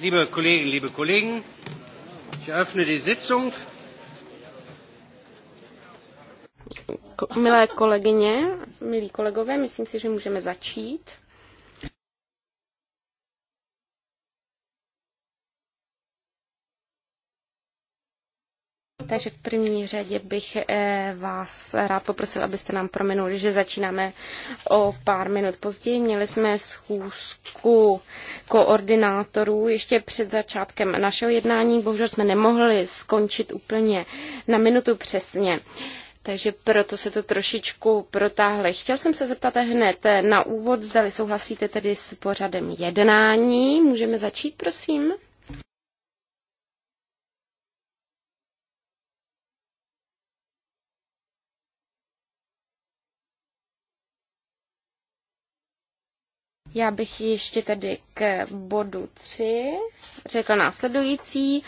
Liebe Kolleginnen, liebe Kollegen, ich eröffne die Sitzung. Milé kolegyně, milí kolegové, myslím si, že můžeme začít. Takže v první řadě bych eh, vás rád poprosil, abyste nám prominuli, že začínáme o pár minut později. Měli jsme schůzku koordinátorů ještě před začátkem našeho jednání. Bohužel jsme nemohli skončit úplně na minutu přesně. Takže proto se to trošičku protáhle. Chtěl jsem se zeptat hned na úvod, zdali souhlasíte tedy s pořadem jednání. Můžeme začít, prosím? Já bych ještě tedy k bodu 3 řekla následující.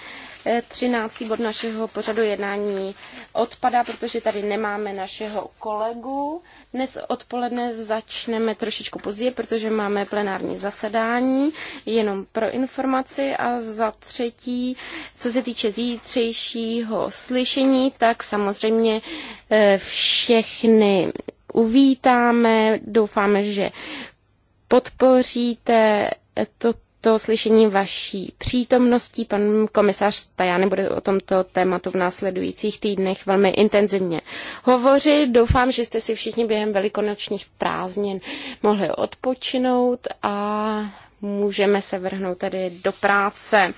13. Eh, bod našeho pořadu jednání odpadá, protože tady nemáme našeho kolegu. Dnes odpoledne začneme trošičku později, protože máme plenární zasedání, jenom pro informaci. A za třetí, co se týče zítřejšího slyšení, tak samozřejmě eh, všechny uvítáme. Doufáme, že podpoříte toto slyšení vaší přítomností. Pan komisař Tajany bude o tomto tématu v následujících týdnech velmi intenzivně hovořit. Doufám, že jste si všichni během velikonočních prázdnin mohli odpočinout a můžeme se vrhnout tedy do práce.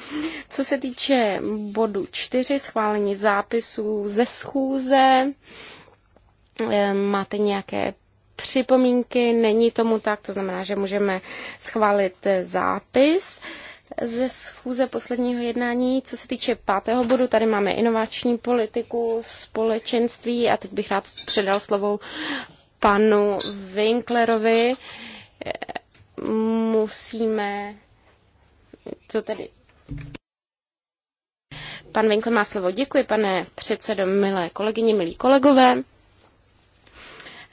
Co se týče bodu 4, schválení zápisů ze schůze, eh, máte nějaké připomínky, není tomu tak, to znamená, že můžeme schválit zápis ze schůze posledního jednání. Co se týče pátého bodu, tady máme inovační politiku, společenství a teď bych rád předal slovo panu Winklerovi. Musíme... Co tady? Pan Winkler má slovo. Děkuji, pane předsedo, milé kolegyně, milí kolegové.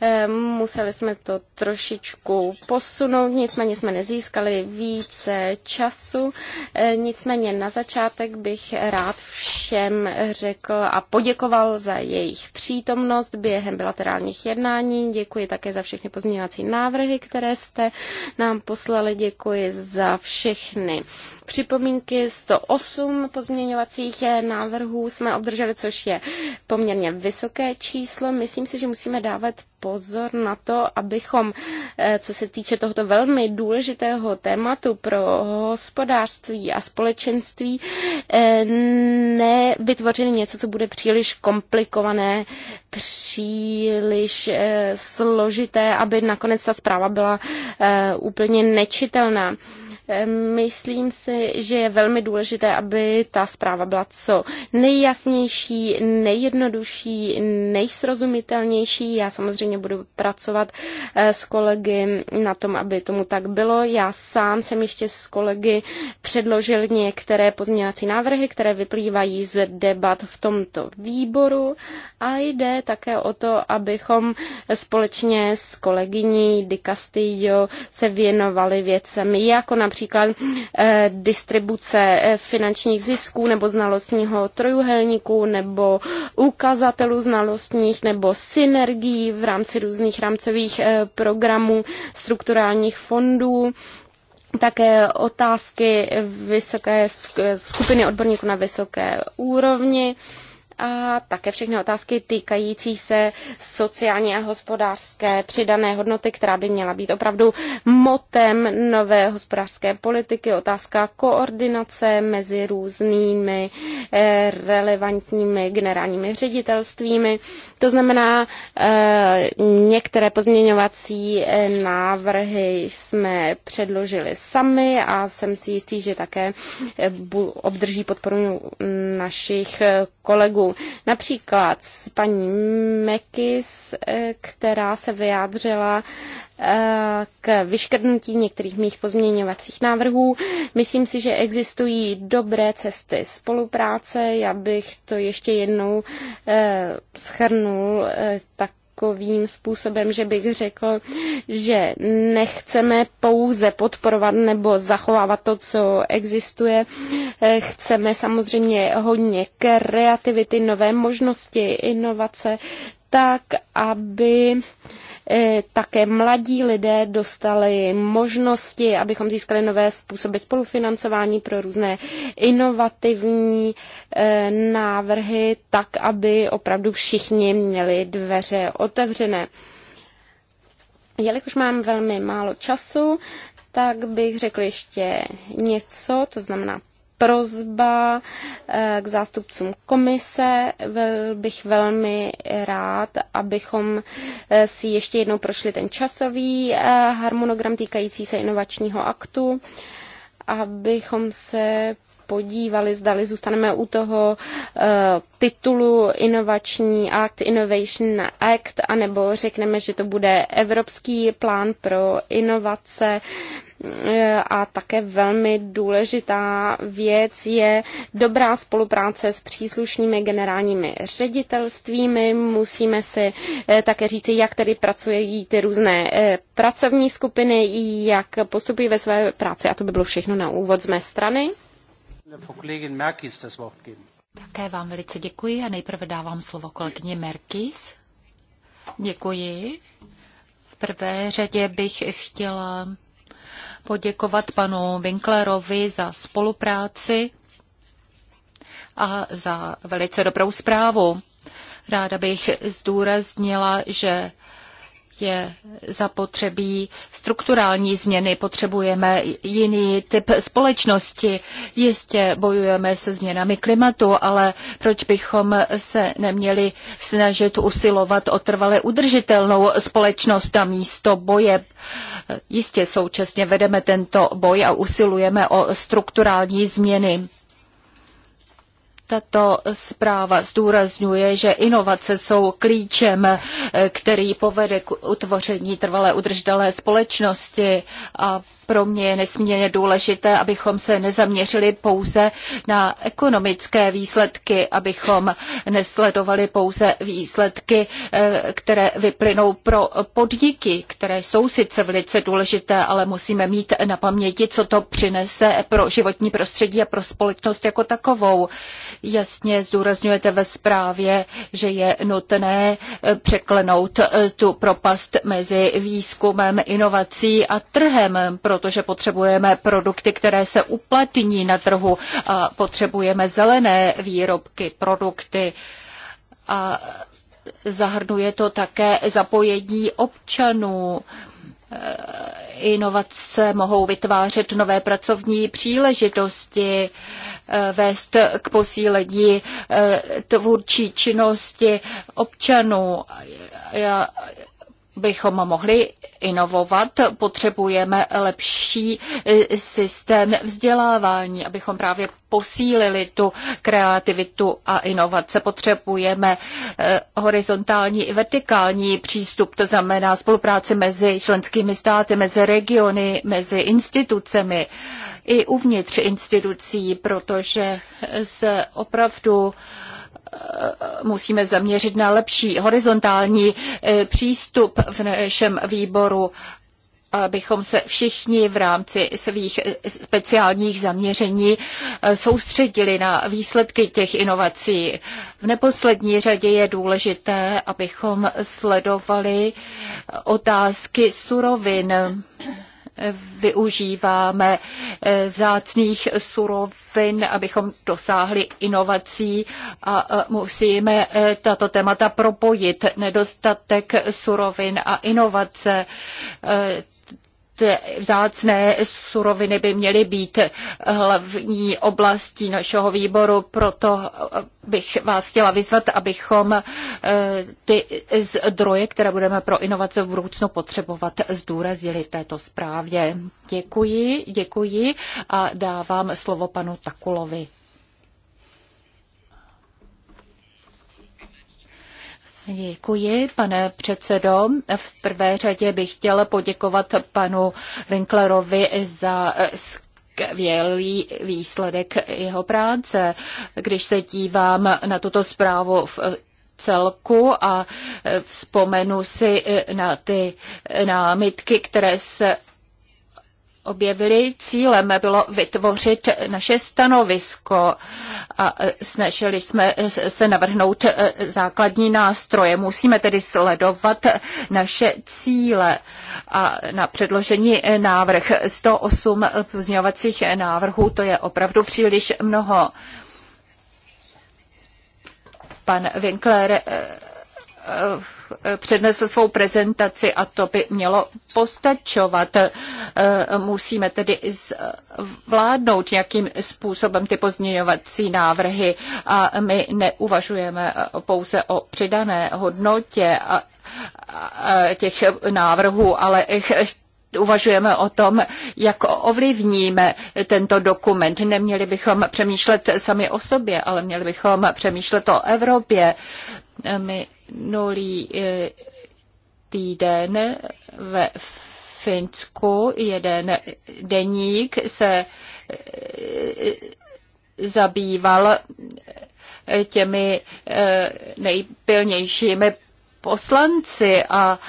Ehm, museli jsme to trošičku posunout, nicméně jsme nezískali více času. Ehm, nicméně na začátek bych rád všem řekl a poděkoval za jejich přítomnost během bilaterálních jednání. Děkuji také za všechny pozměňovací návrhy, které jste nám poslali. Děkuji za všechny připomínky. 108 pozměňovacích eh, návrhů jsme obdrželi, což je poměrně vysoké číslo. Myslím si, že musíme dávat pozor na to, abychom, eh, co se týče tohoto velmi důležitého tématu pro hospodářství a společenství, eh, nevytvořili něco, co bude příliš komplikované, příliš eh, složité, aby nakonec ta zpráva byla úplně nečitelná. Myslím si, že je velmi důležité, aby ta zpráva byla co nejjasnější, nejjednodušší, nejsrozumitelnější. Já samozřejmě budu pracovat eh, s kolegy na tom, aby tomu tak bylo. Já sám jsem ještě s kolegy předložil některé pozměňovací návrhy, které vyplývají z debat v tomto výboru a jde také o to, abychom společně s kolegyní Di Castillo se věnovali věcem, jako například například eh, distribuce eh, finančních zisků nebo znalostního trojuhelníku nebo ukazatelů znalostních nebo synergií v rámci různých rámcových eh, programů strukturálních fondů také otázky vysoké skupiny odborníků na vysoké úrovni a také všechny otázky týkající se sociální a hospodářské přidané hodnoty, která by měla být opravdu motem nové hospodářské politiky, otázka koordinace mezi různými eh, relevantními generálními ředitelstvími. To znamená, eh, některé pozměňovací eh, návrhy jsme předložili sami a jsem si jistý, že také obdrží podporu našich kolegů. Například s paní Mekis, eh, která se vyjádřila eh, k vyškrtnutí některých mých pozměňovacích návrhů. Myslím si, že existují dobré cesty spolupráce. Já bych to ještě jednou eh, schrnul tak takovým způsobem, že bych řekl, že nechceme pouze podporovat nebo zachovávat to, co existuje. Chceme samozřejmě hodně kreativity, nové možnosti, inovace, tak aby E, také mladí lidé dostali možnosti, abychom získali nové způsoby spolufinancování pro různé inovativní e, návrhy, tak aby opravdu všichni měli dveře otevřené. Jelikož mám velmi málo času, tak bych řekl ještě něco, to znamená prozba eh, k zástupcům komise. Byl bych velmi rád, abychom eh, si ještě jednou prošli ten časový eh, harmonogram týkající se inovačního aktu, abychom se podívali, zdali zůstaneme u toho titulu Inovační akt, Innovation Act, anebo řekneme, že to bude Evropský plán pro inovace a také velmi důležitá věc je dobrá spolupráce s příslušnými generálními ředitelstvími. Musíme si eh, také říci, jak tedy pracují ty různé eh, pracovní skupiny, jak postupují ve své práci. A to by bylo všechno na úvod z mé strany. Také vám velice děkuji a nejprve dávám slovo kolegyně Merkis. Děkuji. V prvé řadě bych chtěla poděkovat panu Winklerovi za spolupráci a za velice dobrou zprávu. Ráda bych zdůraznila, že je zapotřebí strukturální změny, potřebujeme jiný typ společnosti. Jistě bojujeme se změnami klimatu, ale proč bychom se neměli snažit usilovat o trvale udržitelnou společnost a místo boje? Jistě současně vedeme tento boj a usilujeme o strukturální změny. Tato zpráva zdůrazňuje, že inovace jsou klíčem, eh, který povede k utvoření trvalé udržitelné společnosti a pro mě je nesmírně důležité, abychom se nezaměřili pouze na ekonomické výsledky, abychom nesledovali pouze výsledky, eh, které vyplynou pro podniky, které jsou sice velice důležité, ale musíme mít na paměti, co to přinese pro životní prostředí a pro společnost jako takovou. Jasně zdůrazňujete ve zprávě, že je nutné eh, překlenout eh, tu propast mezi výzkumem, inovací a trhem pro protože potřebujeme produkty, které se uplatní na trhu. A potřebujeme zelené výrobky, produkty. A zahrnuje to také zapojení občanů. Inovace mohou vytvářet nové pracovní příležitosti, vést k posílení eh, tvůrčí činnosti občanů. Já bychom mohli inovovat, potřebujeme lepší e, systém vzdělávání, abychom právě posílili tu kreativitu a inovace. Potřebujeme e, horizontální i vertikální přístup, to znamená spolupráci mezi členskými státy, mezi regiony, mezi institucemi i uvnitř institucí, protože se opravdu uh, musíme zaměřit na lepší horizontální eh, přístup v našem výboru, abychom se všichni v rámci svých eh, speciálních zaměření eh, soustředili na výsledky těch inovací. V neposlední řadě je důležité, abychom sledovali otázky surovin využíváme eh, vzácných surovin, abychom dosáhli inovací a eh, musíme eh, tato témata propojit. Nedostatek surovin a inovace, vzácné suroviny by měly být hlavní oblastí našeho výboru, proto bych vás chtěla vyzvat, abychom eh, ty zdroje, které budeme pro inovace v budoucnu potřebovat, zdůraznili v této zprávě. Děkuji, děkuji a dávám slovo panu Takulovi. Děkuji, pane předsedo. V prvé řadě bych chtěla poděkovat panu Winklerovi za skvělý výsledek jeho práce. Když se dívám na tuto zprávu v celku a vzpomenu si na ty námitky, které se objevili, cílem bylo vytvořit naše stanovisko a snažili jsme se navrhnout základní nástroje. Musíme tedy sledovat naše cíle a na předložení návrh 108 pozměňovacích návrhů, to je opravdu příliš mnoho. Pan Winkler eh, Eh, přednesl svou prezentaci a to by mělo postačovat. Eh, musíme tedy vládnout, jakým způsobem ty pozměňovací návrhy a my neuvažujeme pouze o přidané hodnotě a těch návrhů, ale uvažujeme o tom, jak ovlivníme tento dokument. Neměli bychom přemýšlet sami o sobě, ale měli bychom přemýšlet o Evropě. My minulý eh, týden ve Finsku jeden deník se eh, zabýval eh, těmi nejpilnějšími poslanci a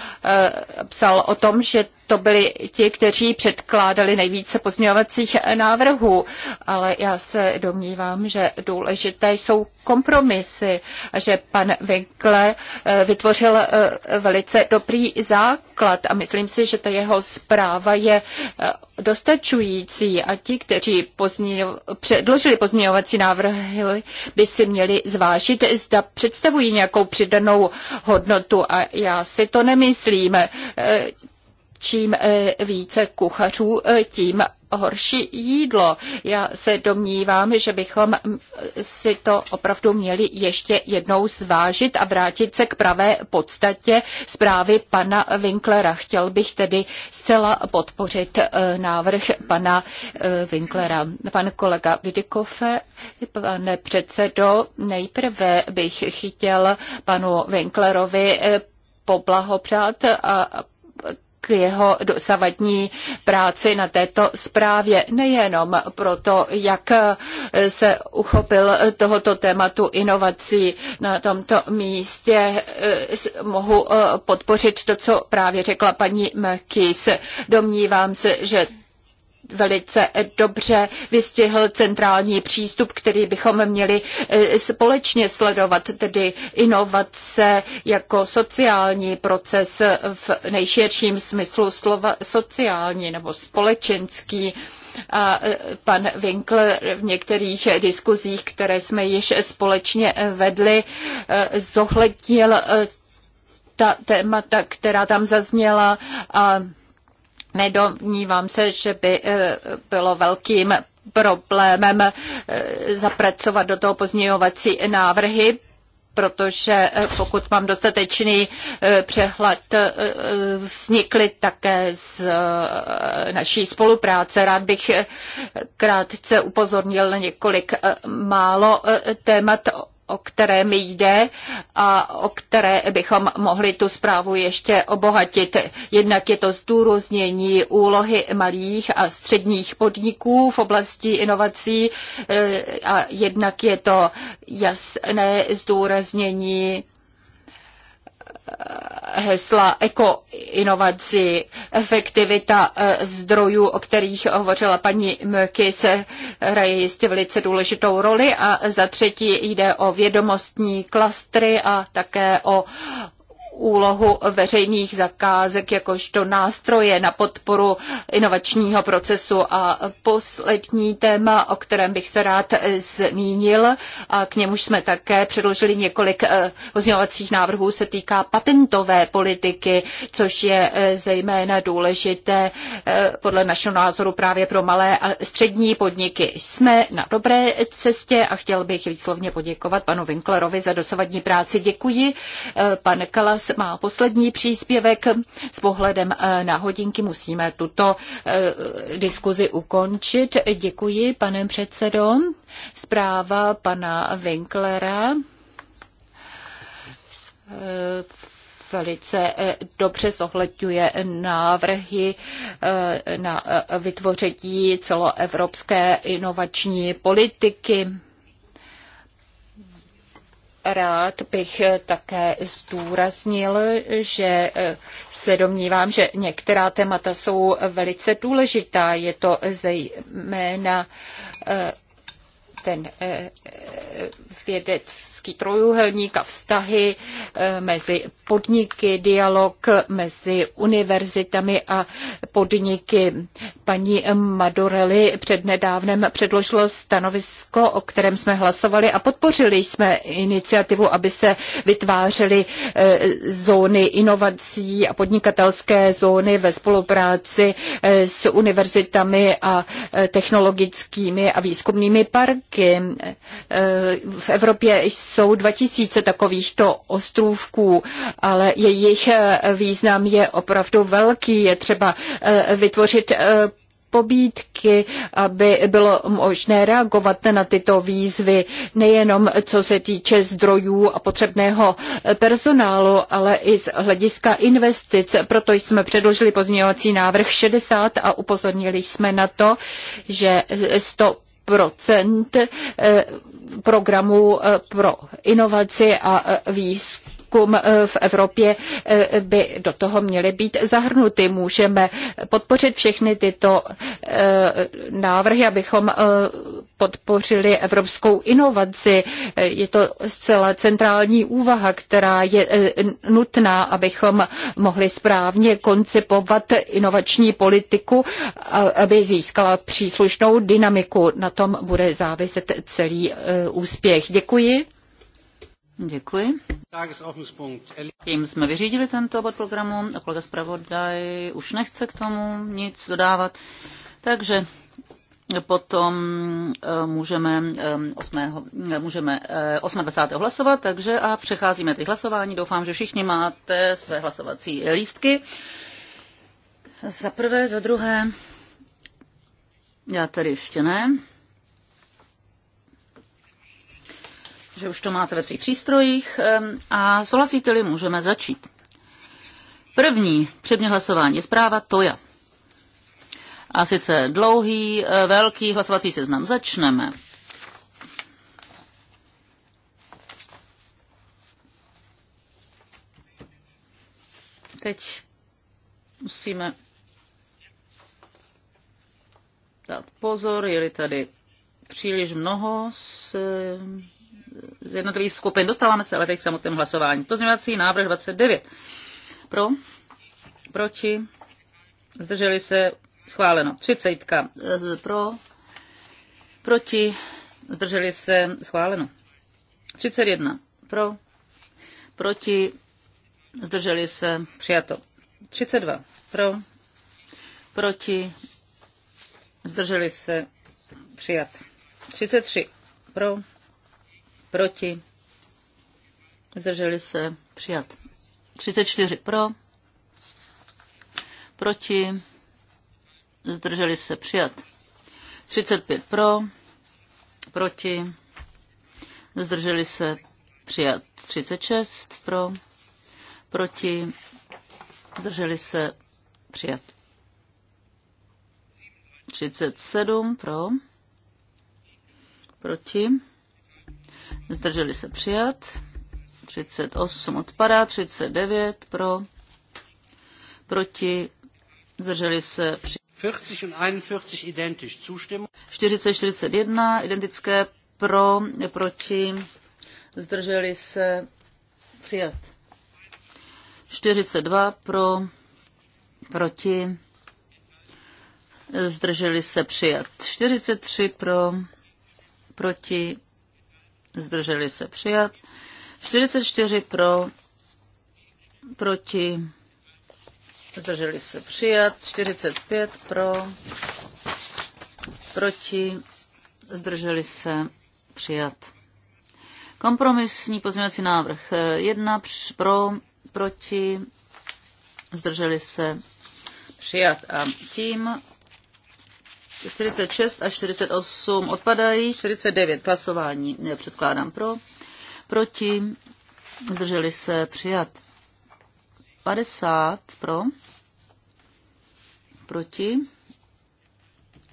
psal o tom, že to byli ti, kteří předkládali nejvíce pozměňovacích návrhů, ale já se domnívám, že důležité jsou kompromisy a že pan Winkler eh, vytvořil eh, velice dobrý základ a myslím si, že ta jeho zpráva je eh, dostačující a ti, kteří pozměňo, předložili pozměňovací návrhy, by si měli zvážit, zda představují nějakou přidanou hodnotu a já si to nemyslím čím e, více kuchařů, e, tím horší jídlo. Já se domnívám, že bychom si to opravdu měli ještě jednou zvážit a vrátit se k pravé podstatě zprávy pana Winklera. Chtěl bych tedy zcela podpořit e, návrh pana Winklera. Pan kolega Vidikofer, pane předsedo, nejprve bych chtěl panu Winklerovi poblahopřát a k jeho dosavadní práci na této zprávě, nejenom proto, jak se uchopil tohoto tématu inovací. Na tomto místě mohu eh, podpořit to, co právě řekla paní McKees. Domnívám se, že velice dobře vystihl centrální přístup, který bychom měli e, společně sledovat, tedy inovace jako sociální proces v nejširším smyslu slova sociální nebo společenský a e, pan Winkler v některých diskuzích, které jsme již společně e, vedli, zohlednil ta témata, která tam zazněla a Nedomnívám se, že by eh, bylo velkým problémem eh, zapracovat do toho pozměňovací návrhy, protože eh, pokud mám dostatečný přehled, vznikly také z naší spolupráce. Rád bych krátce upozornil na několik málo témat, o které mi jde a o které bychom mohli tu zprávu ještě obohatit. Jednak je to zdůroznění úlohy malých a středních podniků v oblasti inovací eh, a jednak je to jasné zdůraznění hesla ekoinovaci, efektivita eh, zdrojů, o kterých hovořila paní Mörky, se hraje jistě velice důležitou roli a za třetí jde o vědomostní klastry a také o úlohu veřejných zakázek jakožto nástroje na podporu inovačního procesu. A poslední téma, o kterém bych se rád zmínil, a k němuž jsme také předložili několik eh, pozměňovacích návrhů, se týká patentové politiky, což je eh, zejména důležité eh, podle našeho názoru právě pro malé a střední podniky. Jsme na dobré cestě a chtěl bych výslovně poděkovat panu Winklerovi za dosavadní práci. Děkuji. Pan Kalas má poslední příspěvek s pohledem eh, na hodinky. Musíme tuto eh, diskuzi ukončit. Děkuji, pane předsedo. Zpráva pana Winklera eh, velice dobře zohledňuje návrhy na vytvoření celoevropské inovační politiky rád bych eh, také zdůraznil, že eh, se domnívám, že některá témata jsou velice důležitá. Je to zejména eh, ten eh, eh, vědecký trojuhelník a vztahy eh, mezi podniky, dialog mezi univerzitami a podniky. Paní Madorelli přednedávnem předložilo stanovisko, o kterém jsme hlasovali a podpořili jsme iniciativu, aby se vytvářely zóny inovací a podnikatelské zóny ve spolupráci s univerzitami a technologickými a výzkumnými parky prvky. Eh, v Evropě jsou 2000 takovýchto ostrůvků, ale jejich eh, význam je opravdu velký. Je třeba eh, vytvořit pobídky, aby bylo možné reagovat na tyto výzvy, nejenom co se týče zdrojů a potřebného personálu, ale i z hlediska investic. Proto jsme předložili pozměňovací návrh 60 a upozornili jsme na to, že 100 procent eh, programů eh, pro inovaci a eh, výzkum politikům eh, v Evropě eh, by do toho měly být zahrnuty. Můžeme podpořit všechny tyto eh, návrhy, abychom podpořili evropskou inovaci. Je to zcela centrální úvaha, která je nutná, abychom mohli správně koncipovat inovační politiku, aby získala příslušnou dynamiku. Na tom bude záviset celý úspěch. Děkuji. Děkuji. Tím jsme vyřídili tento bod programu. A kolega zpravodaj už nechce k tomu nic dodávat. Takže potom eh, můžeme, 8. Eh, eh, můžeme 28. hlasovat, takže a přecházíme teď hlasování. Doufám, že všichni máte své hlasovací lístky. Za prvé, za druhé, já tady ještě ne. že už to máte ve svých přístrojích a souhlasíte-li, můžeme začít. První předmět hlasování je zpráva TOJA. A sice dlouhý, e, velký hlasovací seznam. Začneme. Teď musíme dát pozor, je-li tady příliš mnoho s z jednotlivých skupin. Dostáváme se ale teď k samotnému hlasování. Pozměňovací návrh 29. Pro, proti, zdrželi se, schváleno. 30. Pro, proti, zdrželi se, schváleno. 31. Pro, proti, zdrželi se, přijato. 32. Pro, proti, zdrželi se, přijat. 33. Pro, proti, zdrželi se, přijat. 34 pro, proti, zdrželi se, přijat. 35 pro, proti, zdrželi se, přijat. 36 pro, proti, zdrželi se, přijat. 37 pro, proti, zdrželi se přijat, 38 odpadá, 39 pro, proti, zdrželi se při... 40 a 41 identické pro, proti, zdrželi se přijat. 42 pro, proti, zdrželi se přijat. 43 pro, proti, zdrželi se přijat. 44 pro, proti, zdrželi se přijat. 45 pro, proti, zdrželi se přijat. Kompromisní pozměňovací návrh 1 eh, pro, proti, zdrželi se přijat. A tím 46 a 48 odpadají, 49 hlasování předkládám pro, proti, zdrželi se přijat 50 pro, proti,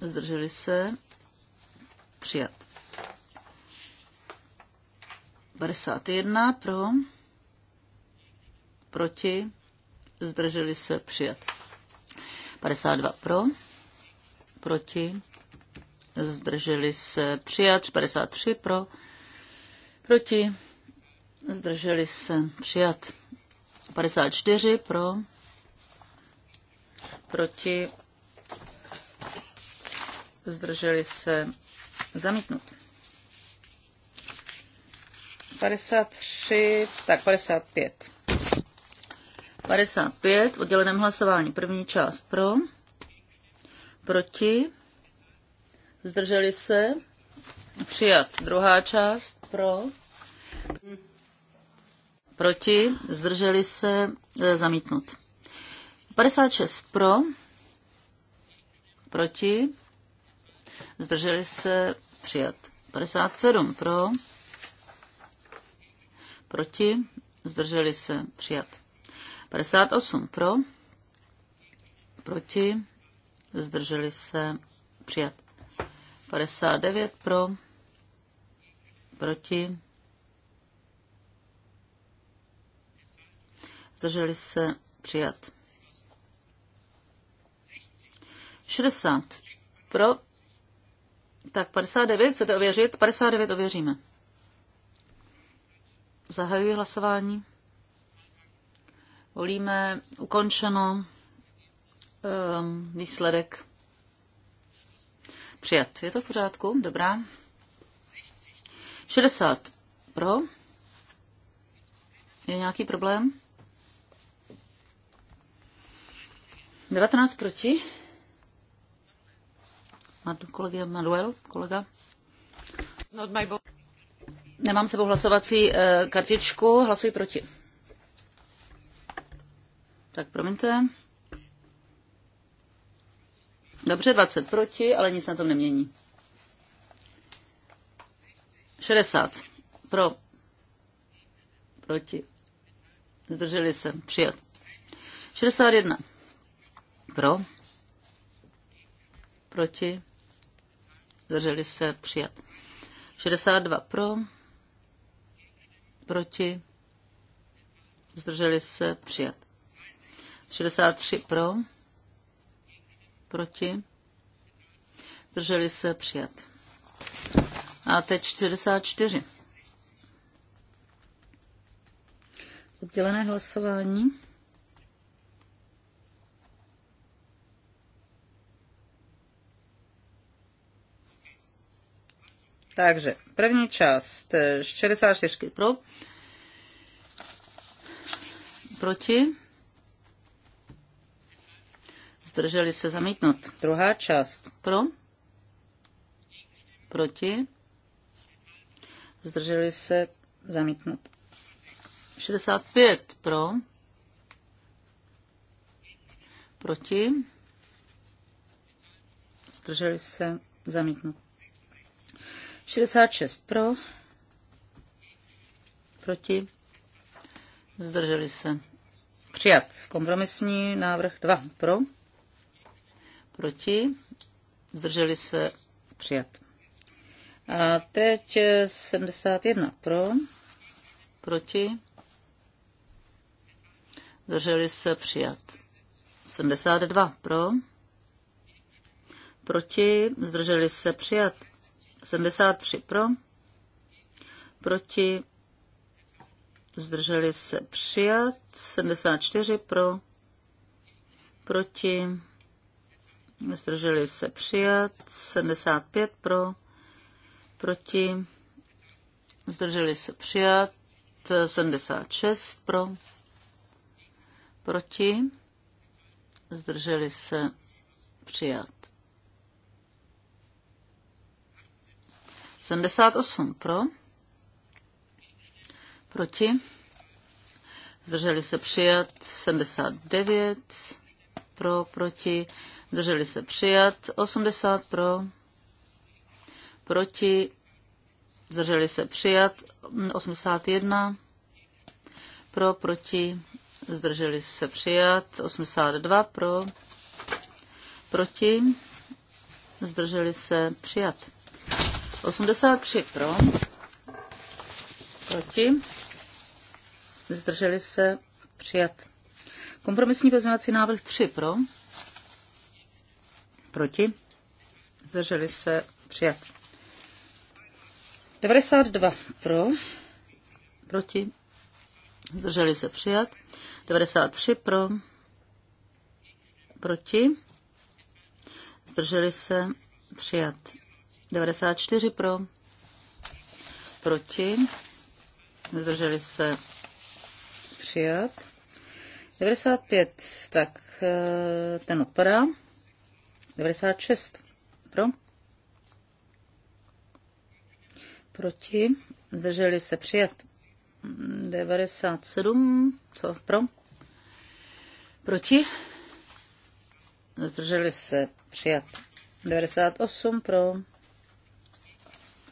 zdrželi se přijat 51 pro, proti, zdrželi se přijat 52 pro, proti, zdrželi se 3, 53 pro, proti, zdrželi se přijat 54 pro, proti, zdrželi se zamítnut. 53, tak 55. 55, odděleném hlasování, první část pro, proti, zdrželi se, přijat. Druhá část pro, proti, zdrželi se, e, zamítnut. 56 pro, proti, zdrželi se, přijat. 57 pro, proti, zdrželi se, přijat. 58 pro, proti, zdrželi se, přijat. 59 pro, proti, zdrželi se, přijat. 60 pro, tak 59, chcete ověřit? 59 ověříme. Zahajuji hlasování. Volíme ukončeno. Ehm, výsledek. Přijat. Je to v pořádku? Dobrá. 60 pro. Je nějaký problém? 19 proti. Kolega Manuel, kolega. Not my Nemám sebou hlasovací eh, kartičku, hlasuji proti. Tak promiňte. Dobře, 20 proti, ale nic na tom nemění. 60 pro, proti, zdrželi se, přijat. 61 pro, proti, zdrželi se, přijat. 62 pro, proti, zdrželi se, přijat. 63 pro, proti, Drželi se přijat. A teď 44. Oddělené hlasování. Takže první část 64 eh, pro, proti, zdrželi se zamítnout Druhá část pro, proti, zdrželi se zamítnout. 65 pro, proti, zdrželi se zamítnout. 66 pro, proti, zdrželi se. Přijat. Kompromisní návrh 2 pro, Proti? Zdrželi se přijat. A teď 71 pro, proti, zdrželi se přijat. 72 pro, proti, zdrželi se přijat. 73 pro, proti, zdrželi se přijat. 74 pro, proti, zdrželi se přijat, 75 pro, proti, zdrželi se přijat, 76 pro, proti, zdrželi se přijat. 78 pro, proti, zdrželi se přijat, 79 pro, proti, zdrželi se přijat, 80 pro, proti, zdrželi se přijat, 81 pro, proti, zdrželi se přijat, 82 pro, proti, zdrželi se přijat. 83 pro, proti, zdrželi se přijat. Kompromisní pozměňovací návrh 3 pro, Proti? Zdrželi se přijat. 92 pro. Proti? Zdrželi se přijat. 93 pro. Proti? Zdrželi se přijat. 94 pro. Proti? Zdrželi se přijat. 95, tak eh, ten odpadá. 96 pro. Proti. Zdrželi se přijat. 97. Co pro? Proti. Zdrželi se přijat. 98 pro.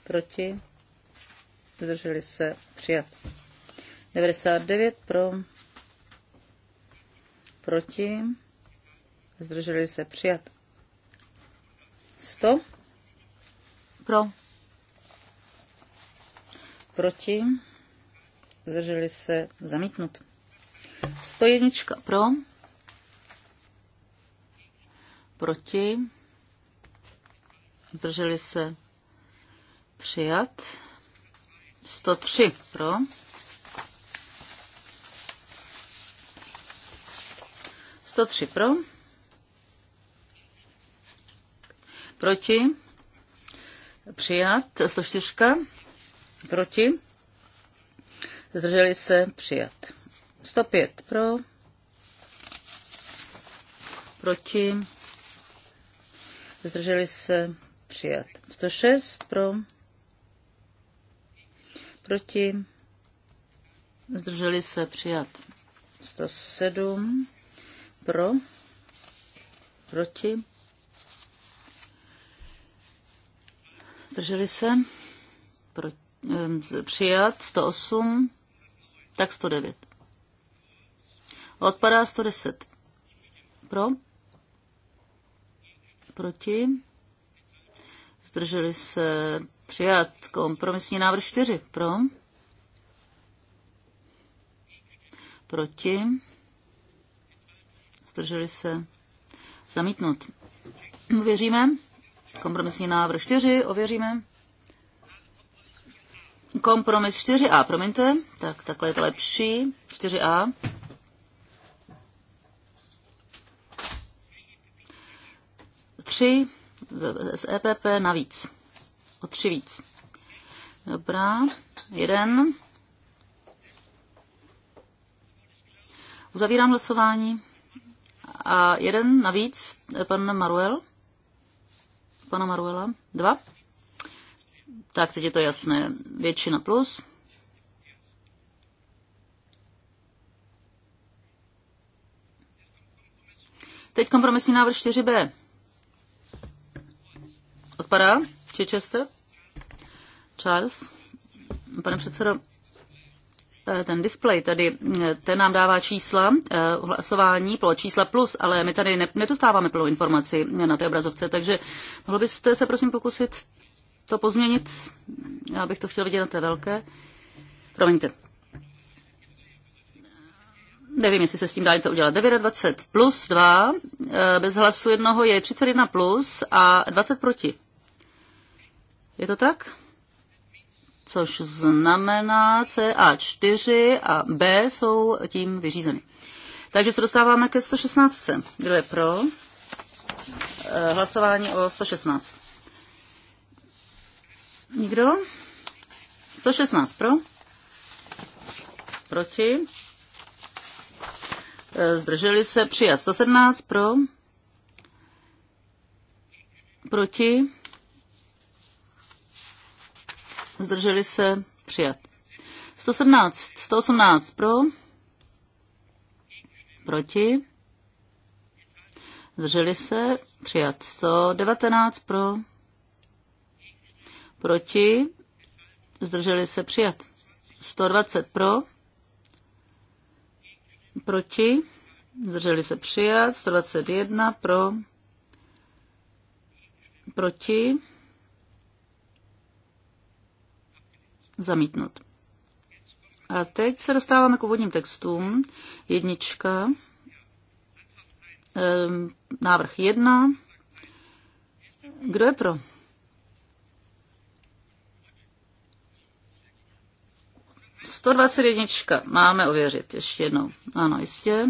Proti. Zdrželi se přijat. 99 pro. Proti. Zdrželi se přijat. 100 pro, proti, zdrželi se zamítnut. 101 pro, proti, zdrželi se přijat. 103 pro, Sto tři pro. Proti? Přijat. 104. Proti? Zdrželi se? Přijat. 105. Pro? Proti? Zdrželi se? Přijat. 106. Pro? Proti? Zdrželi se? Přijat. 107. Pro? Proti? Zdrželi se? Pro, přijat 108, tak 109. Odpadá 110. Pro? Proti? Zdrželi se přijat kompromisní návrh 4. Pro? Proti? Zdrželi se zamítnout. Věříme? Kompromisní návrh 4, ověříme. Kompromis 4a, promiňte, tak takhle je to lepší. 4a. Tři z EPP navíc. O tři víc. Dobrá, jeden. Uzavírám hlasování. A jeden navíc, pan Maruel pana Maruela? Dva? Tak, teď je to jasné. Většina plus. Teď kompromisní návrh 4b. Odpadá? Chichester? Charles? Pane předsedo, Eh, ten display tady, eh, ten nám dává čísla eh, hlasování, plo čísla plus, ale my tady ne, nedostáváme plnou informaci na té obrazovce, takže mohlo byste se prosím pokusit to pozměnit? Já bych to chtěl vidět na té velké. Promiňte. Nevím, jestli se s tím dá něco udělat. 29 plus 2, bez hlasu jednoho je 31 plus a 20 proti. Je to tak? což znamená C a 4 a B jsou tím vyřízeny. Takže se dostáváme ke 116. Kdo je pro? Eh, hlasování o 116. Nikdo? 116 pro? Proti? Eh, zdrželi se přijat 117 pro? Proti? zdrželi se, přijat. 117, 118 pro, proti, zdrželi se, přijat. 119 pro, proti, zdrželi se, přijat. 120 pro, proti, zdrželi se, přijat. 121 pro, proti, Zamítnut. A teď se dostáváme k úvodním textům. Jednička, ehm, návrh jedna. Kdo je pro? Sto dvacet jednička. Máme ověřit ještě jednou. Ano, jistě.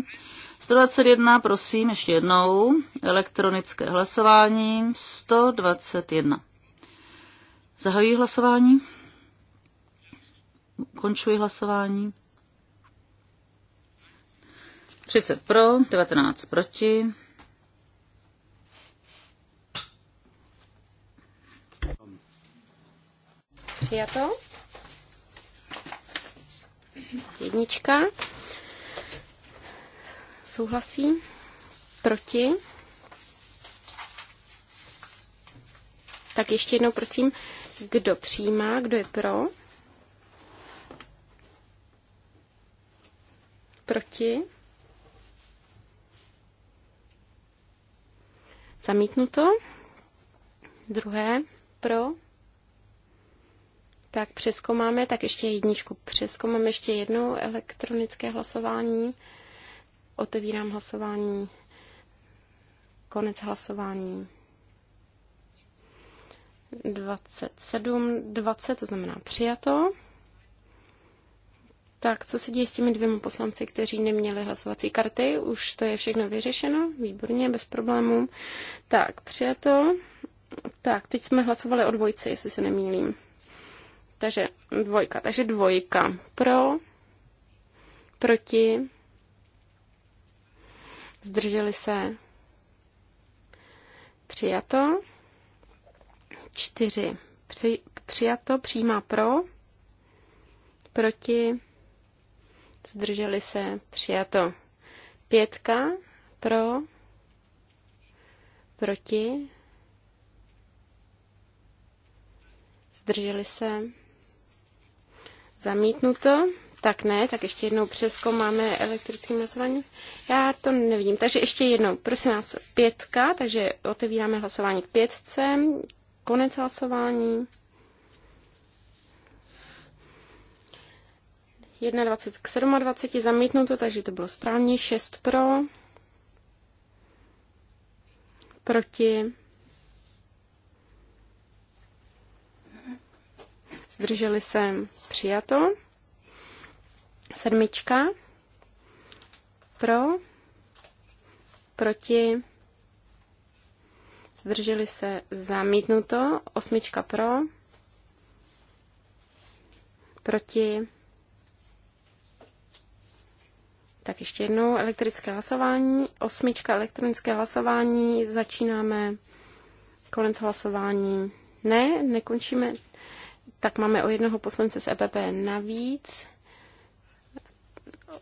121, prosím, ještě jednou. Elektronické hlasování. 121. Zahajuji hlasování. Končuji hlasování. 30 pro, 19 proti. Přijato. Jednička. Souhlasí. Proti. Tak ještě jednou prosím, kdo přijímá, kdo je pro. Proti? Zamítnuto. Druhé. Pro. Tak přeskomáme, tak ještě jedničku. Přeskomáme ještě jednou elektronické hlasování. Otevírám hlasování. Konec hlasování. 27, 20, to znamená přijato. Tak, co se děje s těmi dvěma poslanci, kteří neměli hlasovací karty? Už to je všechno vyřešeno, výborně, bez problémů. Tak, přijato. Tak, teď jsme hlasovali o dvojce, jestli se nemýlím. Takže dvojka, takže dvojka. Pro, proti, zdrželi se, přijato. Čtyři, Při, přijato, přijímá pro, proti, zdrželi se, přijato. Pětka pro, proti, zdrželi se, zamítnuto. Tak ne, tak ještě jednou přesko máme elektrickým hlasováním. Já to nevidím, takže ještě jednou, prosím nás, pětka, takže otevíráme hlasování k pětce, konec hlasování. 21 k 27 zamítnuto, takže to bylo správně. 6 pro, proti, zdrželi se přijato. Sedmička pro, proti, zdrželi se zamítnuto. Osmička pro, proti, Tak ještě jednou elektrické hlasování, osmička elektronické hlasování, začínáme, konec hlasování. Ne, nekončíme. Tak máme o jednoho poslance z EPP navíc.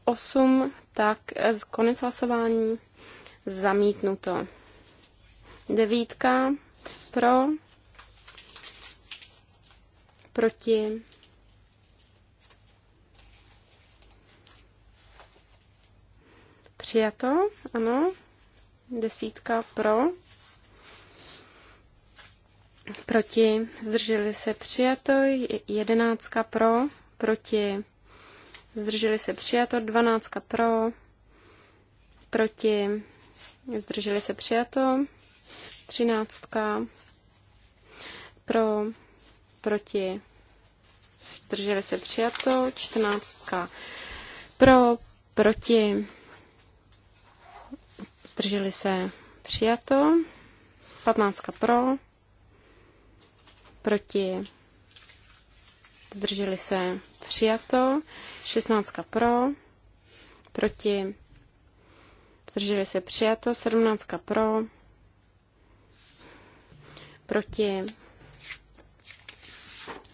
osm, tak eh, konec hlasování, zamítnuto. Devítka pro, proti, Přijato, ano. Desítka pro. Proti, zdrželi se přijato, jedenáctka pro, proti, zdrželi se přijato, dvanáctka pro, proti, zdrželi se přijato, třináctka pro, proti, zdrželi se přijato, čtrnáctka pro, proti, zdrželi se přijato, 15 pro, proti, zdrželi se přijato, 16 pro, proti, zdrželi se přijato, 17 pro, proti,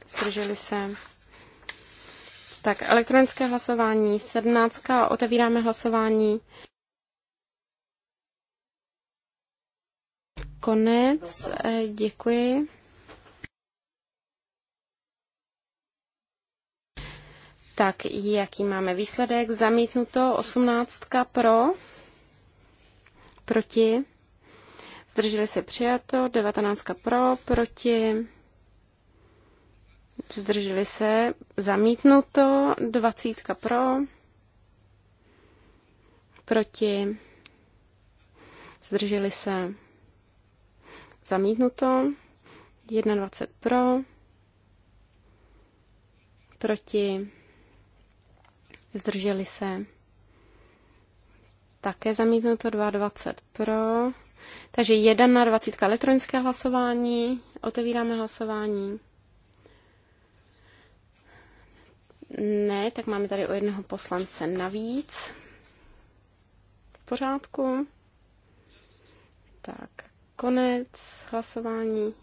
zdrželi se. Tak, elektronické hlasování, 17. Otevíráme hlasování. konec. Eh, děkuji. Tak, jaký máme výsledek? Zamítnuto 18 pro, proti, zdrželi se přijato, 19 pro, proti, zdrželi se zamítnuto, 20 pro, proti, zdrželi se zamítnuto, 21 pro, proti, zdrželi se, také zamítnuto, 22 pro, takže 1 20 elektronické hlasování, otevíráme hlasování. Ne, tak máme tady o jednoho poslance navíc. V pořádku. Tak, Konec hlasování.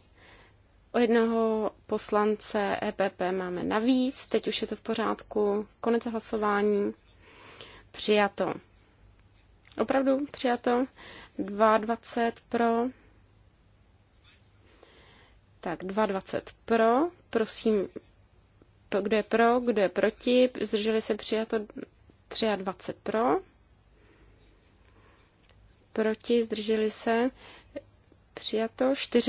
O jednoho poslance EPP máme navíc, teď už je to v pořádku. Konec hlasování. Přijato. Opravdu přijato. 22 pro. Tak, 22 pro. Prosím, kdo je pro, kdo je proti. Zdrželi se přijato 23 pro. Proti, zdrželi se. Přijato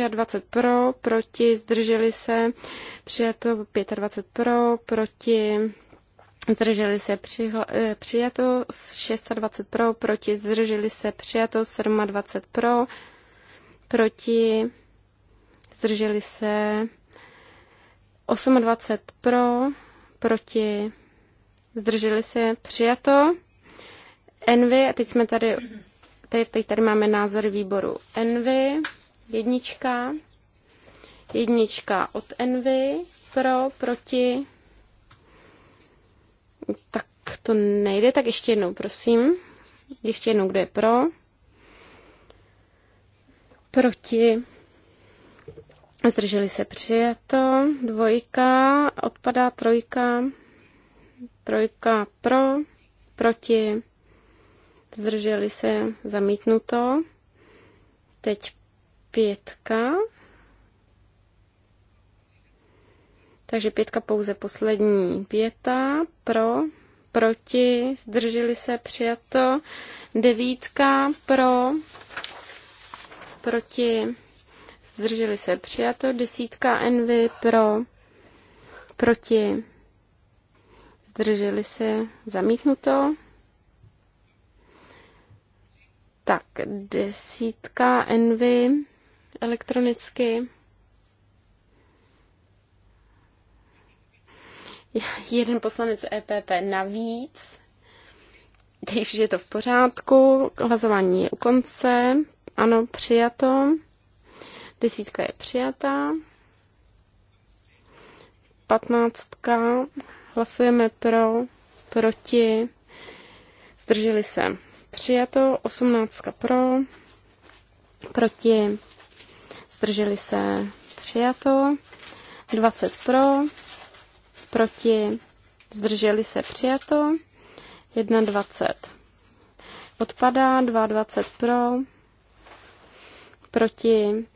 24 pro, proti, zdrželi se. Přijato 25 pro, proti, zdrželi se. Přihla- eh, přijato 26 pro, proti, zdrželi se. Přijato 27 pro, proti, zdrželi se. 28 pro, proti, zdrželi se. Přijato. Envy, a teď jsme tady, teď, teď tady máme názory výboru Envy jednička, jednička od Envy, pro, proti, tak to nejde, tak ještě jednou, prosím. Ještě jednou, kde je pro. Proti. Zdrželi se přijato. Dvojka, odpadá trojka. Trojka pro, proti. Zdrželi se zamítnuto. Teď pětka. Takže pětka pouze poslední pěta. Pro, proti, zdrželi se, přijato. Devítka pro, proti, zdrželi se, přijato. Desítka envy pro, proti, zdrželi se, zamítnuto. Tak, desítka envy elektronicky. Jeden poslanec EPP navíc. Teď je to v pořádku. Hlasování je u konce. Ano, přijato. Desítka je přijatá. Patnáctka. Hlasujeme pro, proti. Zdrželi se. Přijato. Osmnáctka pro, proti zdrželi se, přijato. 20 pro, proti, zdrželi se, přijato. 21 odpadá, 22 pro, proti,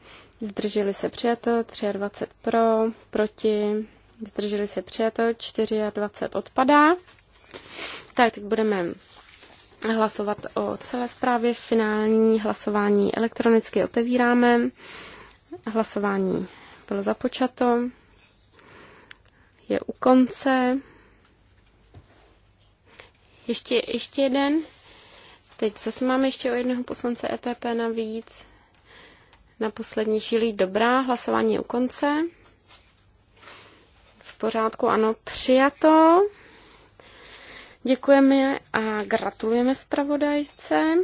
zdrželi se přijato, 23 pro, proti, zdrželi se přijato, 24 odpadá. Tak, teď budeme hlasovat o celé zprávě. Finální hlasování elektronicky otevíráme. Hlasování bylo započato. Je u konce. Ještě, ještě jeden. Teď zase máme ještě o jednoho poslance EPP navíc. Na poslední chvíli dobrá, hlasování je u konce. V pořádku, ano, přijato. Děkujeme a gratulujeme zpravodajce.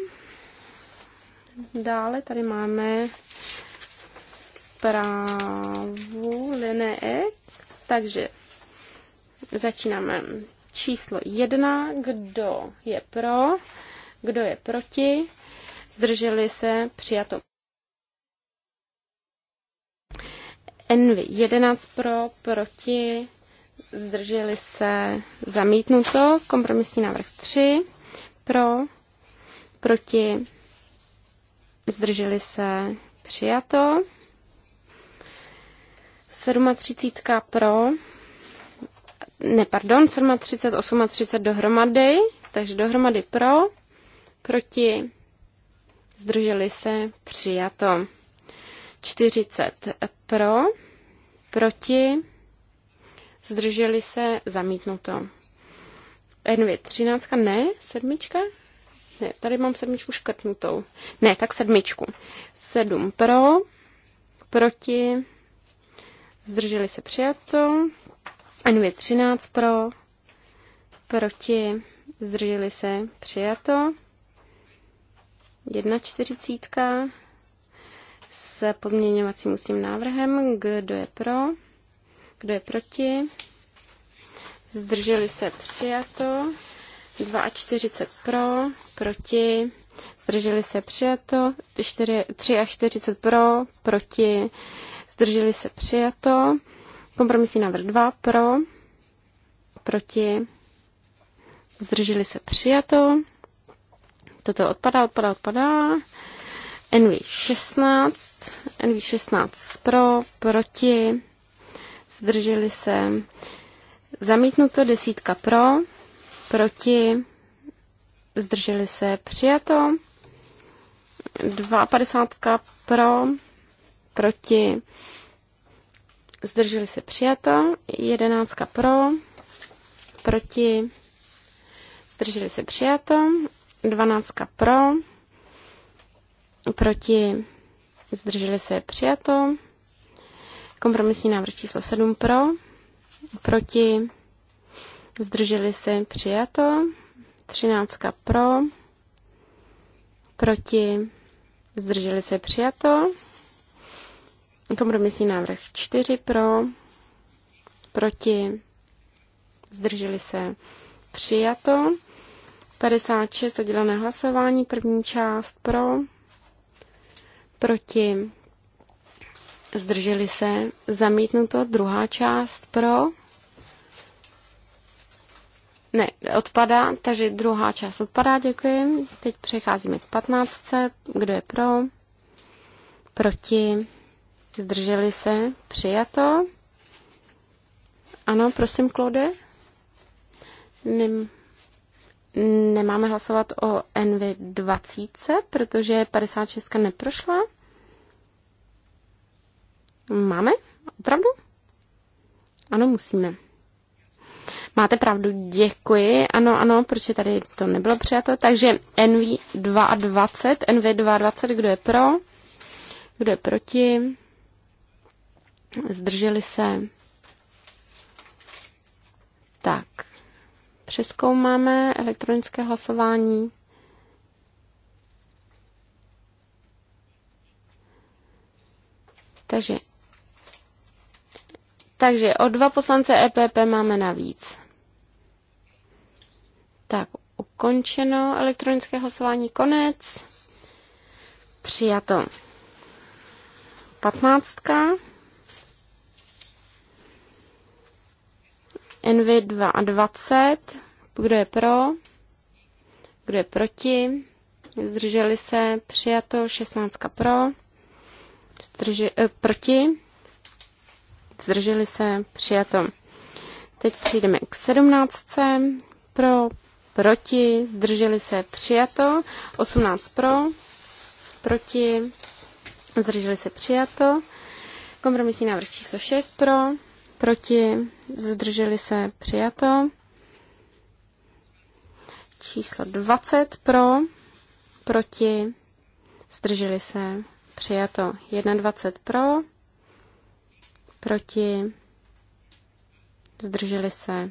Dále tady máme zprávu Lene Takže začínáme. Číslo jedna, kdo je pro, kdo je proti, zdrželi se, přijato. Envy 11 pro, proti, zdrželi se, zamítnuto. Kompromisní návrh 3 pro, proti, zdrželi se, přijato. 37 pro, ne, pardon, 37, 38 dohromady, takže dohromady pro, proti, zdrželi se, přijato. 40 pro, proti, zdrželi se, zamítnuto. NV 13, ne, sedmička? Ne, tady mám sedmičku škrtnutou. Ne, tak sedmičku. 7 pro, proti, zdrželi se přijato. NV 13 pro, proti, zdrželi se přijato. 1,40 s pozměňovacím ústním návrhem. Kdo je pro? Kdo je proti? Zdrželi se přijato. 2,40 pro, proti, zdrželi se přijato, 4, 43 pro, proti, zdrželi se přijato. Kompromisní návrh 2 pro, proti, zdrželi se přijato. Toto odpadá, odpadá, odpadá. NV16, NV16 pro, proti, zdrželi se. Zamítnuto desítka pro, proti, zdrželi se přijato. 52 pro, proti, zdrželi se přijato, jedenáctka pro, proti, zdrželi se přijato, dvanáctka pro, proti, zdrželi se přijato, kompromisní návrh číslo 7 pro, proti, zdrželi se přijato, třináctka pro, proti, zdrželi se přijato, Kompromisní návrh 4 pro, proti, zdrželi se, přijato. 56 oddělené hlasování, první část pro, proti, zdrželi se, zamítnuto, druhá část pro, ne, odpadá, takže druhá část odpadá, děkuji. Teď přecházíme k 15. Kdo je pro? Proti? Zdrželi se? Přijato? Ano, prosím, Klode. Nem, nemáme hlasovat o NV20, protože 56 neprošla. Máme? Opravdu? Ano, musíme. Máte pravdu, děkuji. Ano, ano, proč tady to nebylo přijato. Takže NV22, NV22, kdo je pro? Kdo je proti? zdrželi se. Tak, přeskoumáme elektronické hlasování. Takže, takže o dva poslance EPP máme navíc. Tak, ukončeno elektronické hlasování, konec. Přijato. Patnáctka. Envy 22. Kdo je pro? Kdo je proti? Zdrželi se. Přijato 16 pro. Zdrži, eh, proti. Zdrželi se. Přijato. Teď přijdeme k 17. Pro, proti, zdrželi se, přijato. 18 pro, proti, zdrželi se, přijato. Kompromisní návrh číslo 6 pro, proti, zdrželi se, přijato. Číslo 20 pro, proti, zdrželi se, přijato. 21 pro, proti, zdrželi se.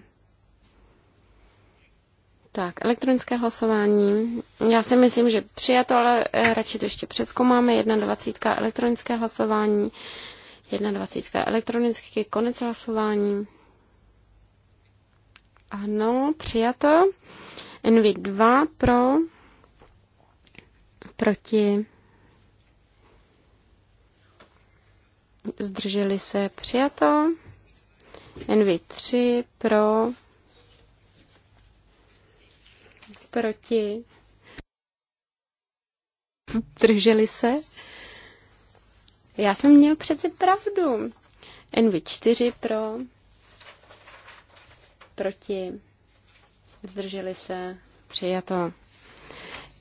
Tak, elektronické hlasování. Já si myslím, že přijato, ale eh, radši to ještě přeskoumáme. 21. elektronické hlasování. 21. Elektronicky konec hlasování. Ano, přijato. Envy 2 pro, proti, zdrželi se přijato. Envy 3 pro, proti, zdrželi se já jsem měl přece pravdu. NV4 pro, proti, zdrželi se, přijato.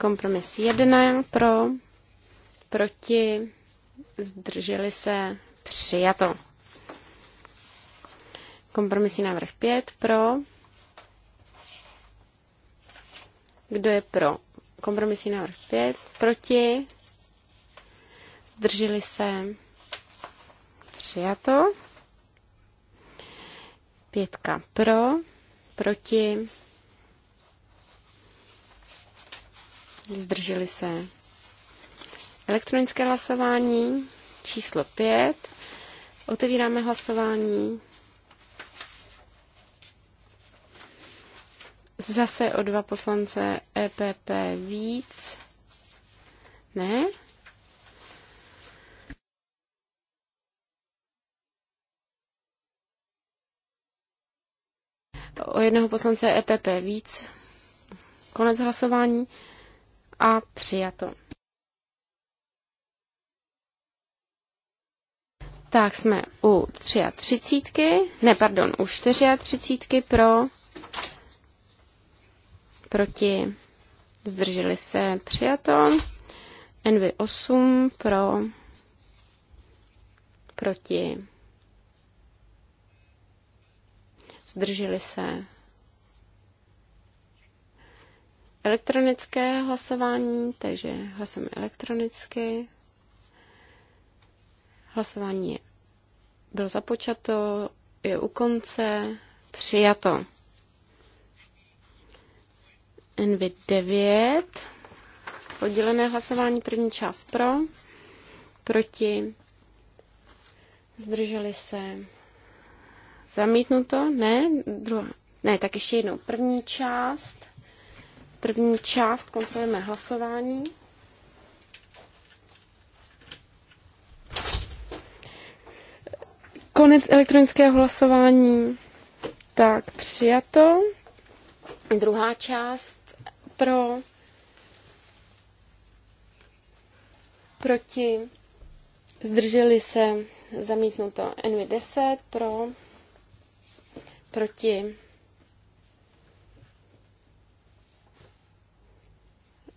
Kompromis 1 pro, proti, zdrželi se, přijato. Kompromisní návrh 5 pro. Kdo je pro? Kompromisní návrh 5 proti, zdrželi se, přijato. Pětka pro, proti, zdrželi se. Elektronické hlasování číslo pět Otevíráme hlasování. Zase o dva poslance EPP víc. Ne? o jednoho poslance EPP víc. Konec hlasování a přijato. Tak jsme u 33, ne pardon, u 34 pro, proti, zdrželi se, přijato. NV8 pro, proti, zdrželi se. Elektronické hlasování, takže hlasujeme elektronicky. Hlasování je, bylo započato, je u konce, přijato. nv 9. podělené hlasování, první část pro, proti, zdrželi se Zamítnuto? Ne? Druhá. Ne, tak ještě jednou. První část. První část kontrolujeme hlasování. Konec elektronického hlasování. Tak, přijato. Druhá část pro proti zdrželi se zamítnuto NV10 pro proti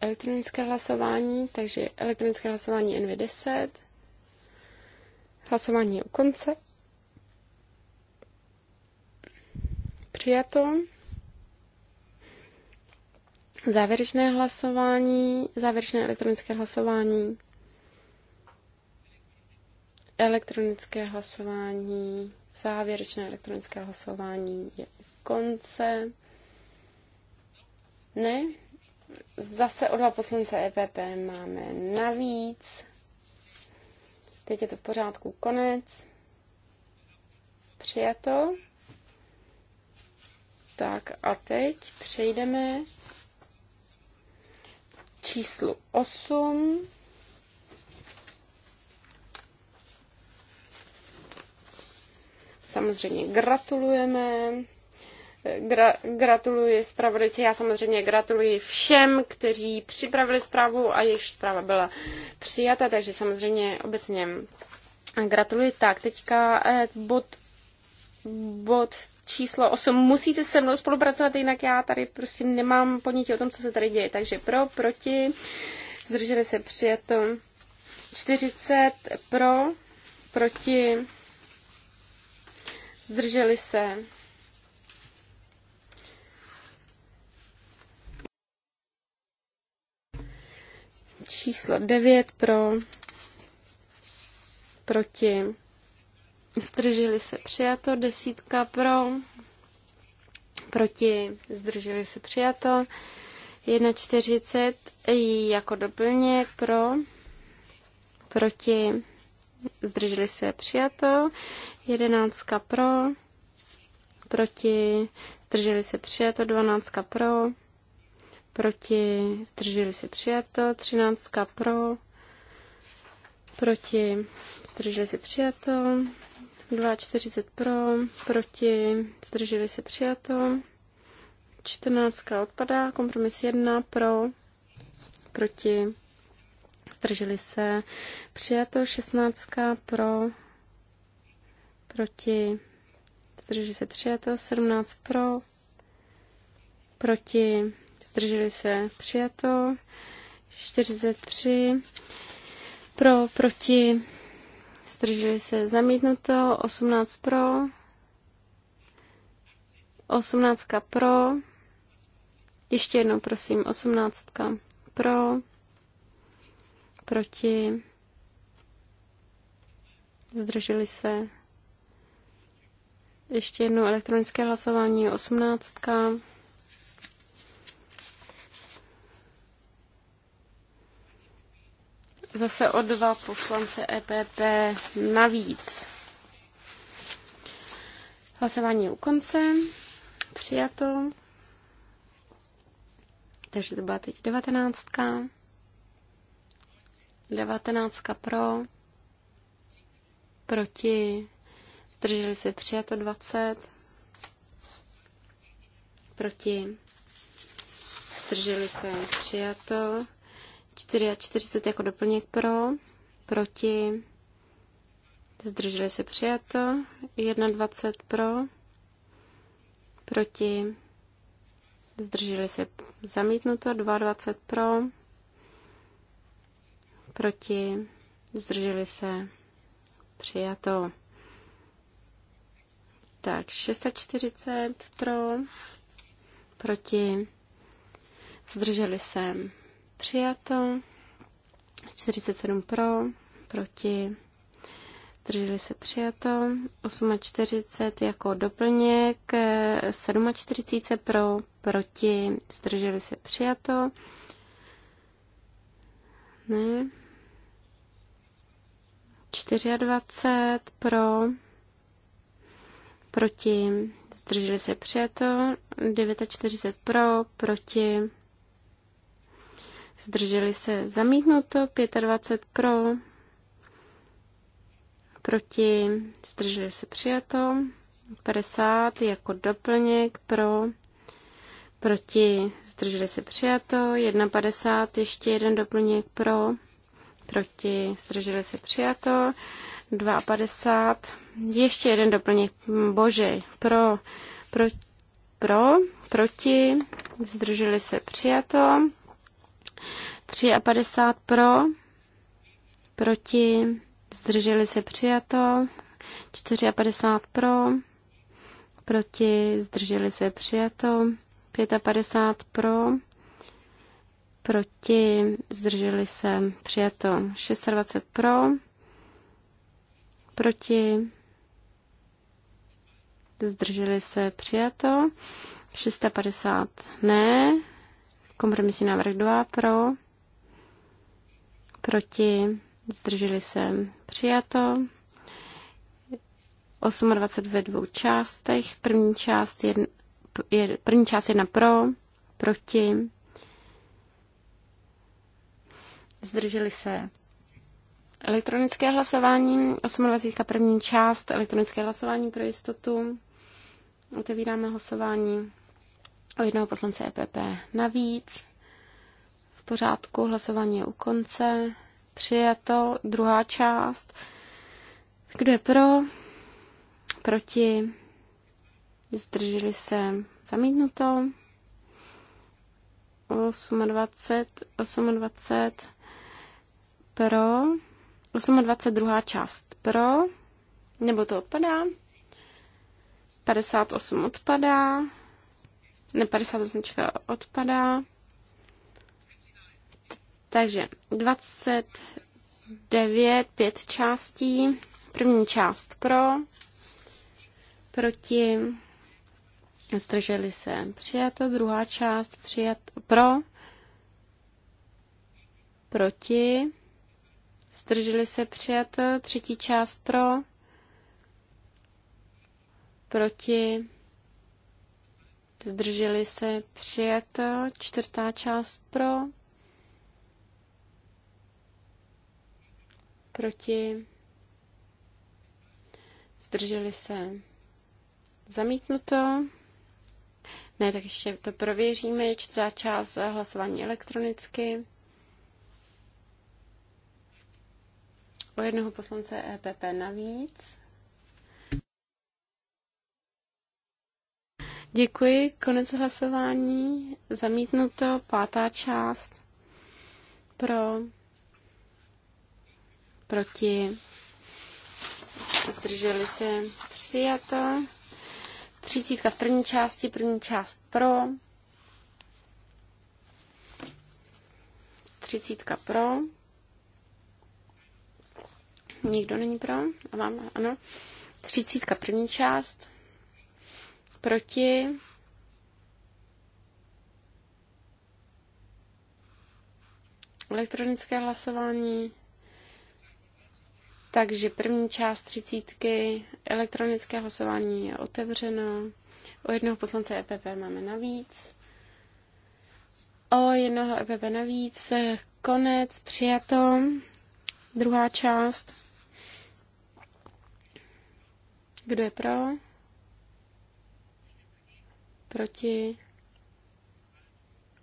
elektronické hlasování, takže elektronické hlasování NV10. Hlasování je u konce. Přijato. Závěrečné hlasování, závěrečné elektronické hlasování. Elektronické hlasování Závěrečné elektronické hlasování je u konce. Ne, zase o dva poslance EPP máme navíc. Teď je to v pořádku konec. Přijato. Tak a teď přejdeme číslu 8. samozřejmě gratulujeme. Gra- gratuluji zpravodajci. Já samozřejmě gratuluji všem, kteří připravili zprávu a jejich zpráva byla přijata, takže samozřejmě obecně gratuluji. Tak, teďka eh, bod, bod číslo 8. Musíte se mnou spolupracovat, jinak já tady prostě nemám ponětí o tom, co se tady děje. Takže pro, proti, zdrželi se přijato 40 pro, proti zdrželi se. Číslo 9 pro, proti, zdrželi se přijato, desítka pro, proti, zdrželi se přijato, 1,40 jako doplněk pro, proti, zdrželi se přijato, jedenáctka pro, proti, zdrželi se přijato, dvanáctka pro, proti, zdrželi se přijato, třináctka pro, proti, zdrželi se přijato, 2,40 pro, proti, zdrželi se přijato, 14 odpadá, kompromis 1 pro, proti, zdrželi se, přijato 16 pro, proti, zdrželi se, přijato 17 pro, proti, zdrželi se, přijato 43 pro, proti, zdrželi se, zamítnuto 18 pro, 18 pro, ještě jednou prosím, 18 pro, proti, zdrželi se. Ještě jednou elektronické hlasování, osmnáctka. Zase o dva poslance EPP navíc. Hlasování je u konce. Přijato. Takže to byla teď devatenáctka. 19 pro, proti, zdrželi se přijato 20, proti, zdrželi se přijato 44 jako doplněk pro, proti, zdrželi se přijato 21 pro, proti, zdrželi se zamítnuto 22 pro, proti, zdrželi se, přijato. Tak, 640 pro, proti, zdrželi se, přijato. 47 pro, proti, zdrželi se, přijato. 48 jako doplněk, 47 pro, proti, zdrželi se, přijato. Ne, 24 pro, proti, zdrželi se přijato, 49 pro, proti, zdrželi se zamítnuto, 25 pro, proti, zdrželi se přijato, 50 jako doplněk pro, proti, zdrželi se přijato, 51 ještě jeden doplněk pro, proti, zdrželi se přijato, 52, ještě jeden doplněk, bože, pro, pro, pro, proti, zdrželi se přijato, 53 pro, proti, zdrželi se přijato, 54 pro, proti, zdrželi se přijato, 55 pro, proti, zdrželi se, přijato 26 pro, proti, zdrželi se, přijato 650 ne, kompromisní návrh 2 pro, proti, zdrželi se, přijato 28 ve dvou částech, první část, jedna, první část jedna pro, proti, zdrželi se. Elektronické hlasování, 28. první část, elektronické hlasování pro jistotu. Otevíráme hlasování o jednoho poslance EPP navíc. V pořádku, hlasování je u konce. Přijato, druhá část. Kdo je pro? Proti? Zdrželi se zamítnuto. 28, 28 pro, 28. část pro, nebo to odpadá, 58 odpadá, ne, 58 odpadá, takže 29, 5 částí, první část pro, proti, zdrželi se přijato, druhá část přijato, pro, proti, zdrželi se přijat třetí část pro, proti, zdrželi se přijat čtvrtá část pro, proti, zdrželi se zamítnuto. Ne, tak ještě to prověříme, čtvrtá část hlasování elektronicky. o jednoho poslance EPP navíc. Děkuji, konec hlasování, zamítnuto, pátá část pro, proti, zdrželi se, přijato, třicítka v první části, první část pro, třicítka pro, Nikdo není pro? A vám? Ano. Třicítka první část. Proti. Elektronické hlasování. Takže první část třicítky, elektronické hlasování je otevřeno. O jednoho poslance EPP máme navíc. O jednoho EPP navíc. Konec, přijato. Druhá část. Kdo je pro? Proti?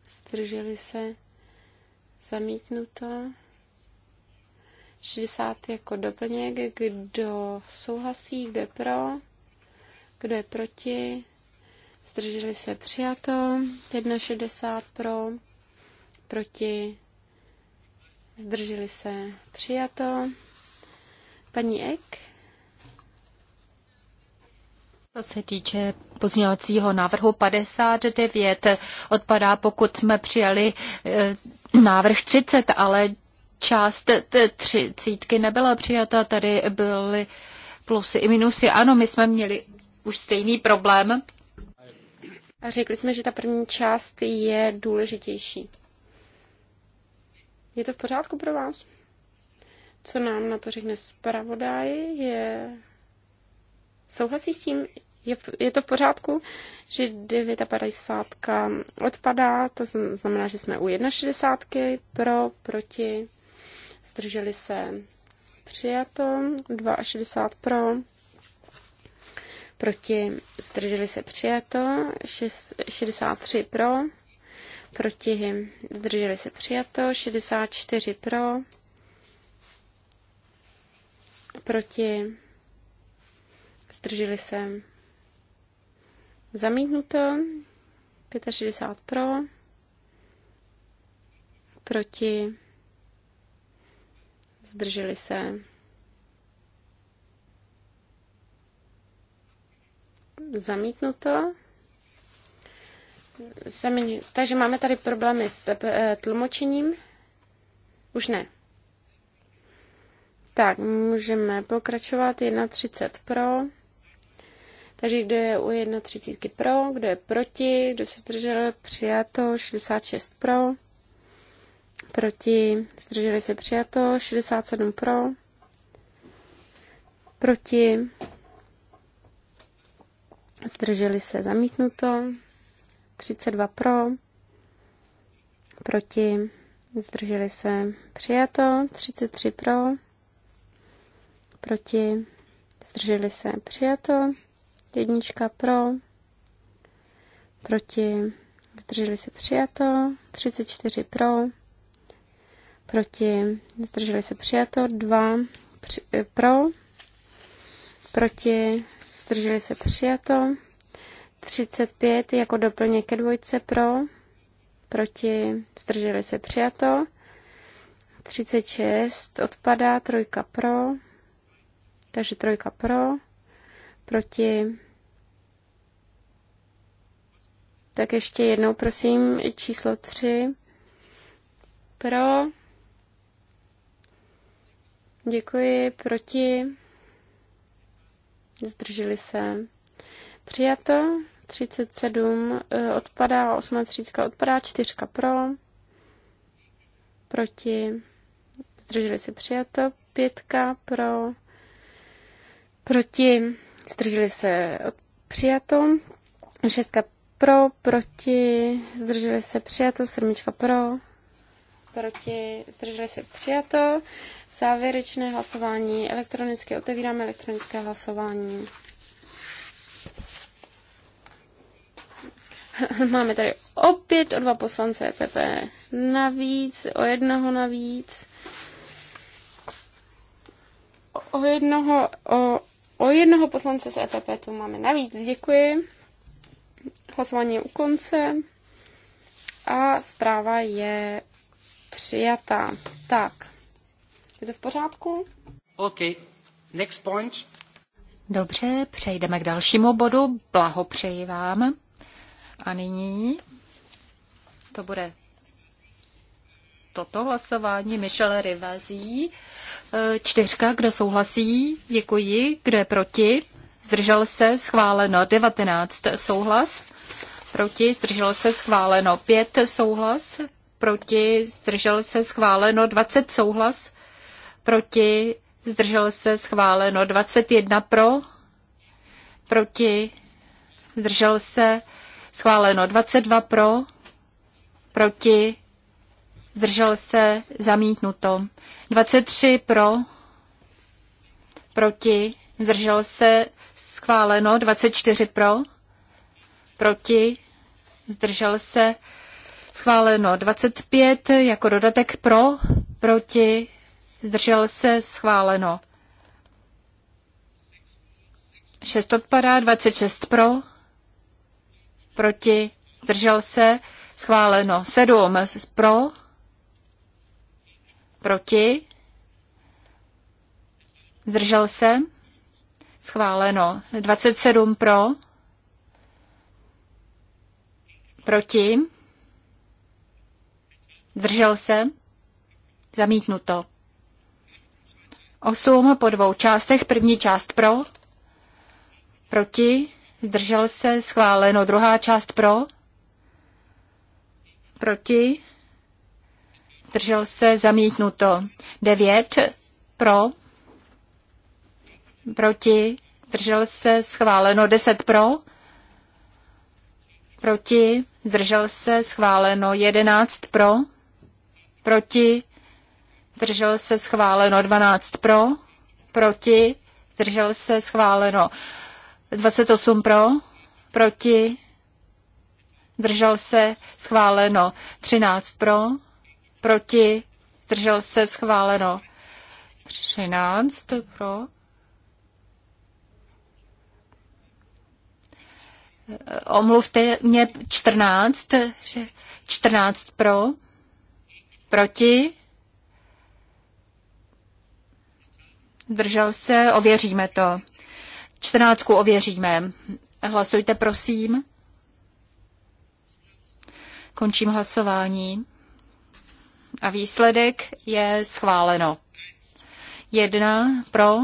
Zdrželi se? Zamítnuto. 60 jako doplněk. Kdo souhlasí? Kdo je pro? Kdo je proti? Zdrželi se přijato. 61 pro. Proti? Zdrželi se přijato. Paní Ek? Co se týče pozměňovacího návrhu 59 odpadá, pokud jsme přijali eh, návrh 30, ale část třicítky nebyla přijata, tady byly plusy i minusy. Ano, my jsme měli už stejný problém. A řekli jsme, že ta první část je důležitější. Je to v pořádku pro vás? Co nám na to řekne zpravodaj, je... Souhlasí s tím, je, je to v pořádku, že 59 odpadá, to znamená, že jsme u 61 pro, proti, zdrželi se přijato, 62 pro, proti, zdrželi se přijato, 6, 63 pro, proti, zdrželi se přijato, 64 pro, proti, zdrželi se Zamítnuto. 65 pro. Proti. Zdrželi se. Zamítnuto. Zamiň. Takže máme tady problémy s eh, tlumočením. Už ne. Tak, můžeme pokračovat. 1.30 pro takže kdo je u 31 pro, kdo je proti, kdo se zdržel, přijato 66 pro, proti, zdrželi se přijato 67 pro, proti, zdrželi se zamítnuto 32 pro, proti, zdrželi se přijato 33 pro, proti, zdrželi se přijato Jednička pro, proti, zdrželi se přijato, 34 pro, proti, zdrželi se přijato, 2 eh, pro, proti, zdrželi se přijato, 35 jako doplněk ke dvojce pro, proti, zdrželi se přijato, 36 odpadá, trojka pro, takže trojka pro, Proti? Tak ještě jednou, prosím, číslo tři. Pro. Děkuji. Proti. Zdrželi se. Přijato. 37 eh, odpadá, 38 odpadá, 4 pro. Proti. Zdrželi se přijato. 5 pro. Proti zdrželi se přijato, šestka pro, proti, zdrželi se přijato, sedmička pro, proti, zdrželi se přijato. Závěrečné hlasování elektronicky, otevíráme elektronické hlasování. Máme tady opět o dva poslance EPP navíc, o jednoho navíc. O jednoho, o O jednoho poslance z EPP tu máme navíc. Děkuji. Hlasování je u konce. A zpráva je přijatá. Tak. Je to v pořádku? OK. Next point. Dobře, přejdeme k dalšímu bodu. Blahopřeji vám. A nyní to bude toto hlasování. Michel Rivazí. E, čtyřka, kdo souhlasí? Děkuji. Kdo je proti? Zdržel se? Schváleno. 19. Souhlas. Proti? Zdržel se? Schváleno. 5. Souhlas. Proti? Zdržel se? Schváleno. 20. Souhlas. Proti? Zdržel se? Schváleno. 21. Pro? Proti? Zdržel se? Schváleno. 22 pro, proti, zdržel se, zamítnuto. 23 pro, proti, zdržel se, schváleno. 24 pro, proti, zdržel se, schváleno. 25 jako dodatek pro, proti, zdržel se, schváleno. 6 odpadá, 26 pro, proti, zdržel se, schváleno. 7 pro, Proti? Zdržel se? Schváleno. 27 pro? Proti? Zdržel se? Zamítnuto. 8 po dvou částech. První část pro? Proti? Zdržel se? Schváleno. Druhá část pro? Proti? Držel se zamítnuto. 9 pro. Proti. Držel se schváleno. 10 pro. Proti. Držel se schváleno. 11 pro. Proti. Držel se schváleno. 12 pro. Proti. Držel se schváleno. 28 pro. Proti. Držel se schváleno. 13 pro proti, zdržel se, schváleno. 13 pro, omluvte mě 14, 14 pro, proti, držel se, ověříme to. 14 ověříme. Hlasujte, prosím. Končím hlasování. A výsledek je schváleno. Jedna pro,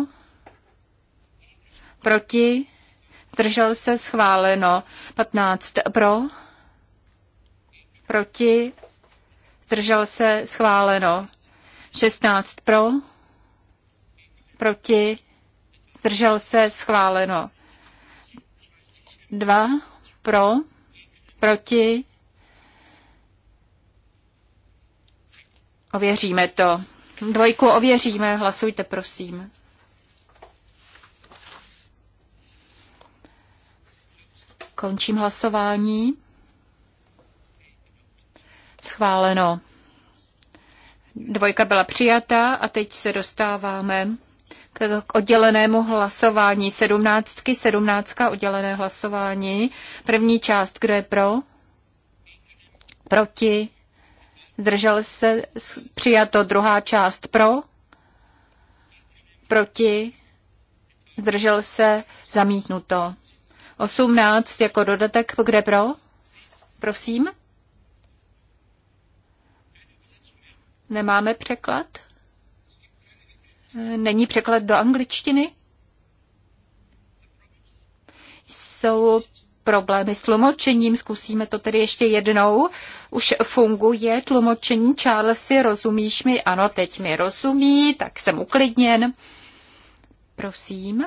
proti, držel se schváleno. 15 pro, proti, držel se schváleno. 16 pro, proti, držel se schváleno. 2 pro, proti, Ověříme to. Dvojku ověříme, hlasujte prosím. Končím hlasování. Schváleno. Dvojka byla přijata a teď se dostáváme k oddělenému hlasování. Sedmnáctky, sedmnáctka oddělené hlasování. První část, kdo je pro? Proti? zdržel se, přijato druhá část pro, proti, zdržel se, zamítnuto. 18 jako dodatek, kde pro? Prosím? Nemáme překlad? Není překlad do angličtiny? Jsou problémy s tlumočením. Zkusíme to tedy ještě jednou. Už funguje tlumočení. Charlesy, rozumíš mi? Ano, teď mi rozumí, tak jsem uklidněn. Prosím.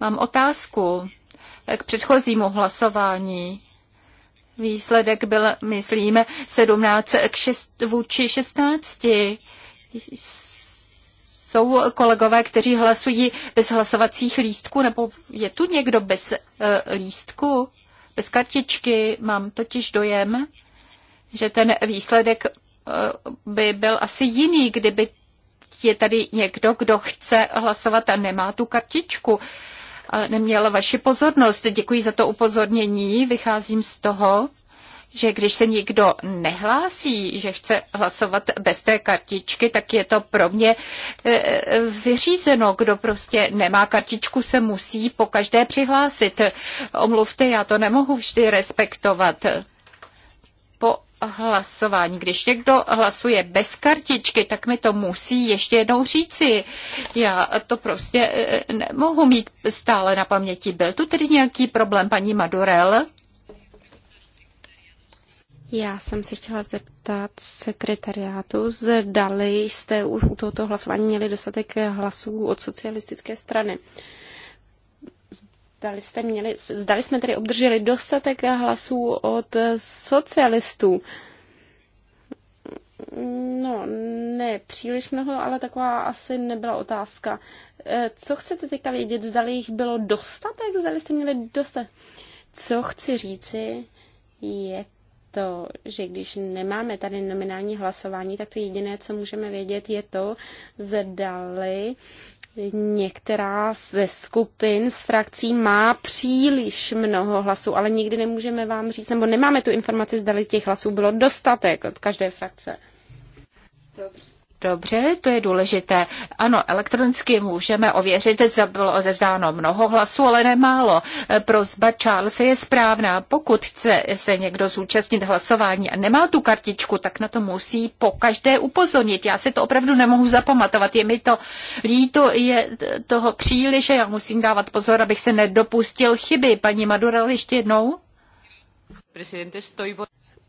Mám otázku k předchozímu hlasování. Výsledek byl, myslím, 17 k 6, vůči 16 jsou kolegové, kteří hlasují bez hlasovacích lístků, nebo je tu někdo bez eh, lístku, bez kartičky? Mám totiž dojem, že ten výsledek eh, by byl asi jiný, kdyby je tady někdo, kdo chce hlasovat a nemá tu kartičku. neměla vaši pozornost. Děkuji za to upozornění. Vycházím z toho, že když se někdo nehlásí, že chce hlasovat bez té kartičky, tak je to pro mě eh, vyřízeno. Kdo prostě nemá kartičku, se musí po každé přihlásit. Omluvte, já to nemohu vždy respektovat. Po hlasování. Když někdo hlasuje bez kartičky, tak mi to musí ještě jednou říci. Já to prostě eh, nemohu mít stále na paměti. Byl tu tedy nějaký problém, paní Madurel? Já jsem se chtěla zeptat sekretariátu, zdali jste u tohoto hlasování měli dostatek hlasů od socialistické strany. Zdali, jste měli, zdali jsme tedy obdrželi dostatek hlasů od socialistů. No, ne příliš mnoho, ale taková asi nebyla otázka. Eh, co chcete teďka vědět? Zdali jich bylo dostatek? Zdali jste měli dostatek? Co chci říci, je to, že když nemáme tady nominální hlasování, tak to jediné, co můžeme vědět, je to, zdali některá ze skupin z frakcí má příliš mnoho hlasů, ale nikdy nemůžeme vám říct, nebo nemáme tu informaci, zdali těch hlasů bylo dostatek od každé frakce. Dobře. Dobře, to je důležité. Ano, elektronicky můžeme ověřit, zda bylo odevzdáno mnoho hlasů, ale nemálo. Prozba Charlesa je správná. Pokud chce se někdo zúčastnit hlasování a nemá tu kartičku, tak na to musí po každé upozornit. Já si to opravdu nemohu zapamatovat. Je mi to líto, je toho příliš a já musím dávat pozor, abych se nedopustil chyby. Paní Madura, ještě jednou.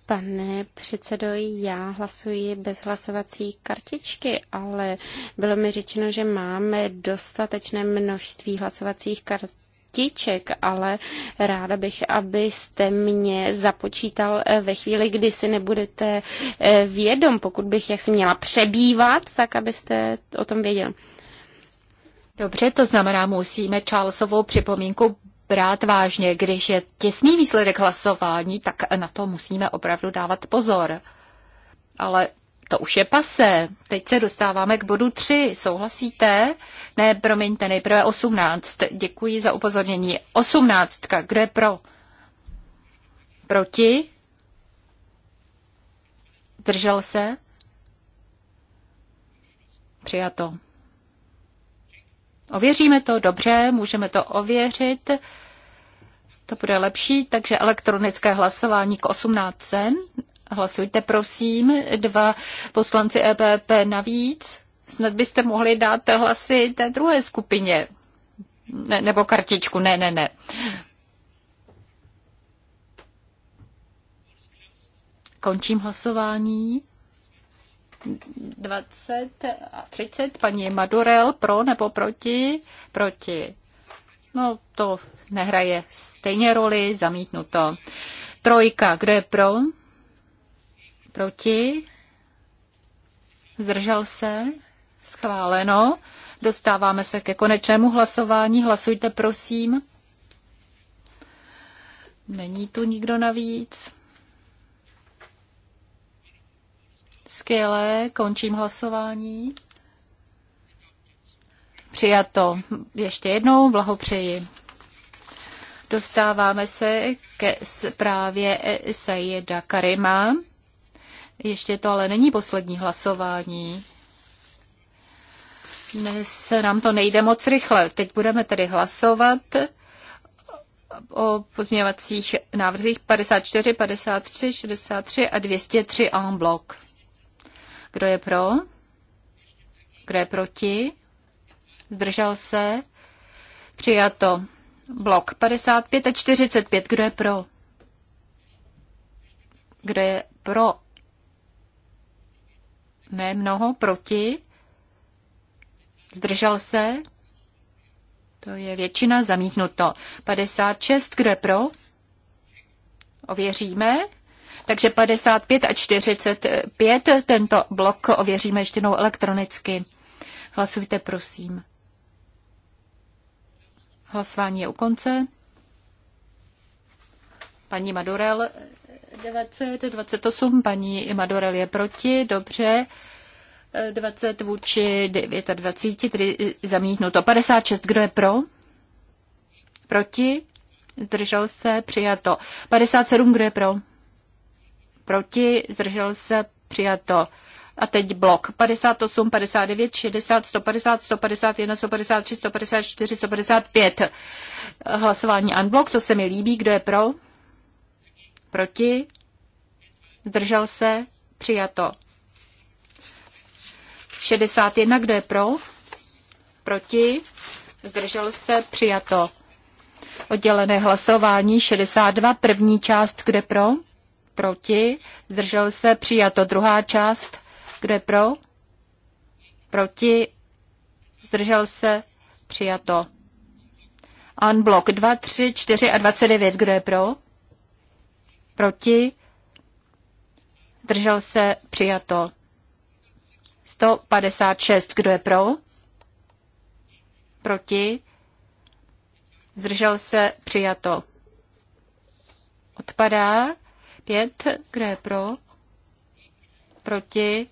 Pane předsedo, já hlasuji bez hlasovací kartičky, ale bylo mi řečeno, že máme dostatečné množství hlasovacích kartiček ale ráda bych, abyste mě započítal eh, ve chvíli, kdy si nebudete eh, vědom, pokud bych jak si měla přebývat, tak abyste o tom věděl. Dobře, to znamená, musíme Charlesovou připomínku brát vážně. Když je těsný výsledek hlasování, tak na to musíme opravdu dávat pozor. Ale to už je pase. Teď se dostáváme k bodu 3. Souhlasíte? Ne, promiňte, nejprve 18. Děkuji za upozornění. 18. Kdo je pro? Proti? Držel se? Přijato. Ověříme to dobře, můžeme to ověřit. To bude lepší, takže elektronické hlasování k 18. Hlasujte prosím, dva poslanci EPP navíc. Snad byste mohli dát hlasy té druhé skupině. Ne, nebo kartičku, ne, ne, ne. Končím hlasování. 20 a 30. Paní Madurel pro nebo proti? Proti. No to nehraje stejně roli, zamítnuto. Trojka, kdo je pro? Proti? Zdržel se? Schváleno. Dostáváme se ke konečnému hlasování. Hlasujte, prosím. Není tu nikdo navíc. Skvělé, končím hlasování. Přijato. Ještě jednou blahopřeji. Dostáváme se ke zprávě Sejeda Karima. Ještě to ale není poslední hlasování. Dnes nám to nejde moc rychle. Teď budeme tedy hlasovat o pozměňovacích návrzích 54, 53, 63 a 203 en bloc. Kdo je pro? Kdo je proti? Zdržel se? Přijato. Blok 55 a 45. Kdo je pro? Kdo je pro? Ne mnoho. Proti? Zdržel se? To je většina zamítnuto. 56. Kdo je pro? Ověříme. Takže 55 a 45 tento blok ověříme ještě jednou elektronicky. Hlasujte, prosím. Hlasování je u konce. Paní Madurel 20, 28, paní Madurel je proti, dobře. 20 vůči 29, tedy zamítnuto. 56, kdo je pro? Proti? Zdržel se, přijato. 57, kdo je pro? proti, zdržel se, přijato. A teď blok 58, 59, 60, 150, 151, 153, 154, 155. Hlasování unblock, to se mi líbí. Kdo je pro? Proti? Zdržel se? Přijato. 61, kdo je pro? Proti? Zdržel se? Přijato. Oddělené hlasování 62, první část, kde pro? proti, zdržel se, přijato. Druhá část, kdo je pro, proti, zdržel se, přijato. An blok 2, 3, 4 a 29, kdo je pro, proti, zdržel se, přijato. 156, kdo je pro, proti, zdržel se, přijato odpadá. 5, kdo je pro, proti,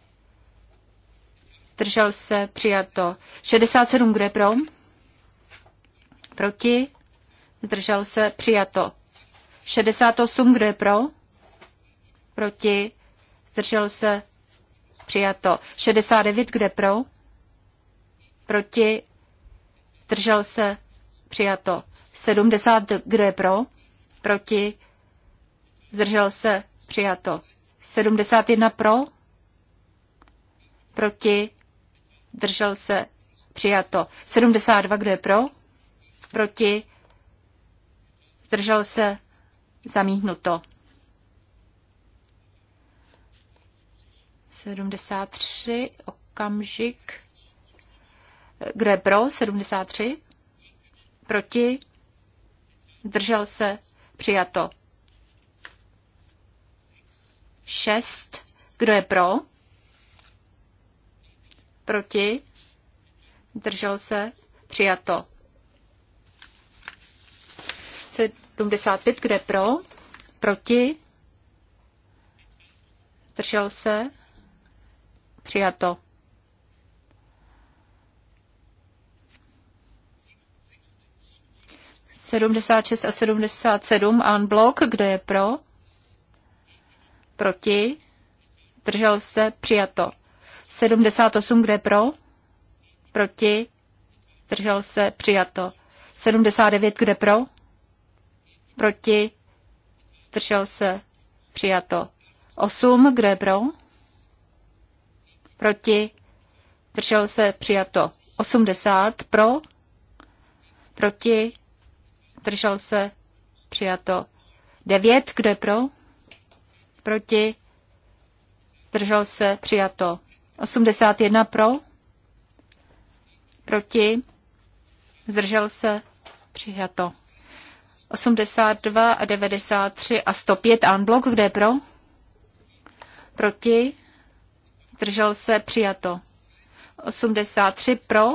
držel se, přijato. 67, kdo je pro, proti, zdržel se, přijato. 68, kdo je pro, proti, zdržel se, přijato. 69, kde pro, proti, zdržel se, přijato. 70, kdo je pro, proti, zdržel se, přijato. 71 pro, proti, držel se, přijato. 72, kdo je pro, proti, zdržel se, zamítnuto. 73, okamžik. Kdo je pro? 73. Proti? Držel se? Přijato. 6. Kdo je pro? Proti? Držel se? Přijato. 75. Kdo je pro? Proti? Držel se? Přijato. 76 a 77 en blok, kdo je pro? proti, držel se, přijato. 78, kde pro, proti, držel se, přijato. 79, kde pro, proti, držel se, přijato. 8, kde pro, proti, držel se, přijato. 80, pro, proti, držel se, přijato. 9, kde pro, proti, zdržel se, přijato. 81 pro, proti, zdržel se, přijato. 82 a 93 a 105 unblock, kde je pro? Proti, zdržel se, přijato. 83 pro,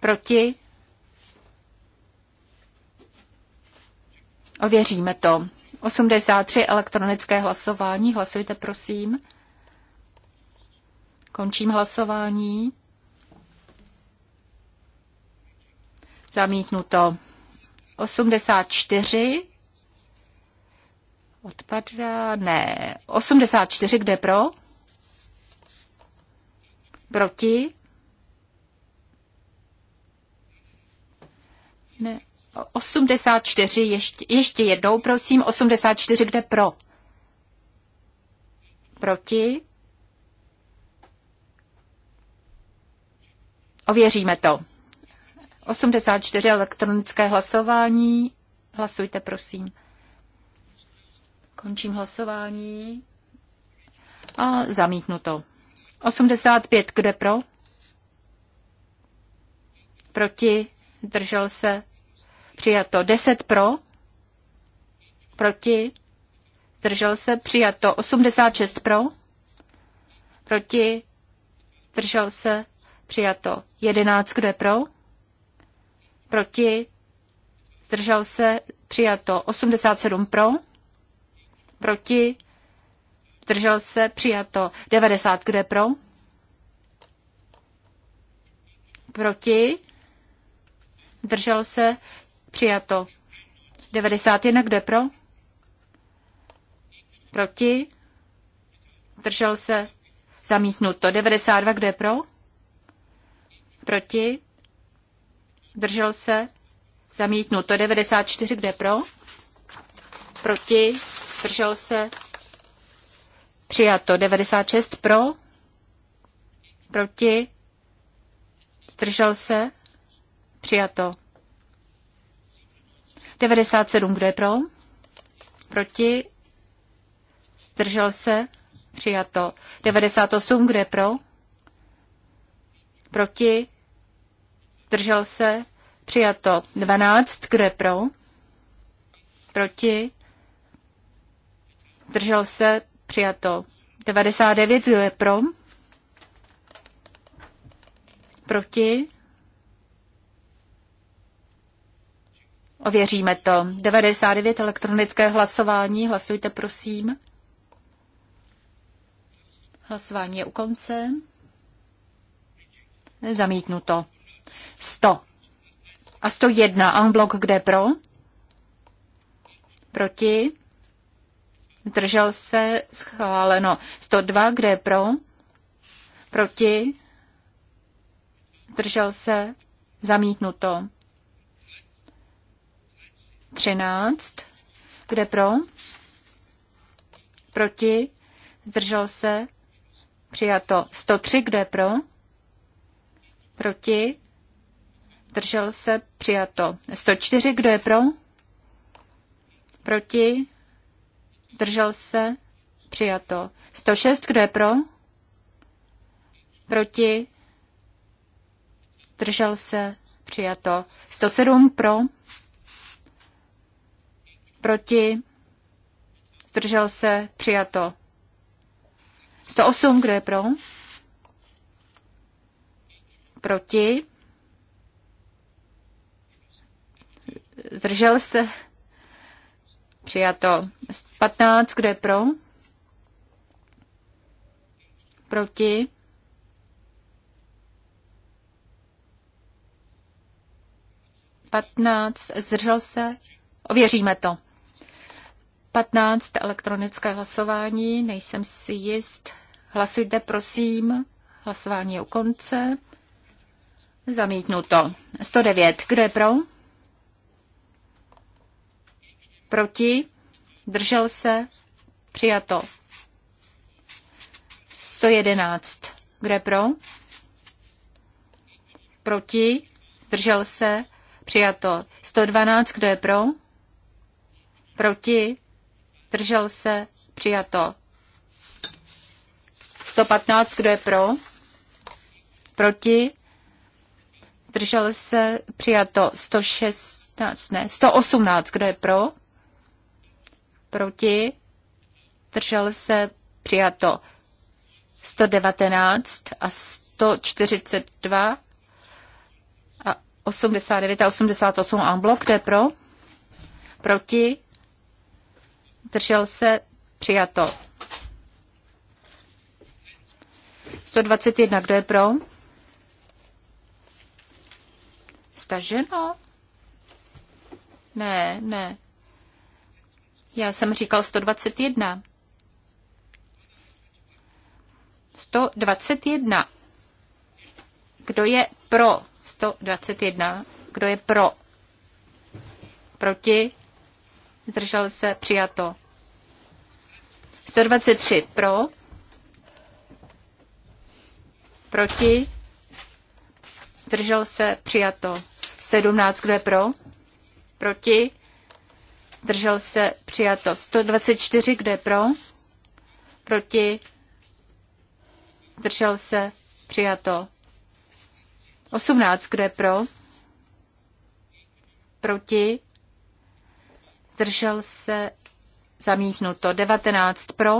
proti, ověříme to. 83 elektronické hlasování. Hlasujte, prosím. Končím hlasování. Zamítnuto. 84. Odpadá, ne. 84, kde pro? Proti? Ne. 84, ještě, ještě jednou, prosím, 84, kde pro? Proti? Ověříme to. 84 elektronické hlasování. Hlasujte, prosím. Končím hlasování. A to. 85, kde pro? Proti? Držel se? přijato 10 pro, proti, držel se, přijato 86 pro, proti, držel se, přijato 11, kdo je pro, proti, zdržel se, přijato 87 pro, proti, zdržel se, přijato 90, kdo je pro, proti, zdržel se, Přijato. 91, kdo je pro? Proti? Držel se? Zamítnuto. 92, kdo je pro? Proti? Držel se? Zamítnuto. 94, kdo je pro? Proti? Držel se? Přijato. 96 pro? Proti? Držel se? Přijato. 97, kdo je pro? Proti? Držel se? Přijato. 98, kdo je pro? Proti? Držel se? Přijato. 12, kdo je pro? Proti? Držel se? Přijato. 99, kdo je pro? Proti? Ověříme to. 99 elektronické hlasování. Hlasujte, prosím. Hlasování je u konce. Zamítnuto. 100. A 101. Unblock kde pro? Proti? Zdržel se? Schváleno. 102. Kde pro? Proti? Zdržel se? Zamítnuto. 13. Kde pro? Proti? Zdržel se? Přijato 103. Kde pro? Proti? Zdržel se? Přijato 104. Kdo je pro? Proti? Zdržel se? Přijato 106. Kdo je pro? Proti? Zdržel se? Přijato 107. Pro? Proti? Zdržel se? Přijato. 108, kdo je pro? Proti? Zdržel se? Přijato. 15, kdo je pro? Proti? Patnáct. Zdržel se? Ověříme to. 15 elektronické hlasování, nejsem si jist. Hlasujte, prosím. Hlasování je u konce. Zamítnuto. 109. Kdo je pro? Proti? Držel se? Přijato. 111. Kdo je pro? Proti? Držel se? Přijato. 112. Kdo je pro? Proti? zdržel se, přijato. 115, kdo je pro, proti, zdržel se, přijato. 116, ne, 118, kdo je pro, proti, zdržel se, přijato. 119 a 142 a 89 a 88 en blok, kde pro, proti, Držel se? Přijato. 121. Kdo je pro? Staženo? Ne, ne. Já jsem říkal 121. 121. Kdo je pro? 121. Kdo je pro? Proti? zdržel se, přijato. 123 pro, proti, zdržel se, přijato. 17, kdo je pro, proti, zdržel se, přijato. 124, kdo je pro, proti, zdržel se, přijato. 18, kdo je pro, proti, zdržel se, zamítnuto. 19 pro,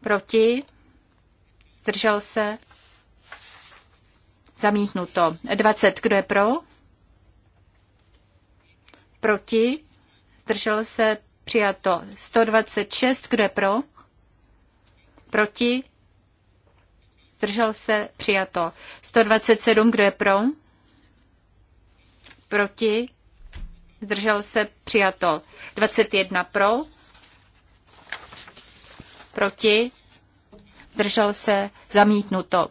proti, zdržel se, zamítnuto. 20, kdo je pro, proti, zdržel se, přijato. 126, kdo je pro, proti, zdržel se, přijato. 127, kdo je pro, proti, zdržel se, přijato. 21 pro, proti, zdržel se, zamítnuto.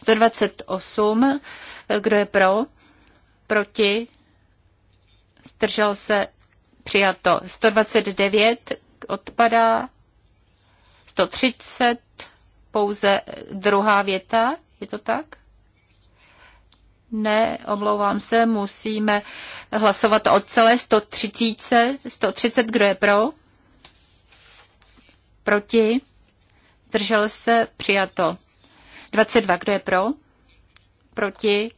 128, kdo je pro, proti, zdržel se, přijato. 129 odpadá, 130 pouze druhá věta, je to tak? Ne, omlouvám se, musíme hlasovat o celé 130. 130, kdo je pro? Proti? Držel se? Přijato. 22, kdo je pro? Proti?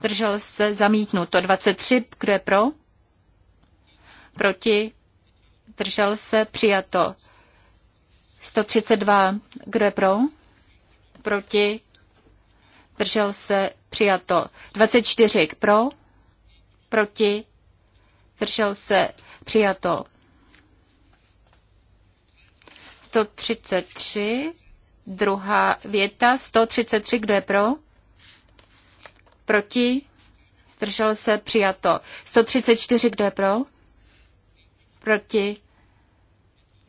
Držel se? Zamítnuto. 23, kdo je pro? Proti? Držel se? Přijato. 132, kdo je pro? Proti? zdržel se, přijato. 24 pro, proti, zdržel se, přijato. 133, druhá věta, 133, kdo je pro? Proti, zdržel se, přijato. 134, kdo je pro? Proti,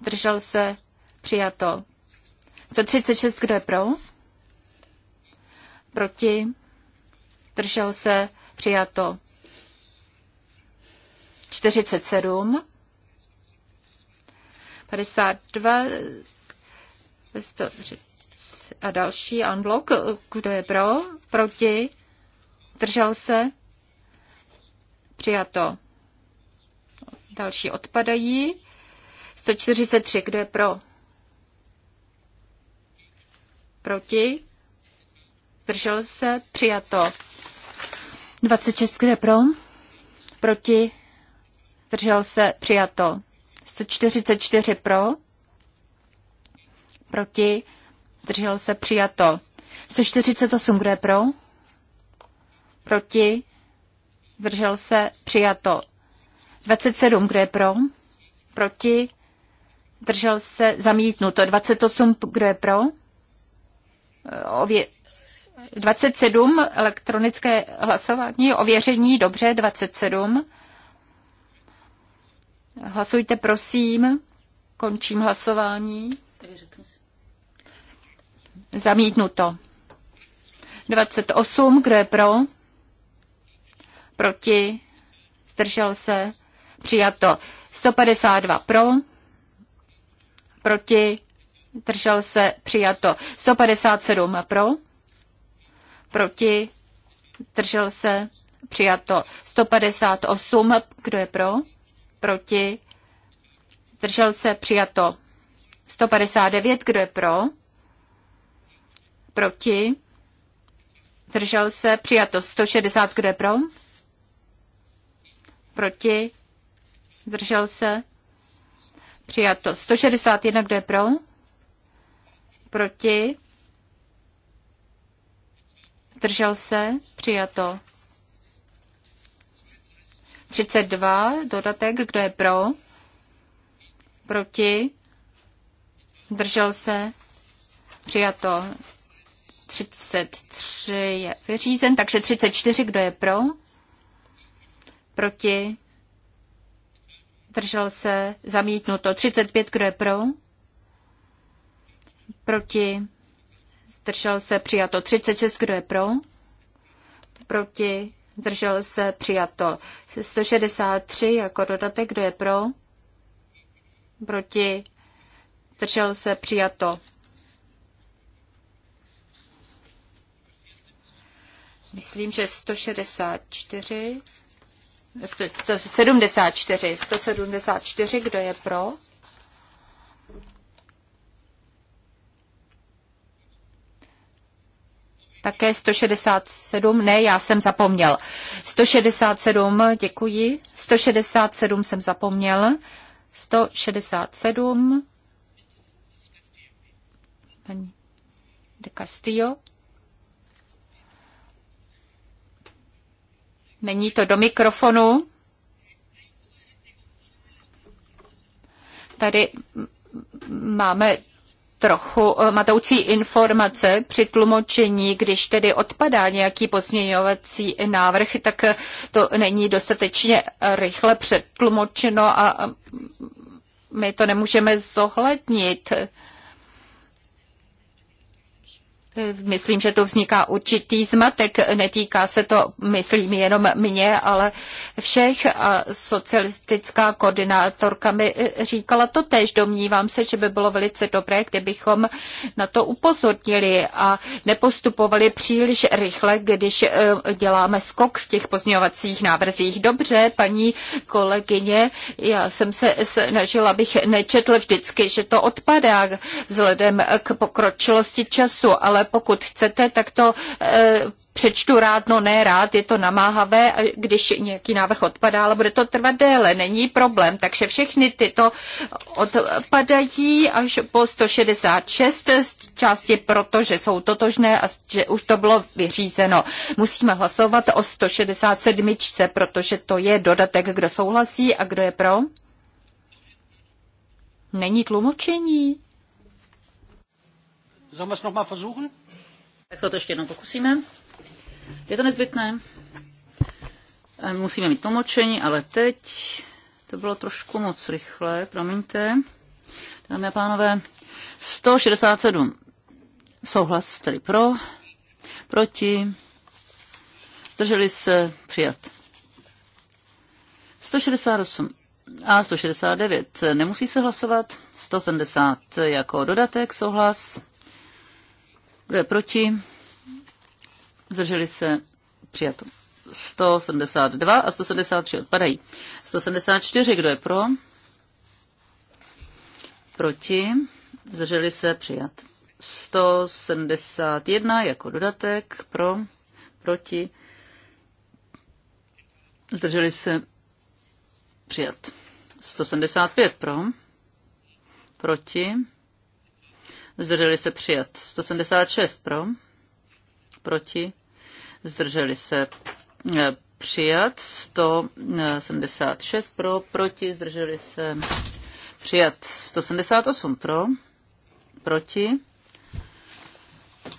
zdržel se, přijato. 136, kdo je pro? proti, držel se, přijato 47, 52, 130 a další unblock, kdo je pro, proti, držel se, přijato. Další odpadají. 143, kdo je pro? Proti? zdržel se, přijato. 26, kde pro? Proti, zdržel se, přijato. 144 pro, proti, zdržel se, přijato. 148, kde pro? Proti, zdržel se, přijato. 27, kde pro? Proti, zdržel se, zamítnuto. 28, kde pro? Ově, 27 elektronické hlasování, ověření, dobře, 27. Hlasujte, prosím. Končím hlasování. Zamítnuto. 28, kdo je pro? Proti? Zdržel se? Přijato. 152 pro? Proti? Držel se přijato 157 pro, proti, držel se, přijato 158, kdo je pro, proti, držel se, přijato 159, kdo je pro, proti, držel se, přijato 160, kdo je pro, proti, držel se, přijato 161, kdo je pro, proti, Zdržel se? Přijato. 32. Dodatek. Kdo je pro? Proti? Zdržel se? Přijato. 33 je vyřízen, takže 34, kdo je pro? Proti? Držel se? Zamítnuto. 35, kdo je pro? Proti? zdržel se, přijato 36, kdo je pro, proti, zdržel se, přijato 163 jako dodatek, kdo je pro, proti, zdržel se, přijato. Myslím, že 164, 174, 174, kdo je pro? také 167, ne, já jsem zapomněl. 167, děkuji. 167 jsem zapomněl. 167. Pani de Castillo. Není to do mikrofonu. Tady máme trochu eh, matoucí informace při tlumočení, když tedy odpadá nějaký pozměňovací návrh, tak eh, to není dostatečně eh, rychle přetlumočeno a my to nemůžeme zohlednit. Myslím, že to vzniká určitý zmatek. Netýká se to, myslím, jenom mě, ale všech. A socialistická koordinátorka mi e, říkala to tež. Domnívám se, že by bylo velice dobré, kdybychom na to upozornili a nepostupovali příliš rychle, když e, děláme skok v těch pozměňovacích návrzích. Dobře, paní kolegyně, já jsem se snažila, abych nečetl vždycky, že to odpadá vzhledem k pokročilosti času, ale ale pokud chcete, tak to eh, přečtu rád, no ne rád, je to namáhavé, když nějaký návrh odpadá, ale bude to trvat déle, není problém. Takže všechny tyto odpadají až po 166 z části proto, že jsou totožné a že už to bylo vyřízeno. Musíme hlasovat o 167, protože to je dodatek, kdo souhlasí a kdo je pro. Není tlumočení. Sollen wir es nochmal versuchen? Tak se to ještě jednou pokusíme. Je to nezbytné. Musíme mít tlumočení, ale teď to bylo trošku moc rychle, promiňte. Dámy a pánové, 167 souhlas, tedy pro, proti, drželi se přijat. 168 a 169 nemusí se hlasovat, 170 jako dodatek souhlas, kdo je proti? Zdrželi se přijato. 172 a 173 odpadají. 174, kdo je pro? Proti? Zdrželi se přijat. 171 jako dodatek pro, proti. Zdrželi se přijat. 175 pro, proti zdrželi se přijat. 176 eh, pro, proti, zdrželi se přijat. 176 pro, proti, zdrželi se přijat. 178 pro, proti,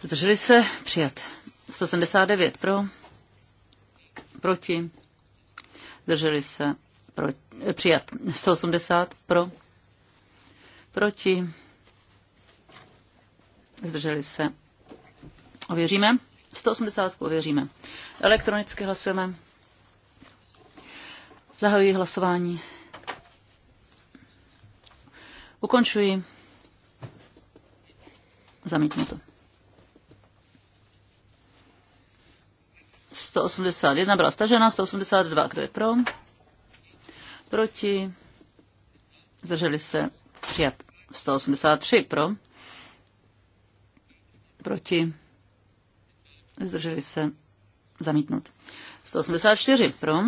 zdrželi se přijat. 179 pro, proti, zdrželi se pro, eh, přijat. 180 pro, proti, zdrželi se. Ověříme. 180 ověříme. Elektronicky hlasujeme. Zahajuji hlasování. Ukončuji. Zamítnu to. 181 byla stažena, 182, kdo je pro? Proti. Zdrželi se přijat. 183 pro proti, zdrželi se, zamítnut. 184 pro,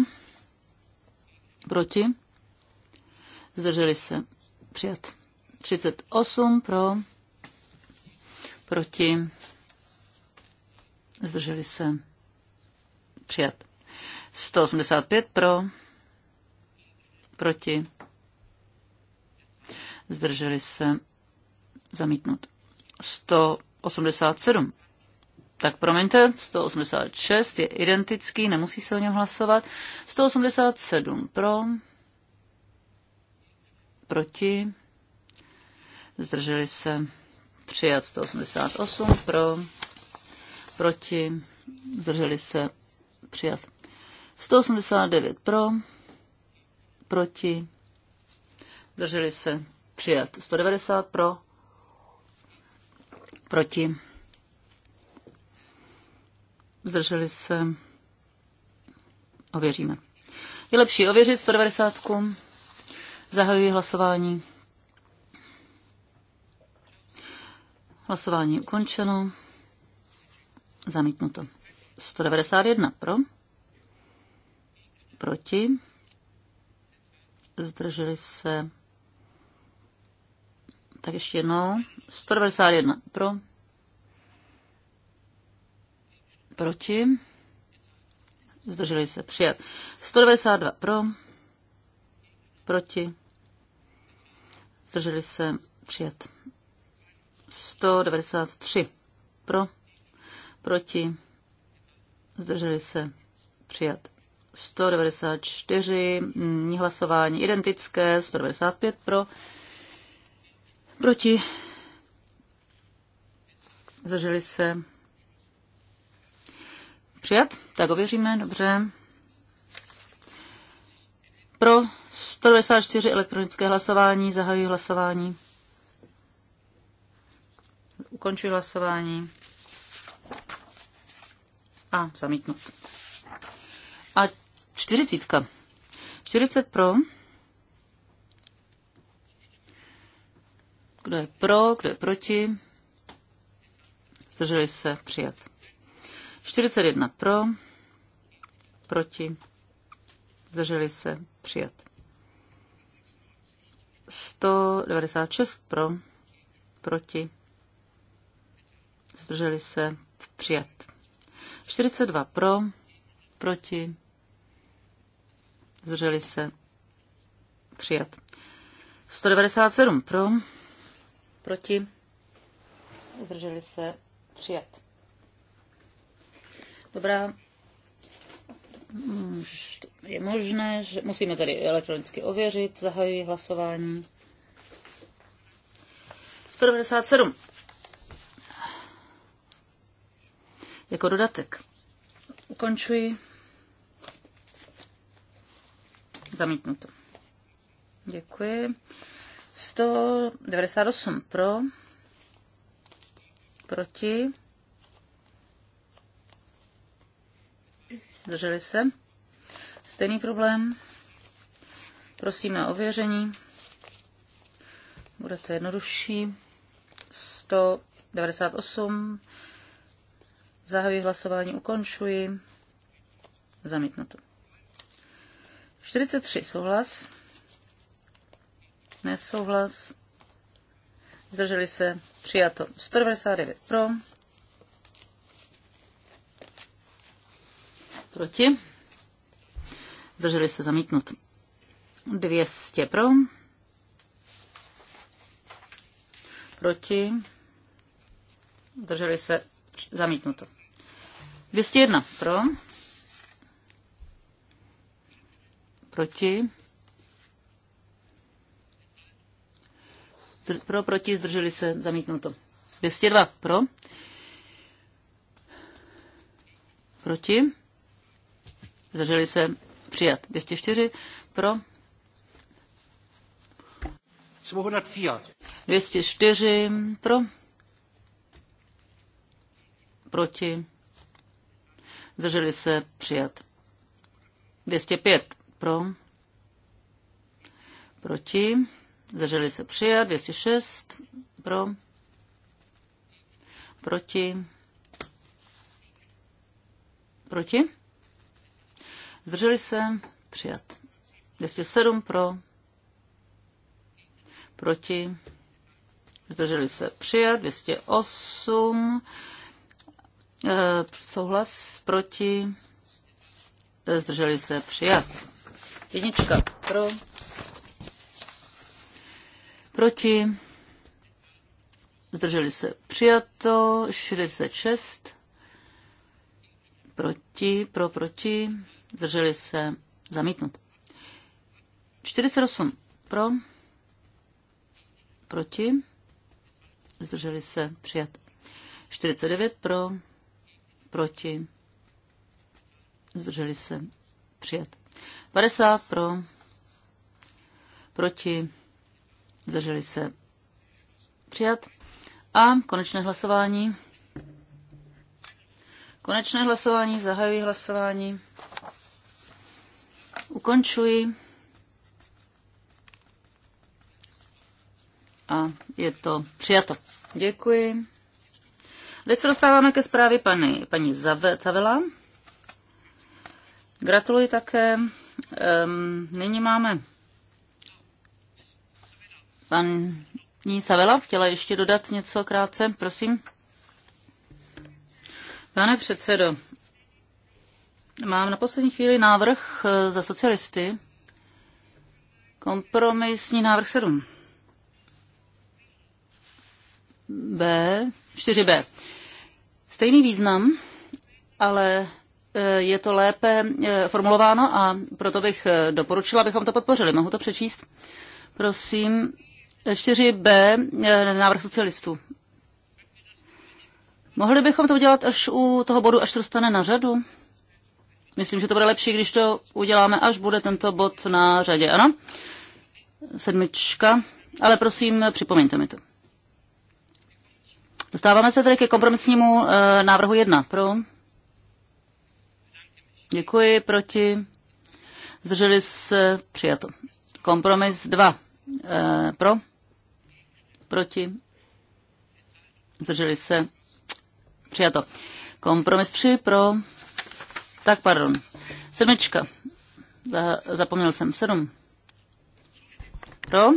proti, zdrželi se, přijat. 38 pro, proti, zdrželi se, přijat. 185 pro, proti, zdrželi se, zamítnut. 100 187. Tak promiňte, 186 je identický, nemusí se o něm hlasovat. 187 pro, proti, zdrželi se, přijat 188 pro, proti, zdrželi se, přijat 189 pro, proti, zdrželi se, přijat 190 pro, Proti? Zdrželi se? Ověříme. Je lepší ověřit 190. Zahajuji hlasování. Hlasování ukončeno. Zamítnuto. 191 pro. Proti. Zdrželi se. Tak ještě jednou. 191 pro. Proti. Zdrželi se. Přijat. 192 pro. Proti. Zdrželi se. Přijat. 193 pro. Proti. Zdrželi se. Přijat. 194 hlasování identické. 195 pro. Proti zažili se? Přijat? Tak ověříme, dobře. Pro 194 elektronické hlasování zahajuji hlasování. Ukončuji hlasování. A zamítnout. A 40. 40 pro. Kdo je pro, kdo je proti? zdrželi se, přijat. 41 pro, proti, zdrželi se, přijat. 196 pro, proti, zdrželi se, přijat. 42 pro, proti, zdrželi se, přijat. 197 pro, proti, zdrželi se, přijet. Dobrá. Hmm, je možné, že musíme tady elektronicky ověřit, zahajuji hlasování. 197. Jako dodatek. Ukončuji. Zamítnuto. Děkuji. 198 pro. Proti? Zdrželi se? Stejný problém. Prosíme o ověření. Bude to jednodušší. 198. Zahajuji hlasování, ukončuji. Zamítnuto. 43. Souhlas. Nesouhlas. Zdrželi se. Přijato. 199 pro. Proti. Drželi se zamítnut. 200 pro. Proti. Drželi se zamítnuto. 201 pro. Proti. pro, proti, zdrželi se, zamítnuto. 202 pro, proti, zdrželi se, přijat. 204 pro, 204 204 pro, proti, zdrželi se, přijat. 205 pro, proti, zdrželi se přijat, 206 pro, proti, proti, zdrželi se přijat, 207 pro, proti, zdrželi se přijat, 208, e, eh, souhlas proti, zdrželi se přijat. Jednička pro, Proti? Zdrželi se přijato. 66. Proti, pro, proti. Zdrželi se zamítnut. 48. Pro. Proti. Zdrželi se přijat. 49 pro. Proti. Zdrželi se přijat. 50 pro. Proti zdrželi se přijat. A konečné hlasování. Konečné hlasování, zahajuji hlasování. Ukončuji. A je to přijato. Děkuji. Teď se dostáváme ke zprávě paní, paní Zavela? Gratuluji také. Um, nyní máme Paní Savela chtěla ještě dodat něco krátce, prosím. Pane předsedo, mám na poslední chvíli návrh eh, za socialisty. Kompromisní návrh 7. B, 4B. Stejný význam, ale eh, je to lépe eh, formulováno a proto bych doporučila, abychom to podpořili. Mohu to přečíst? Prosím, 4b, eh, návrh socialistů. Mohli bychom to udělat až u toho bodu, až to dostane na řadu? Myslím, že to bude lepší, když to uděláme, až bude tento bod na řadě, ano? Sedmička. Ale prosím, připomeňte mi to. Dostáváme se tedy ke kompromisnímu e, návrhu 1. Pro. Děkuji, proti. Zdrželi se, přijato. Kompromis 2. E, eh, pro. Proti? Zdrželi se? Přijato. Kompromis 3 pro... Tak, pardon. Sedmička. Za, zapomněl jsem. Sedm. Pro?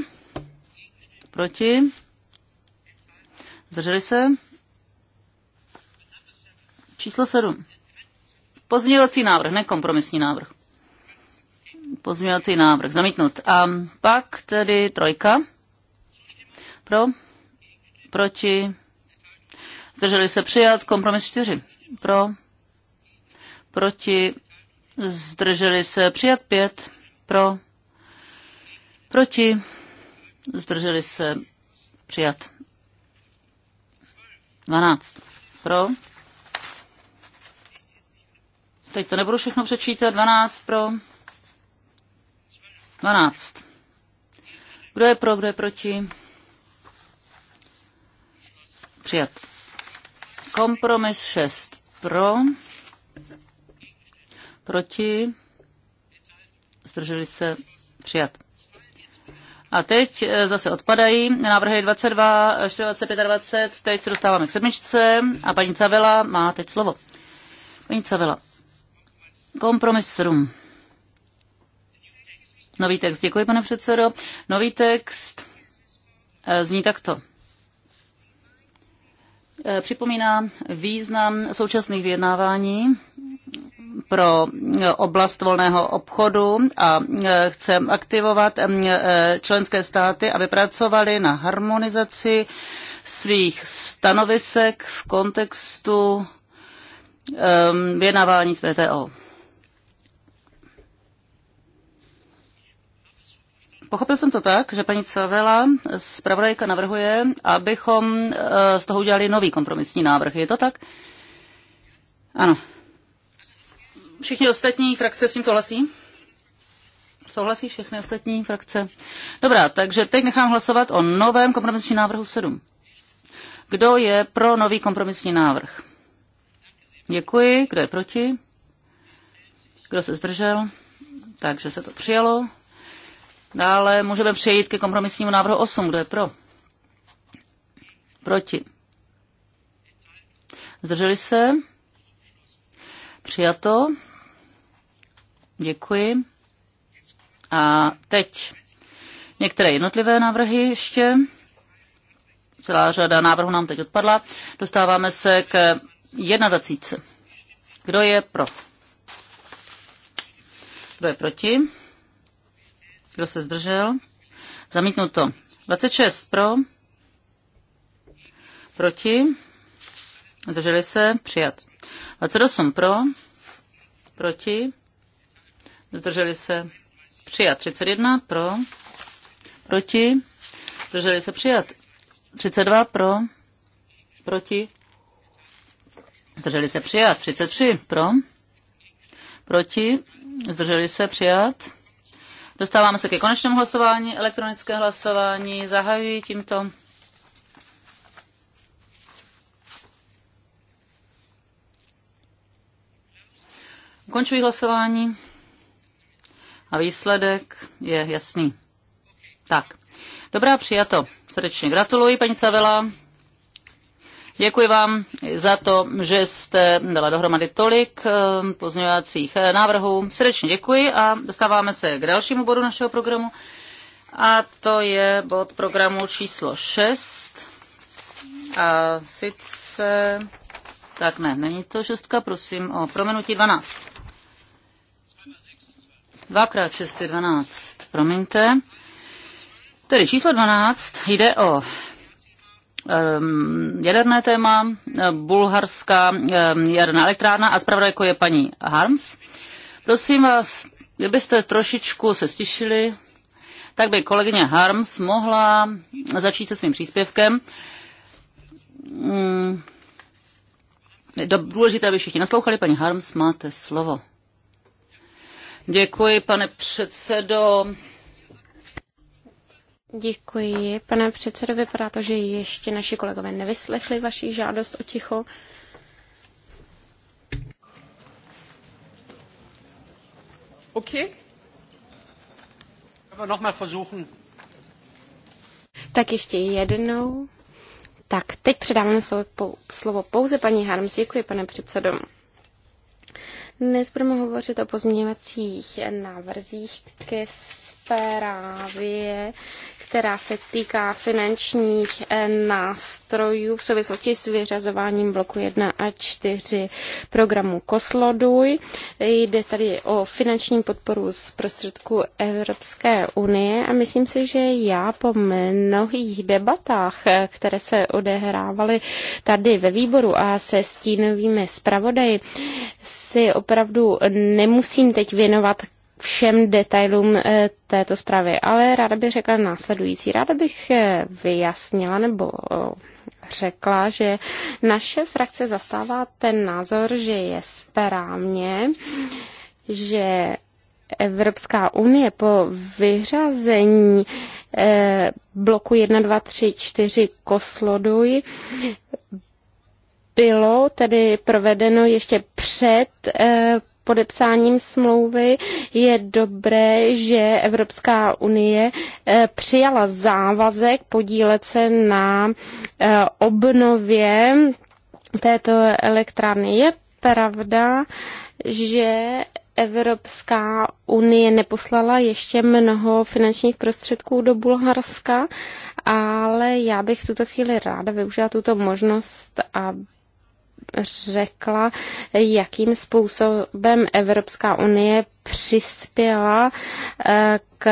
Proti? Zdrželi se? Číslo sedm. Pozměňovací návrh, ne kompromisní návrh. Pozměňovací návrh, zamítnut. A pak tedy trojka. Pro? Proti? Zdrželi se přijat. Kompromis 4. Pro? Proti? Zdrželi se přijat 5. Pro? Proti? Zdrželi se přijat. 12. Pro? Teď to nebudu všechno přečítat. 12 pro. 12. Kdo je pro, kdo je proti? Přijat. Kompromis 6 pro, proti, zdrželi se, přijat. A teď eh, zase odpadají návrhy 22, 24, 25, teď se dostáváme k sedmičce a paní Cavela má teď slovo. Paní Cavela, kompromis 7. Nový text, děkuji pane předsedo. Nový text eh, zní takto. Eh, připomíná význam současných vyjednávání pro eh, oblast volného obchodu a eh, chce aktivovat členské státy, aby pracovali na harmonizaci svých stanovisek v kontextu vyjednávání s VTO. Pochopil jsem to tak, že paní Cavela, zpravodajka, navrhuje, abychom eh, z toho udělali nový kompromisní návrh. Je to tak? Ano. Všichni ostatní frakce s tím souhlasí? Souhlasí všechny ostatní frakce? Dobrá, takže teď nechám hlasovat o novém kompromisním návrhu 7. Kdo je pro nový kompromisní návrh? Děkuji. Kdo je proti? Kdo se zdržel? Takže se to přijalo. Dále můžeme přejít ke kompromisnímu návrhu 8. Kdo je pro? Proti. Zdrželi se? Přijato. Děkuji. A teď některé jednotlivé návrhy ještě. Celá řada návrhů nám teď odpadla. Dostáváme se k 21. Kdo je pro? Kdo je proti? Kdo se zdržel? Zamítnuto. 26 pro. Proti. Zdrželi se. Přijat. 28 pro. Proti. Zdrželi se. Přijat. 31 pro. Proti. Zdrželi se. Přijat. 32 pro. Proti. Zdrželi se. Přijat. 33 pro. Proti. Zdrželi se. Přijat. Dostáváme se ke konečnému hlasování, elektronické hlasování. Zahajuji tímto. Končuji hlasování a výsledek je jasný. Tak, dobrá přijato. Srdečně gratuluji, paní Cavela. Děkuji vám za to, že jste dala dohromady tolik eh, pozměňovacích eh, návrhů. Srdečně děkuji a dostáváme se k dalšímu bodu našeho programu. A to je bod programu číslo 6. A sice... Tak ne, není to šestka, prosím o promenutí 12. Dvakrát 6 je 12, promiňte. Tedy číslo 12 jde o Ehm, jaderné téma, eh, bulharská ehm, jaderná elektrárna a zpravodajko je paní Harms. Prosím vás, kdybyste trošičku se stišili, tak by kolegyně Harms mohla začít se svým příspěvkem. Mm. Důležité, aby všichni naslouchali. Paní Harms, máte slovo. Děkuji, pane předsedo. Děkuji, pane předsedo. Vypadá to, že ještě naši kolegové nevyslechli vaši žádost o ticho. Okay. Nochmal versuchen. Tak ještě jednou. Tak, teď předáváme slovo pouze paní Harms. Děkuji, pane předsedo. Dnes budeme hovořit o pozměňovacích návrzích ke zprávě, která se týká finančních eh, nástrojů v souvislosti s vyřazováním bloku 1 a 4 programu Kosloduj. Jde tady o finanční podporu z prostředků Evropské unie a myslím si, že já po mnohých debatách, eh, které se odehrávaly tady ve výboru a se stínovými zpravodaji, si opravdu nemusím teď věnovat všem detailům eh, této zprávy, ale ráda bych řekla následující. Ráda bych eh, vyjasnila nebo řekla, že naše frakce zastává ten názor, že je správně, že Evropská unie po vyřazení eh, bloku 1, 2, 3, 4 Kosloduj bylo tedy provedeno ještě před podepsáním smlouvy je dobré, že Evropská unie eh, přijala závazek podílet se na eh, obnově této elektrárny. Je pravda, že Evropská unie neposlala ještě mnoho finančních prostředků do Bulharska, ale já bych v tuto chvíli ráda využila tuto možnost, aby řekla, jakým způsobem Evropská unie přispěla eh, k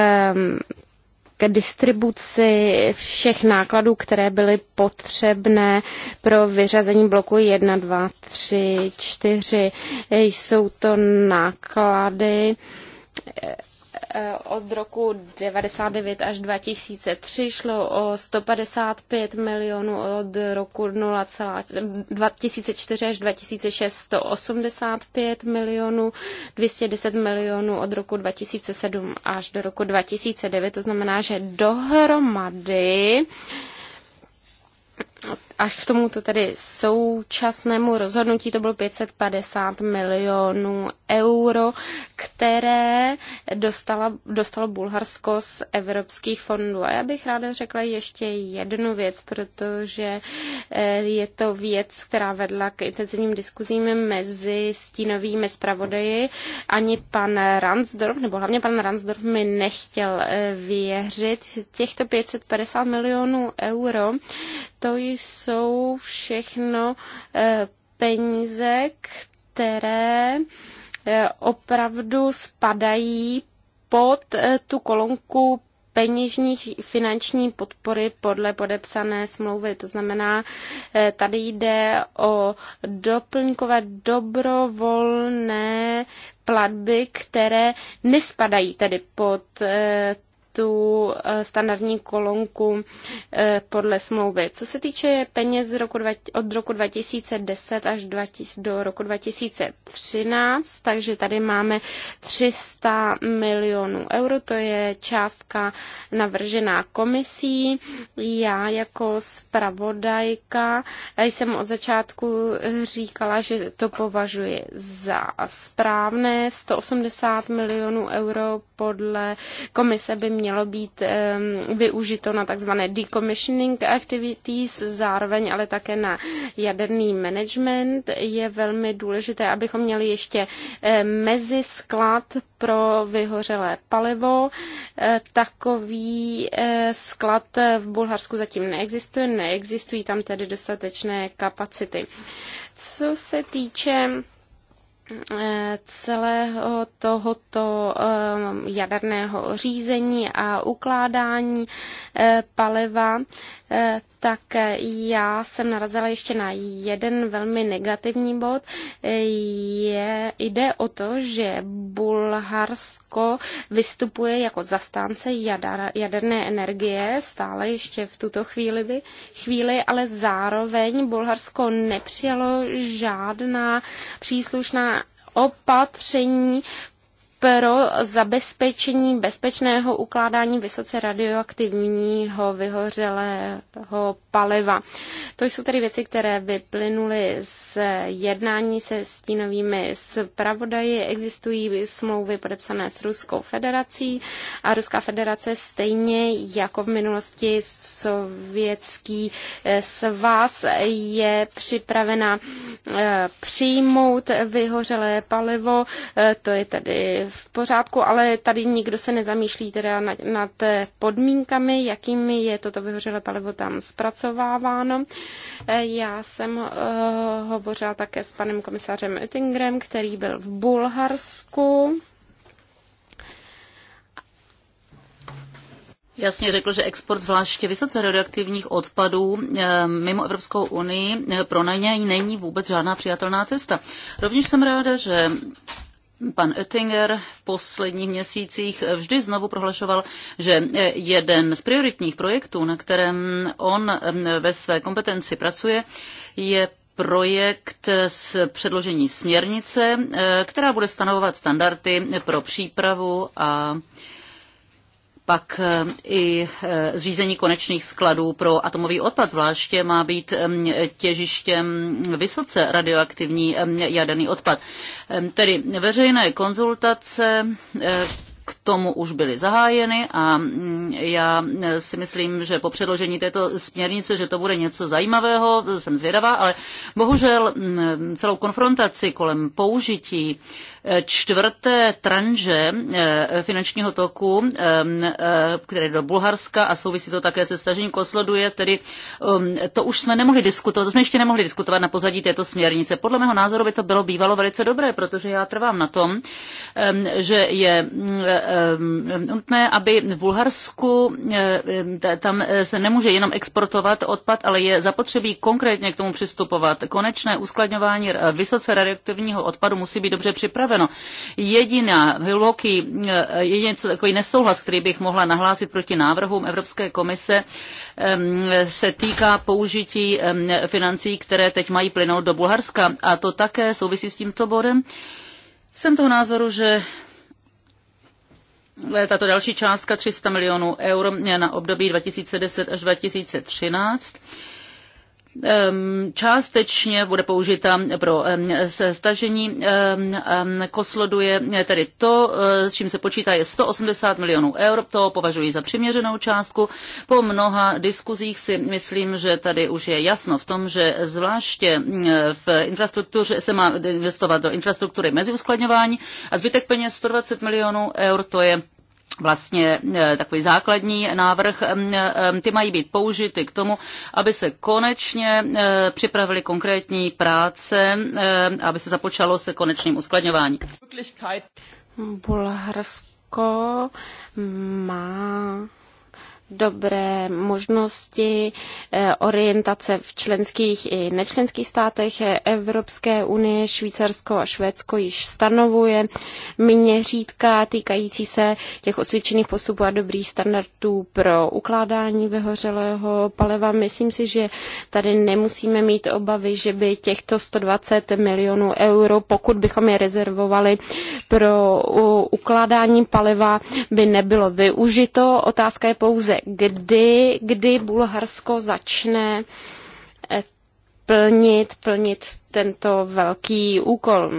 k distribuci všech nákladů, které byly potřebné pro vyřazení bloku 1, 2, 3, 4. Jsou to náklady eh, Eh, od roku 1999 až 2003 šlo o 155 milionů od roku 0, 2004 až 2006 185 milionů, 210 milionů od roku 2007 až do roku 2009. To znamená, že dohromady až k tomuto tedy současnému rozhodnutí to bylo 550 milionů euro, které dostala, dostalo Bulharsko z evropských fondů. A já bych ráda řekla ještě jednu věc, protože eh, je to věc, která vedla k intenzivním diskuzím mezi stínovými zpravodaji. Ani pan Ransdorf, nebo hlavně pan Ransdorf mi nechtěl eh, věřit. Těchto 550 milionů euro to jsou všechno eh, peníze, které eh, opravdu spadají pod eh, tu kolonku peněžních finanční podpory podle podepsané smlouvy. To znamená, tady jde o doplňkové dobrovolné platby, které nespadají tedy pod tu eh, standardní kolonku eh, podle smlouvy. Co se týče peněz roku, od roku 2010 až do roku 2013, takže tady máme 300 milionů euro, to je částka navržená komisí. Já jako zpravodajka jsem od začátku říkala, že to považuji za správné. 180 milionů euro podle komise by mě mělo být využito na tzv. decommissioning activities, zároveň ale také na jaderný management. Je velmi důležité, abychom měli ještě mezi sklad pro vyhořelé palivo. E, takový e, sklad v Bulharsku zatím neexistuje, neexistují tam tedy dostatečné kapacity. Co se týče celého tohoto ehm, jaderného řízení a ukládání eh, paliva, eh, tak já jsem narazila ještě na jeden velmi negativní bod. Je, jde o to, že Bulharsko vystupuje jako zastánce jadar, jaderné energie, stále ještě v tuto chvíli, by, chvíli, ale zároveň Bulharsko nepřijalo žádná příslušná opatření pro zabezpečení bezpečného ukládání vysoce radioaktivního vyhořelého paliva. To jsou tedy věci, které vyplynuly z jednání se stínovými zpravodaji. Existují smlouvy podepsané s Ruskou federací a Ruská federace stejně jako v minulosti sovětský eh, svaz je připravena eh, přijmout vyhořelé palivo. Eh, to je tedy v pořádku, ale tady nikdo se nezamýšlí teda nad, nad eh, podmínkami, jakými je toto vyhořelé palivo tam zpracováváno. Eh, já jsem uh, hovořila také s panem komisařem Oettingerem, který byl v Bulharsku. Jasně řekl, že export zvláště vysoce radioaktivních odpadů mimo Evropskou unii pro na něj není vůbec žádná přijatelná cesta. Rovněž jsem ráda, že Pan Oettinger v posledních měsících vždy znovu prohlašoval, že jeden z prioritních projektů, na kterém on ve své kompetenci pracuje, je projekt s předložení směrnice, eh, která bude stanovovat standardy pro přípravu a pak eh, i eh, zřízení konečných skladů pro atomový odpad zvláště má být těžištěm vysoce radioaktivní jaderný odpad. Tedy veřejné konzultace eh, k tomu už byly zahájeny a mm, já si myslím, že po předložení této směrnice, že to bude něco zajímavého, jsem zvědavá, ale bohužel mm, celou konfrontaci kolem použití čtvrté tranže eh, finančního toku, eh, eh, které do Bulharska a souvisí to také se stažením je tedy um, to už jsme nemohli diskutovat, to jsme ještě nemohli diskutovat na pozadí této směrnice. Podle mého názoru by to bylo bývalo velice dobré, protože já trvám na tom, že je nutné, aby v Bulharsku tam se nemůže jenom exportovat odpad, ale je zapotřebí konkrétně k tomu přistupovat. Konečné uskladňování vysoce radioaktivního odpadu musí být dobře připraveno ustaveno. Jediná hluboký, eh, jediný takový nesouhlas, který bych mohla nahlásit proti návrhům Evropské komise, se týká použití financí, které teď mají plynout do Bulharska. A to také souvisí s tímto bodem. Jsem toho názoru, že tato další částka 300 milionů eur na období 2010 až 2013 částečně bude použita pro stažení Koslodu je tedy to, eh, s čím se počítá, je 180 milionů eur. To považuji za přiměřenou částku. Po mnoha diskuzích si myslím, že tady už je jasno v tom, že zvláště eh, v infrastruktuře se má investovat do infrastruktury meziuskladňování a zbytek peněz 120 milionů eur to je vlastně e, takový základní návrh, ty mají být použity k tomu, aby se konečně e, připravili konkrétní práce, e, aby se započalo se konečným uskladňování. Bulharsko má dobré možnosti eh, orientace v členských i nečlenských státech Evropské unie, Švýcarsko a Švédsko již stanovuje měřítka týkající se těch osvědčených postupů a dobrých standardů pro ukládání vyhořelého paliva. Myslím si, že tady nemusíme mít obavy, že by těchto 120 milionů euro, pokud bychom je rezervovali pro ukládání paliva, by nebylo využito. Otázka je pouze, se, kdy, kdy Bulharsko začne eh, plnit, plnit tento velký úkol.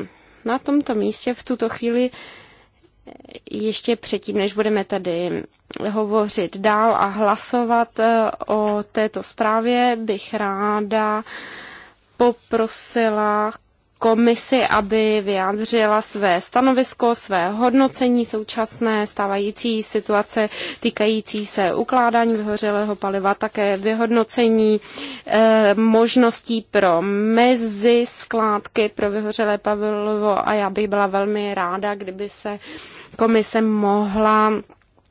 Na tomto místě v tuto chvíli eh, ještě předtím, než budeme tady hovořit dál a hlasovat eh, o této zprávě, bych ráda poprosila komisi, aby vyjádřila své stanovisko, své hodnocení současné stávající situace týkající se ukládání vyhořelého paliva, také vyhodnocení e, možností pro mezi skládky pro vyhořelé pavilovo a já bych byla velmi ráda, kdyby se komise mohla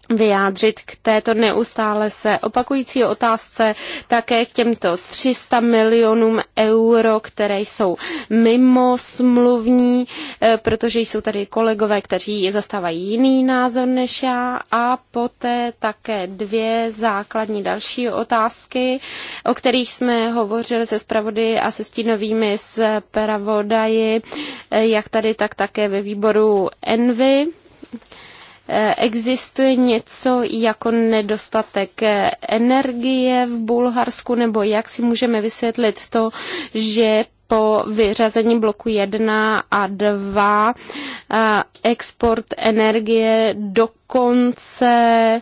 vyjádřit k této neustále se opakující otázce, také k těmto 300 milionům euro, které jsou mimo smluvní, eh, protože jsou tady kolegové, kteří zastávají jiný názor než já a poté také dvě základní další otázky, o kterých jsme hovořili se zpravody a se stínovými z Pravodaji, eh, jak tady, tak také ve výboru Envy Eh, existuje něco jako nedostatek eh, energie v Bulharsku, nebo jak si můžeme vysvětlit to, že po vyřazení bloku 1 a 2 export energie dokonce e,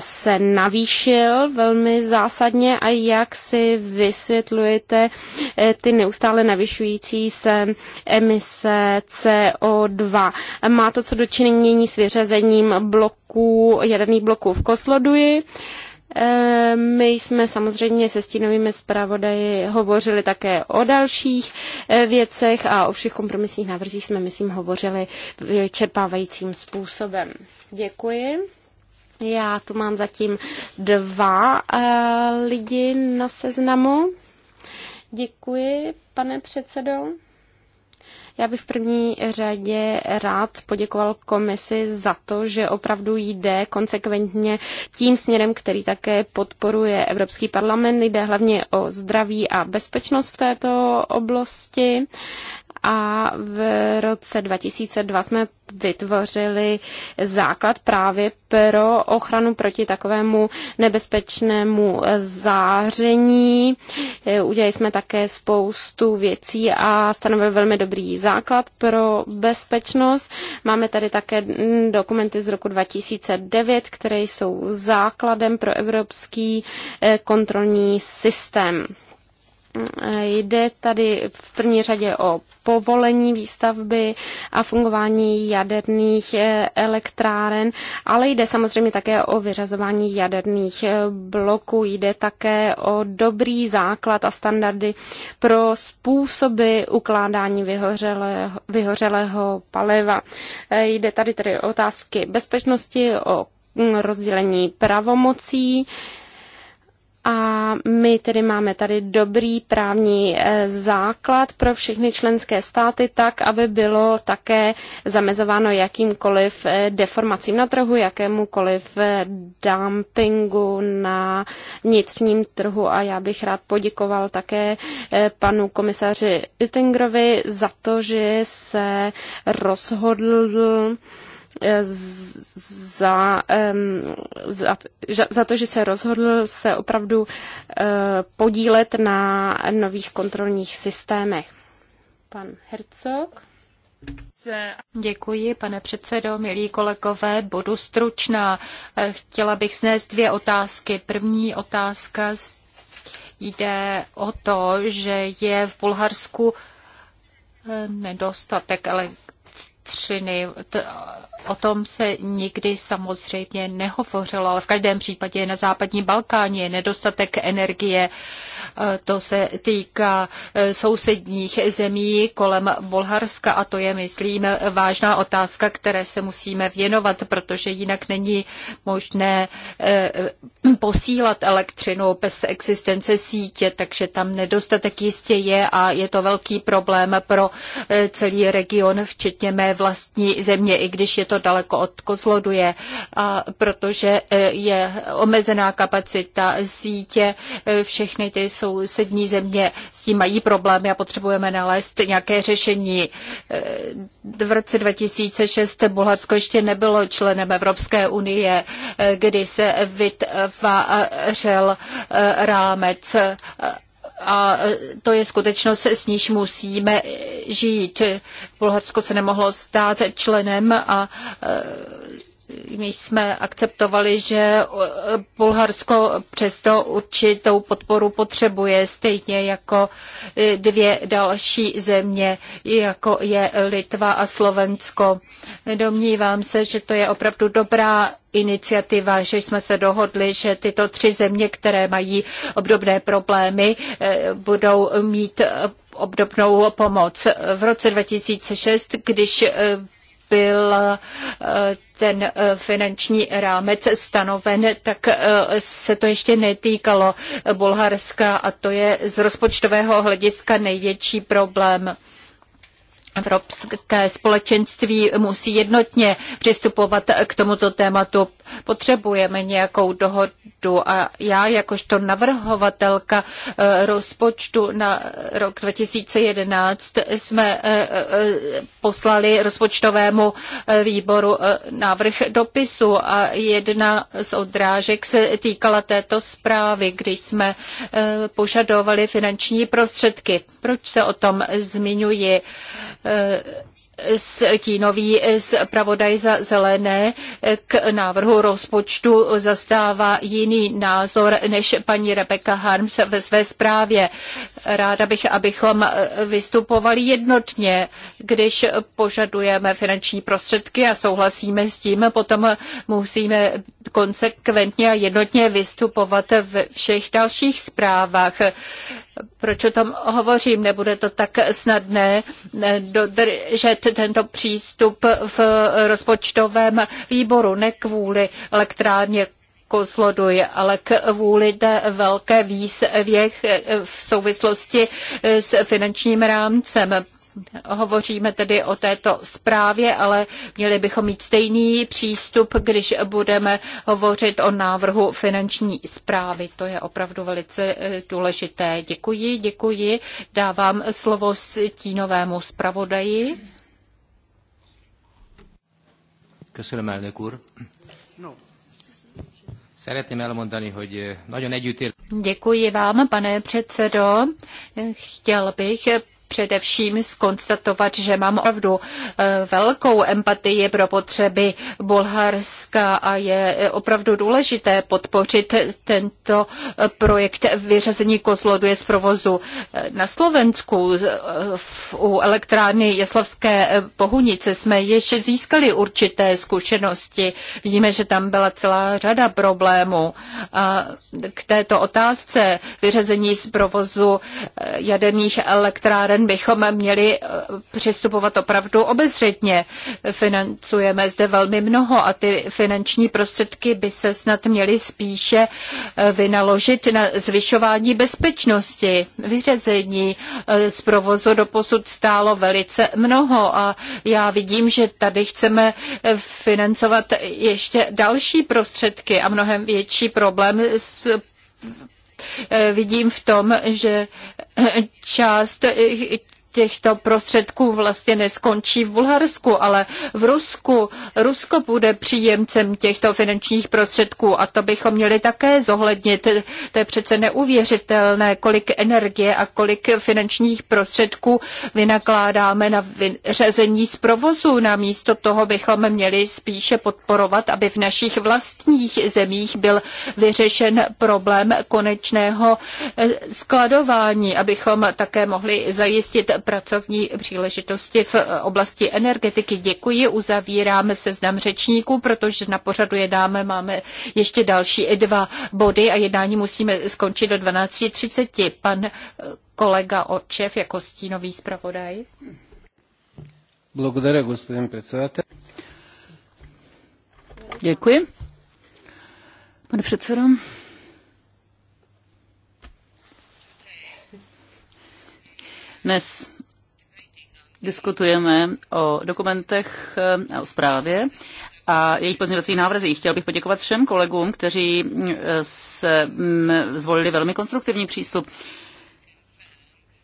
se navýšil velmi zásadně a jak si vysvětlujete e, ty neustále navyšující se emise CO2. Má to co dočinění s vyřazením bloků, jaderných bloků v Kosloduji. E, my jsme samozřejmě se stínovými zpravodaji hovořili také o dalších e, věcech a o všech kompromisních návrzích jsme, myslím, hovořili čerpávajícím způsobem. Děkuji. Já tu mám zatím dva e, lidi na seznamu. Děkuji, pane předsedo. Já bych v první řadě rád poděkoval komisi za to, že opravdu jde konsekventně tím směrem, který také podporuje Evropský parlament. Jde hlavně o zdraví a bezpečnost v této oblasti a v roce 2002 jsme vytvořili základ právě pro ochranu proti takovému nebezpečnému záření. Udělali jsme také spoustu věcí a stanovili velmi dobrý základ pro bezpečnost. Máme tady také dokumenty z roku 2009, které jsou základem pro evropský eh, kontrolní systém. Jde tady v první řadě o povolení výstavby a fungování jaderných eh, elektráren, ale jde samozřejmě také o vyřazování jaderných eh, bloků, jde také o dobrý základ a standardy pro způsoby ukládání vyhořelého, vyhořelého paliva. Eh, jde tady tedy o otázky bezpečnosti, o hm, rozdělení pravomocí, a my tedy máme tady dobrý právní eh, základ pro všechny členské státy, tak, aby bylo také zamezováno jakýmkoliv eh, deformacím na trhu, jakémukoliv eh, dumpingu na vnitřním trhu. A já bych rád poděkoval také panu komisaři Ittingrovi za to, že se rozhodl za, za, za to, že se rozhodl se opravdu eh, podílet na nových kontrolních systémech. Pan Hercog. Děkuji, pane předsedo, milí kolegové, budu stručná. Eh, chtěla bych znést dvě otázky. První otázka jde o to, že je v Bulharsku eh, nedostatek elektriny elektřiny. O tom se nikdy samozřejmě nehovořilo, ale v každém případě na západní Balkáně je nedostatek energie. E, to se týká e, sousedních zemí kolem Bulharska a to je, myslím, vážná otázka, které se musíme věnovat, protože jinak není možné e, posílat elektřinu bez existence sítě, takže tam nedostatek jistě je a je to velký problém pro celý region, včetně mé vlastní země, i když je to daleko od Kozloduje, a protože e, je omezená kapacita sítě, e, všechny ty sousední země s tím mají problémy a potřebujeme nalézt nějaké řešení. E, v roce 2006 Bulharsko ještě nebylo členem Evropské unie, kdy se vytvářel rámec a e, to je skutečnost, s níž musíme žít. Bulharsko se nemohlo stát členem a e, my jsme akceptovali, že eh, Bulharsko přesto určitou podporu potřebuje, stejně jako eh, dvě další země, jako je Litva a Slovensko. Domnívám se, že to je opravdu dobrá iniciativa, že jsme se dohodli, že tyto tři země, které mají obdobné problémy, eh, budou mít obdobnou pomoc. V roce 2006, když byl ten eh, finanční rámec stanoven, tak eh, se to ještě netýkalo Bulharska a to je z rozpočtového hlediska největší problém. Evropské společenství musí jednotně přistupovat k tomuto tématu. Potřebujeme nějakou dohodu a já jakožto navrhovatelka eh, rozpočtu na rok 2011 jsme eh, eh, poslali rozpočtovému výboru návrh dopisu a jedna z odrážek se týkala této zprávy, když jsme požadovali finanční prostředky. Proč se o tom zmiňuji? Eh, stínový zpravodaj za zelené k návrhu rozpočtu zastává jiný názor než paní Rebecca Harms ve své zprávě. Ráda bych, abychom eh, vystupovali jednotně, když požadujeme finanční prostředky a souhlasíme s tím, potom musíme konsekventně a jednotně vystupovat ve všech dalších zprávách. Proč o tom hovořím? Nebude to tak snadné eh, dodržet tento přístup v rozpočtovém výboru, ne kvůli elektrárně Kozloduj, ale kvůli té velké výzvě eh, v souvislosti s finančním rámcem. Hovoříme tedy o této zprávě, ale měli bychom mít stejný přístup, když budeme hovořit o návrhu finanční zprávy. To je opravdu velice eh, důležité. Děkuji, děkuji. Dávám slovo stínovému zpravodaji. No. Eh, děkuji vám, pane předsedo. Chtěl bych především skonstatovat, že mám opravdu eh, velkou empatii pro potřeby Bulharska a je eh, opravdu důležité podpořit tento eh, projekt vyřazení kozloduje z provozu. Na Slovensku u elektrárny Jeslavské Pohunice jsme ještě získali určité zkušenosti. Víme, že tam byla celá řada problémů. A k této otázce vyřazení z provozu jaderných elektráren továren bychom měli eh, přistupovat opravdu obezřetně. Financujeme zde velmi mnoho a ty finanční prostředky by se snad měly spíše eh, vynaložit na zvyšování bezpečnosti. Vyřazení eh, z provozu do posud stálo velice mnoho a já vidím, že tady chceme financovat ještě další prostředky a mnohem větší problém s Eh, vidím v tom, že část eh, těchto prostředků vlastně neskončí v Bulharsku, ale v Rusku. Rusko bude příjemcem těchto finančních prostředků a to bychom měli také zohlednit. To je přece neuvěřitelné, kolik energie a kolik finančních prostředků vynakládáme na vyřazení z provozu. Namísto toho bychom měli spíše podporovat, aby v našich vlastních zemích byl vyřešen problém konečného eh, skladování, abychom také mohli zajistit pracovní příležitosti v oblasti energetiky. Děkuji, uzavíráme seznam řečníků, protože na pořadu jednáme, máme ještě další dva body a jednání musíme skončit do 12.30. Pan kolega Očev jako stínový zpravodaj. Děkuji. Pane předsedo. Dnes diskutujeme o dokumentech eh, a o zprávě a jejich pozměňovacích návrzích. Chtěl bych poděkovat všem kolegům, kteří mm, se mm, zvolili velmi konstruktivní přístup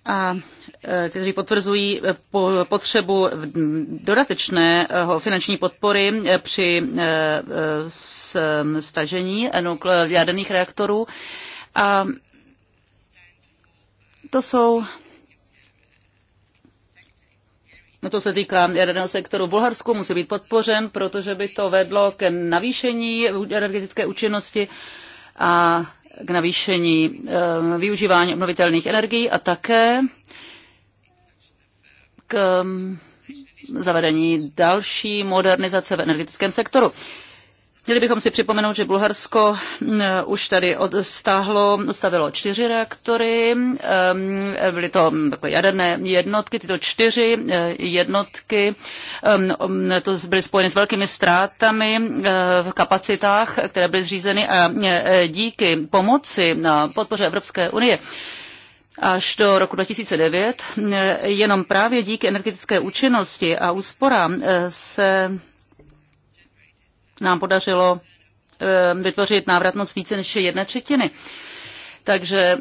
a eh, kteří potvrzují eh, potřebu mm, dodatečného finanční podpory při stažení jaderných reaktorů. A to jsou No to se týká jaderného sektoru v Bulharsku, musí být podpořen, protože by to vedlo k navýšení energetické účinnosti a k navýšení eh, využívání obnovitelných energií a také k mm, zavedení další modernizace v energetickém sektoru. Měli bychom si připomenout, že Bulharsko eh, už tady odstáhlo stavilo čtyři reaktory, eh, byly to mm, takové jaderné jednotky, tyto čtyři eh, jednotky mm, to byly spojeny s velkými ztrátami v kapacitách, které byly zřízeny a díky pomoci na podpoře Evropské unie až do roku 2009, jenom právě díky energetické účinnosti a úsporám se nám podařilo eh, vytvořit návratnost více než jedné třetiny. Takže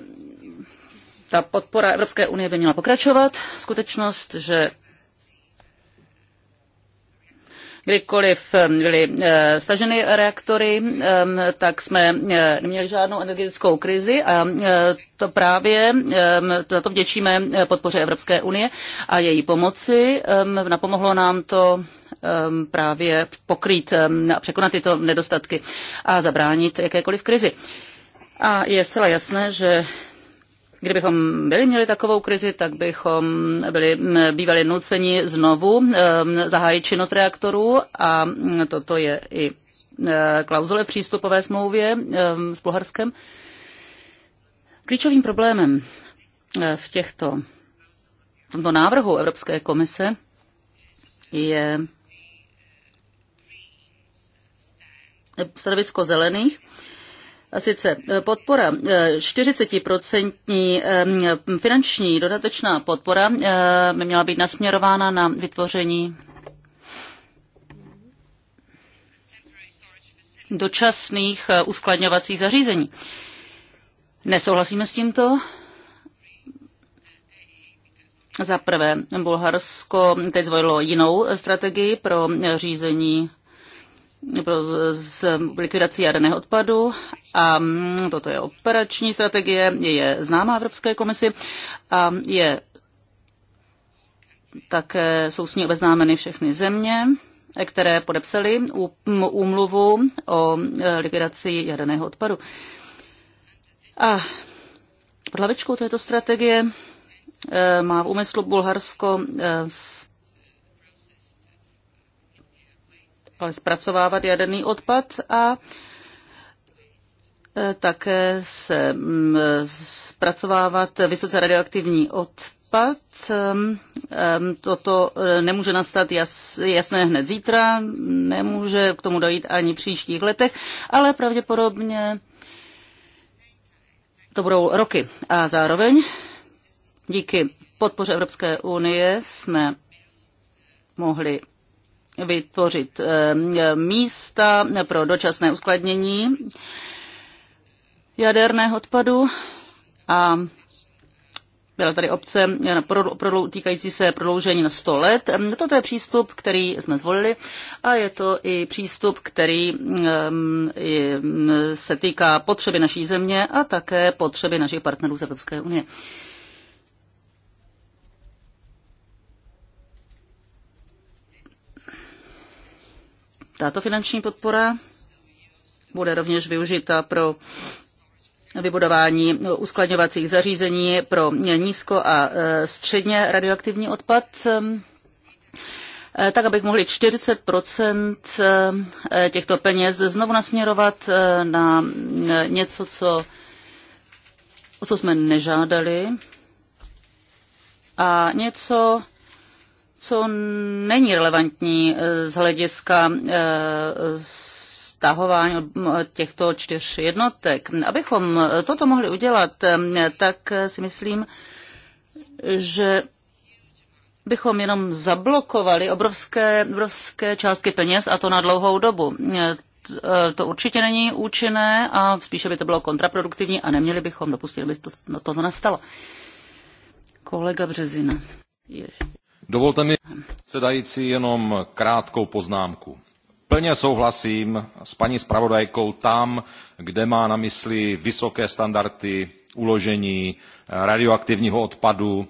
ta podpora Evropské unie by měla pokračovat. Skutečnost, že kdykoliv eh, byly eh, staženy reaktory, tak jsme neměli žádnou energetickou krizi a to právě za to vděčíme podpoře Evropské unie a její pomoci. Napomohlo nám to Um, právě pokrýt um, a překonat tyto nedostatky a zabránit jakékoliv krizi. A je zcela jasné, že Kdybychom byli měli takovou krizi, tak bychom byli bývali nuceni znovu um, zahájit činnost reaktorů a toto je i uh, klauzule přístupové smlouvě s Bulharskem. Klíčovým problémem uh, v těchto v tomto návrhu Evropské komise je stanovisko zelených, a sice eh, podpora 40% eh, eh, finanční dodatečná podpora by měla být nasměrována na vytvoření dočasných uskladňovacích zařízení. Nesouhlasíme s tímto? Za prvé, Bulharsko teď zvolilo jinou strategii pro řízení z likvidací jaderného odpadu a mm, toto je operační strategie, je známá Evropské komisi a je také jsou s ní obeznámeny všechny země, které podepsaly úmluvu o e, likvidaci jaderného odpadu. A pod hlavičkou této strategie e, má v úmyslu Bulharsko e, ale zpracovávat jaderný odpad a e, také se zpracovávat vysoce radioaktivní odpad. Ehm, ehm, toto e, nemůže nastat jasné hned zítra, nemůže k tomu dojít ani v příštích letech, ale pravděpodobně to budou roky. A zároveň díky podpoře Evropské unie jsme mohli vytvořit eh, místa pro dočasné uskladnění jaderného odpadu a byla tady obce eh, týkající se prodloužení na 100 let. Eh, Toto je přístup, který jsme zvolili a je to i přístup, který mm, se týká potřeby naší země a také potřeby našich partnerů z Evropské unie. Tato finanční podpora bude rovněž využita pro vybudování uskladňovacích zařízení pro nízko a e, středně radioaktivní odpad e, tak abych mohli 40 e, těchto peněz znovu nasměrovat na něco, co, o co jsme nežádali a něco, co není relevantní eh, z hlediska eh, stahování těchto čtyř jednotek. Abychom eh, toto mohli udělat, tak si myslím, že bychom jenom zablokovali obrovské, obrovské částky peněz a to na dlouhou dobu. To určitě není účinné a spíše by to bylo kontraproduktivní a neměli bychom dopustit, aby to, toto nastalo. Kolega Březina. Jež. Dovolte mi, předsedající, jenom krátkou poznámku. Plně souhlasím s paní zpravodajkou tam, kde má na mysli vysoké standardy uložení eh, radioaktivního odpadu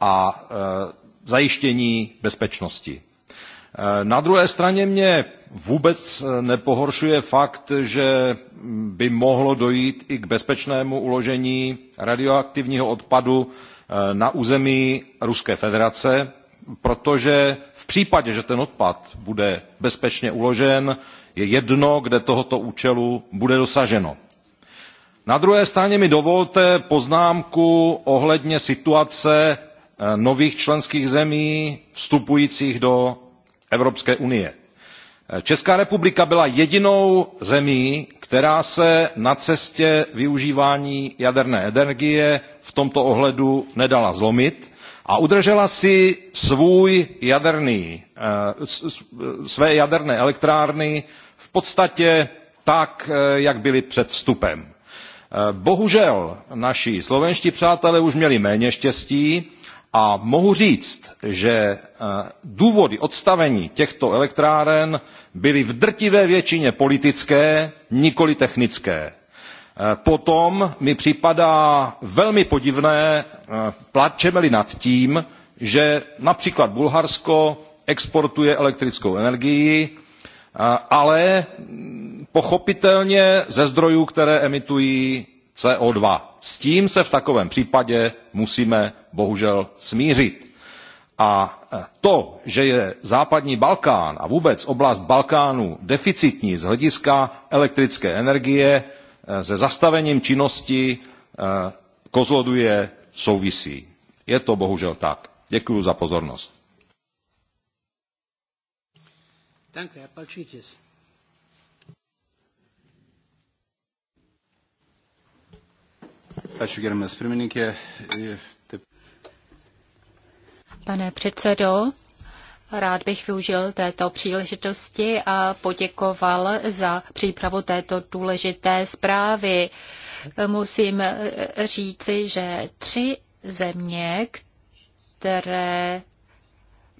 a eh, zajištění bezpečnosti. Eh, na druhé straně mě vůbec nepohoršuje fakt, že by mohlo dojít i k bezpečnému uložení radioaktivního odpadu na území Ruské federace, protože v případě, že ten odpad bude bezpečně uložen, je jedno, kde tohoto účelu bude dosaženo. Na druhé straně mi dovolte poznámku ohledně situace eh, nových členských zemí vstupujících do Evropské unie. Eh, Česká republika byla jedinou zemí, která se na cestě využívání jaderné energie v tomto ohledu nedala zlomit a udržela si svůj jaderný, eh, své jaderné elektrárny v podstatě tak, eh, jak byly před vstupem. Eh, bohužel naši slovenští přátelé už měli méně štěstí a mohu říct, že důvody odstavení těchto elektráren byly v drtivé většině politické, nikoli technické. Eh, potom mi připadá velmi podivné, eh, plačeme-li nad tím, že například Bulharsko exportuje elektrickou energii, eh, ale pochopitelně ze zdrojů, které emitují CO2. S tím se v takovém případě musíme bohužel smířit. A to, že je západní Balkán a vůbec oblast Balkánu deficitní z hlediska elektrické energie, Eh, se zastavením činnosti eh, kozloduje souvisí. Je to bohužel tak. Děkuji za pozornost. Danke, Ačiū gerbiamas pirmininkė. Pane předsedo, Rád bych využil této příležitosti a poděkoval za přípravu této důležité zprávy. Musím eh, říci, že tři země, které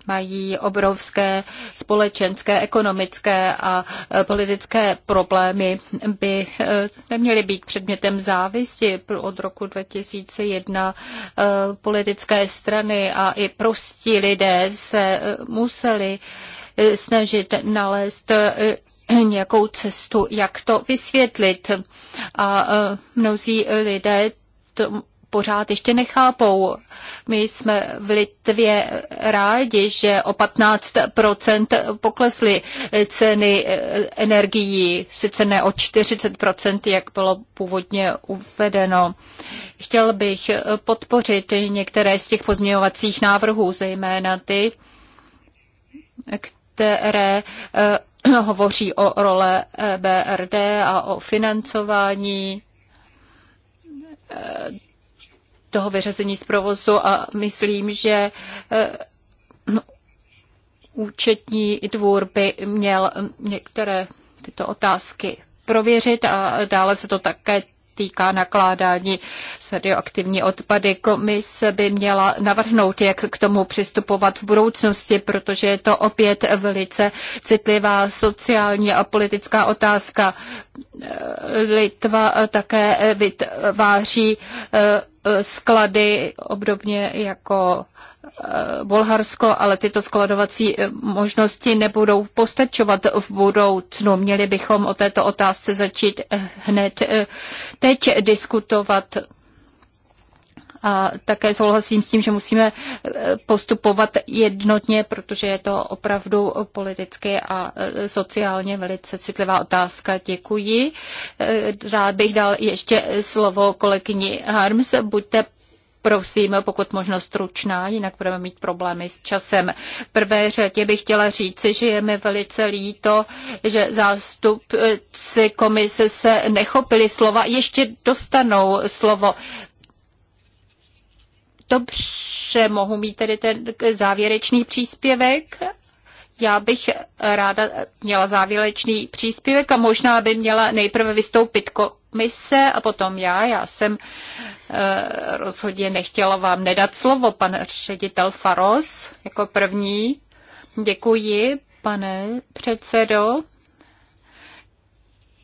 mají obrovské společenské, ekonomické a e, politické problémy, by e, neměly být předmětem závisti. Od roku 2001 e, politické strany a i prostí lidé se museli snažit nalézt nějakou cestu, jak to vysvětlit. A mnozí lidé to pořád ještě nechápou. My jsme v Litvě rádi, že o 15% poklesly ceny eh, energií, sice ne o 40%, jak bylo původně uvedeno. Chtěl bych podpořit některé z těch pozměňovacích návrhů, zejména ty, které eh, hovoří o role eh, BRD a o financování toho vyřazení z provozu a myslím, že eh, no, účetní dvůr by měl některé tyto otázky prověřit a dále se to také týká nakládání s radioaktivní odpady. Komise by měla navrhnout, jak k tomu přistupovat v budoucnosti, protože je to opět velice citlivá sociální a politická otázka. Litva také vytváří eh, sklady obdobně jako Eh, Bulharsko, ale tyto skladovací eh, možnosti nebudou postačovat v budoucnu. Měli bychom o této otázce začít eh, hned teď diskutovat. A také souhlasím s tím, že musíme postupovat jednotně, protože je to opravdu politicky a sociálně velice citlivá otázka. Děkuji. Rád bych dal ještě slovo kolegyni Harms. Buďte prosím, pokud možno stručná, jinak budeme mít problémy s časem. V prvé řadě bych chtěla říci, že je mi velice líto, že zástupci komise se nechopili slova, ještě dostanou slovo. Dobře, mohu mít tedy ten závěrečný příspěvek? Já bych ráda měla závěrečný příspěvek a možná by měla nejprve vystoupit komise a potom já. Já jsem uh, Eh, rozhodně nechtěla vám nedat slovo, pan ředitel Faros, jako první. Děkuji, pane předsedo.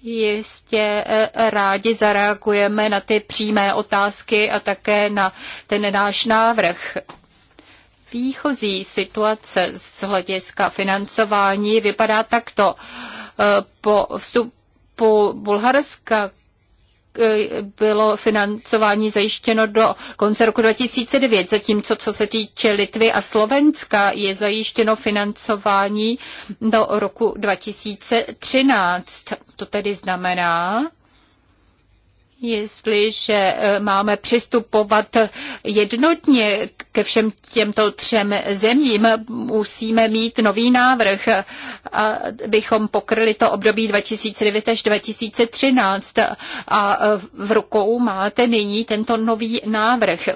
Jistě eh, rádi zareagujeme na ty přímé otázky a také na ten náš návrh. Výchozí situace z hlediska financování vypadá takto. Eh, po vstupu Bulharska bylo financování zajištěno do konce roku 2009, zatímco co se týče Litvy a Slovenska je zajištěno financování do roku 2013. To tedy znamená, Jestliže eh, máme přistupovat jednotně ke všem těmto třem zemím, musíme mít nový návrh, abychom pokryli to období 2009 až 2013 a eh, v rukou máte nyní tento nový návrh.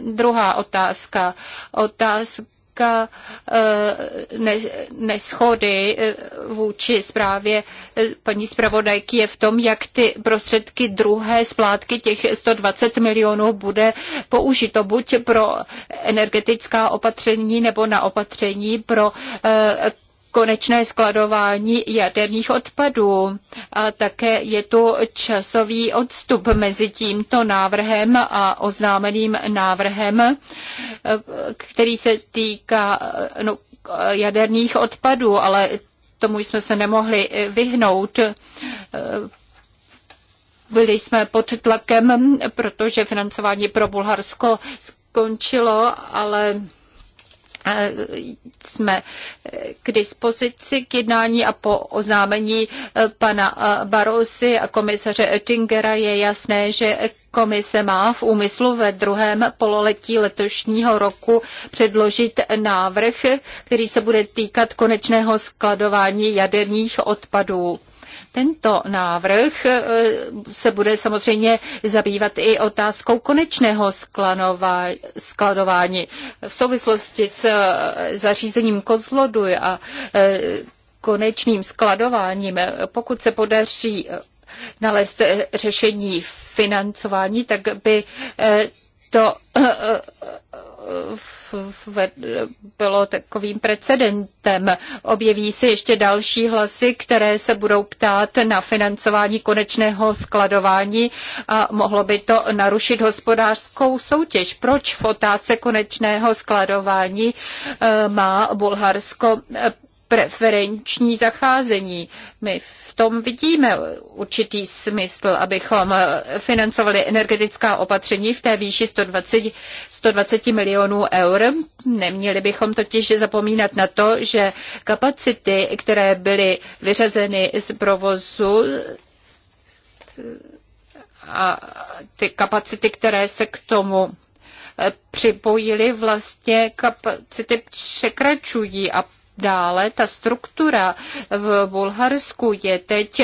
Druhá otázka. Otázka týká eh, neschody eh, vůči zprávě eh, paní zpravodajky je v tom, jak ty prostředky druhé splátky těch 120 milionů bude použito buď pro energetická opatření nebo na opatření pro konečné skladování jaderných odpadů. A také je tu časový odstup mezi tímto návrhem a oznámeným návrhem, který se týká no, jaderných odpadů, ale tomu jsme se nemohli vyhnout. Byli jsme pod tlakem, protože financování pro Bulharsko skončilo, ale E, jsme e, k dispozici k jednání a po oznámení e, pana Barosy a komisaře Oettingera je jasné, že komise má v úmyslu ve druhém pololetí letošního roku předložit návrh, který se bude týkat konečného skladování jaderních odpadů. Tento návrh eh, se bude samozřejmě zabývat i otázkou konečného skladování v souvislosti s eh, zařízením kozlodu a eh, konečným skladováním. Pokud se podaří nalézt řešení financování, tak by to bylo takovým precedentem. Objeví se ještě další hlasy, které se budou ptát na financování konečného skladování a mohlo by to narušit hospodářskou soutěž. Proč v konečného skladování eh, má Bulharsko eh, preferenční zacházení. My v tom vidíme určitý smysl, abychom financovali energetická opatření v té výši 120, 120 milionů eur. Neměli bychom totiž zapomínat na to, že kapacity, které byly vyřazeny z provozu, a ty kapacity, které se k tomu připojily, vlastně kapacity překračují a Dále ta struktura v Bulharsku je teď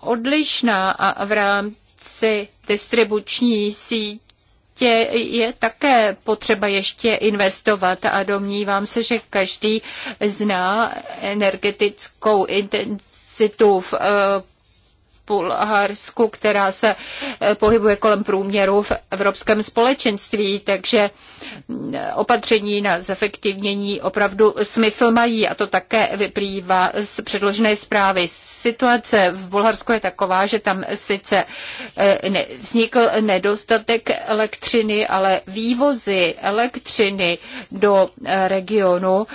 odlišná a v rámci distribuční sítě je také potřeba ještě investovat a domnívám se, že každý zná energetickou intenzitu v eh, Bulharsku, která se eh, pohybuje kolem průměru v Evropském společenství, takže mm, opatření na zefektivnění opravdu smysl mají a to také vyplývá z předložené zprávy. Situace v Bulharsku je taková, že tam sice eh, vznikl nedostatek elektřiny, ale vývozy elektřiny do eh, regionu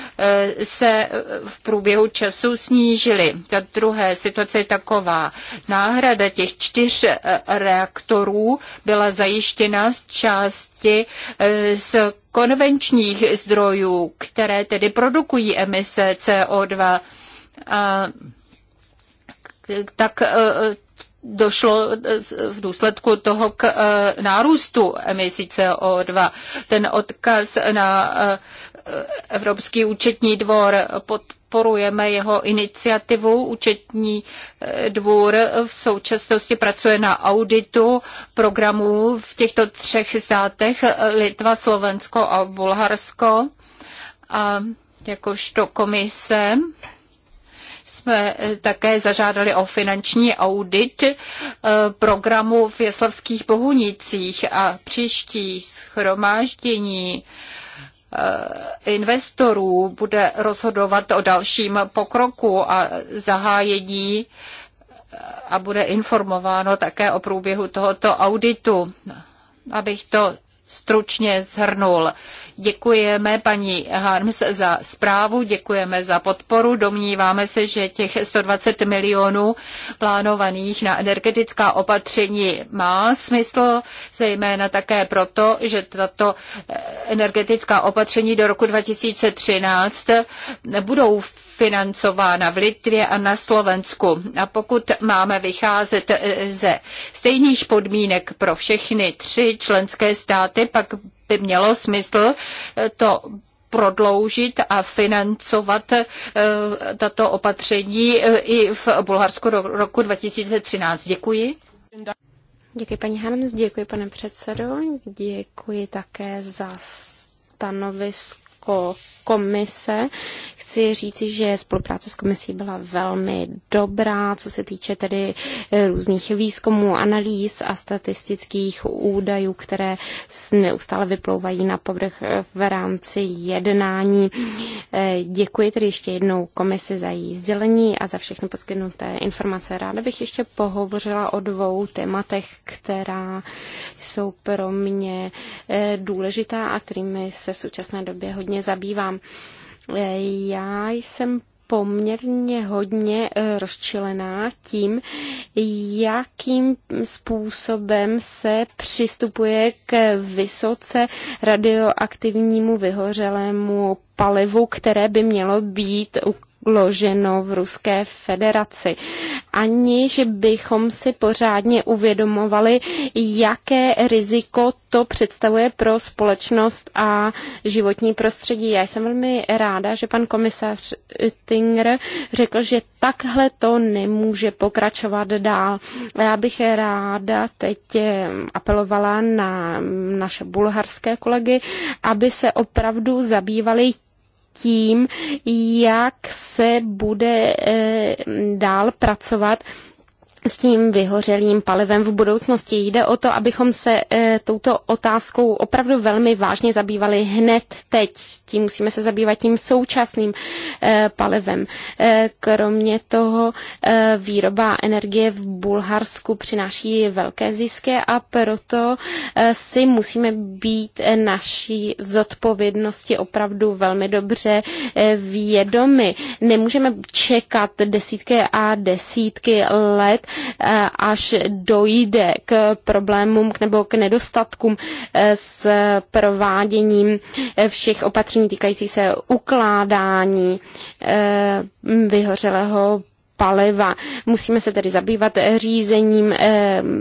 se v průběhu času snížily. Ta druhé situace je taková. Na náhrada těch čtyř eh, reaktorů byla zajištěna z části eh, z konvenčních zdrojů, které tedy produkují emise CO2. A tak eh, došlo v důsledku toho k nárůstu emisí CO2. Ten odkaz na Evropský účetní dvor podporujeme jeho iniciativu. Účetní eh, dvůr v současnosti pracuje na auditu programů v těchto třech státech eh, Litva, Slovensko a Bulharsko. A jakožto komise jsme eh, také zažádali o finanční audit programu v Jeslovských Bohunicích a příští schromáždění Eh, investorů bude rozhodovat o dalším pokroku a zahájení eh, a bude informováno také o průběhu tohoto auditu. Abych to stručně zhrnul. Děkujeme paní Harms za zprávu, děkujeme za podporu. Domníváme se, že těch 120 milionů plánovaných na energetická opatření má smysl, zejména také proto, že tato energetická opatření do roku 2013 budou financována v Litvě a na Slovensku. A pokud máme vycházet eh, ze stejných podmínek pro všechny tři členské státy, pak by mělo smysl eh, to prodloužit a financovat eh, tato opatření eh, i v Bulharsku do roku 2013. Děkuji. Děkuji paní Hans, děkuji pane předsedo, děkuji také za stanovisko jako komise. Chci říci, že spolupráce s komisí byla velmi dobrá, co se týče tedy eh, různých výzkumů, analýz a statistických údajů, které neustále vyplouvají na povrch eh, v rámci jednání. Eh, děkuji tedy ještě jednou komisi za její sdělení a za všechny poskytnuté informace. Ráda bych ještě pohovořila o dvou tématech, která jsou pro mě důležitá a kterými se v současné době hodně hodně zabývám. Eh, já jsem poměrně hodně eh, rozčilená tím, jakým způsobem se přistupuje k vysoce radioaktivnímu vyhořelému palivu, které by mělo být uloženo v Ruské federaci, aniž bychom si pořádně uvědomovali, jaké riziko to představuje pro společnost a životní prostředí. Já jsem velmi ráda, že pan komisař Tinger řekl, že takhle to nemůže pokračovat dál. Já bych ráda teď eh, apelovala na naše bulharské kolegy, aby se opravdu zabývali tím, jak se bude eh, dál pracovat s tím vyhořelým palivem v budoucnosti. Jde o to, abychom se e, touto otázkou opravdu velmi vážně zabývali hned teď. S tím musíme se zabývat tím současným e, palivem. E, kromě toho e, výroba energie v Bulharsku přináší velké zisky a proto e, si musíme být naší zodpovědnosti opravdu velmi dobře e, vědomi. Nemůžeme čekat desítky a desítky let, Eh, až dojde k problémům nebo k nedostatkům eh, s prováděním eh, všech opatření týkající se ukládání vyhořelého paliva. Musíme se tedy zabývat řízením,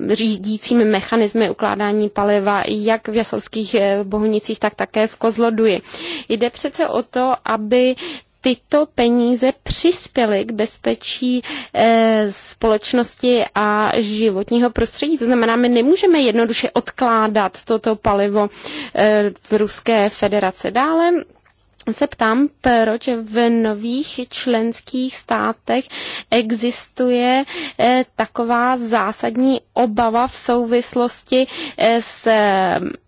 řídícím mechanismy ukládání paliva jak v Jasovských Bohunicích, tak také v Kozloduji. Jde přece o to, aby tyto peníze přispěly k bezpečí eh, společnosti a životního prostředí. To znamená, my nemůžeme jednoduše odkládat toto palivo eh, v Ruské federace. Dále se ptám, proč v nových členských státech existuje eh, taková zásadní obava v souvislosti s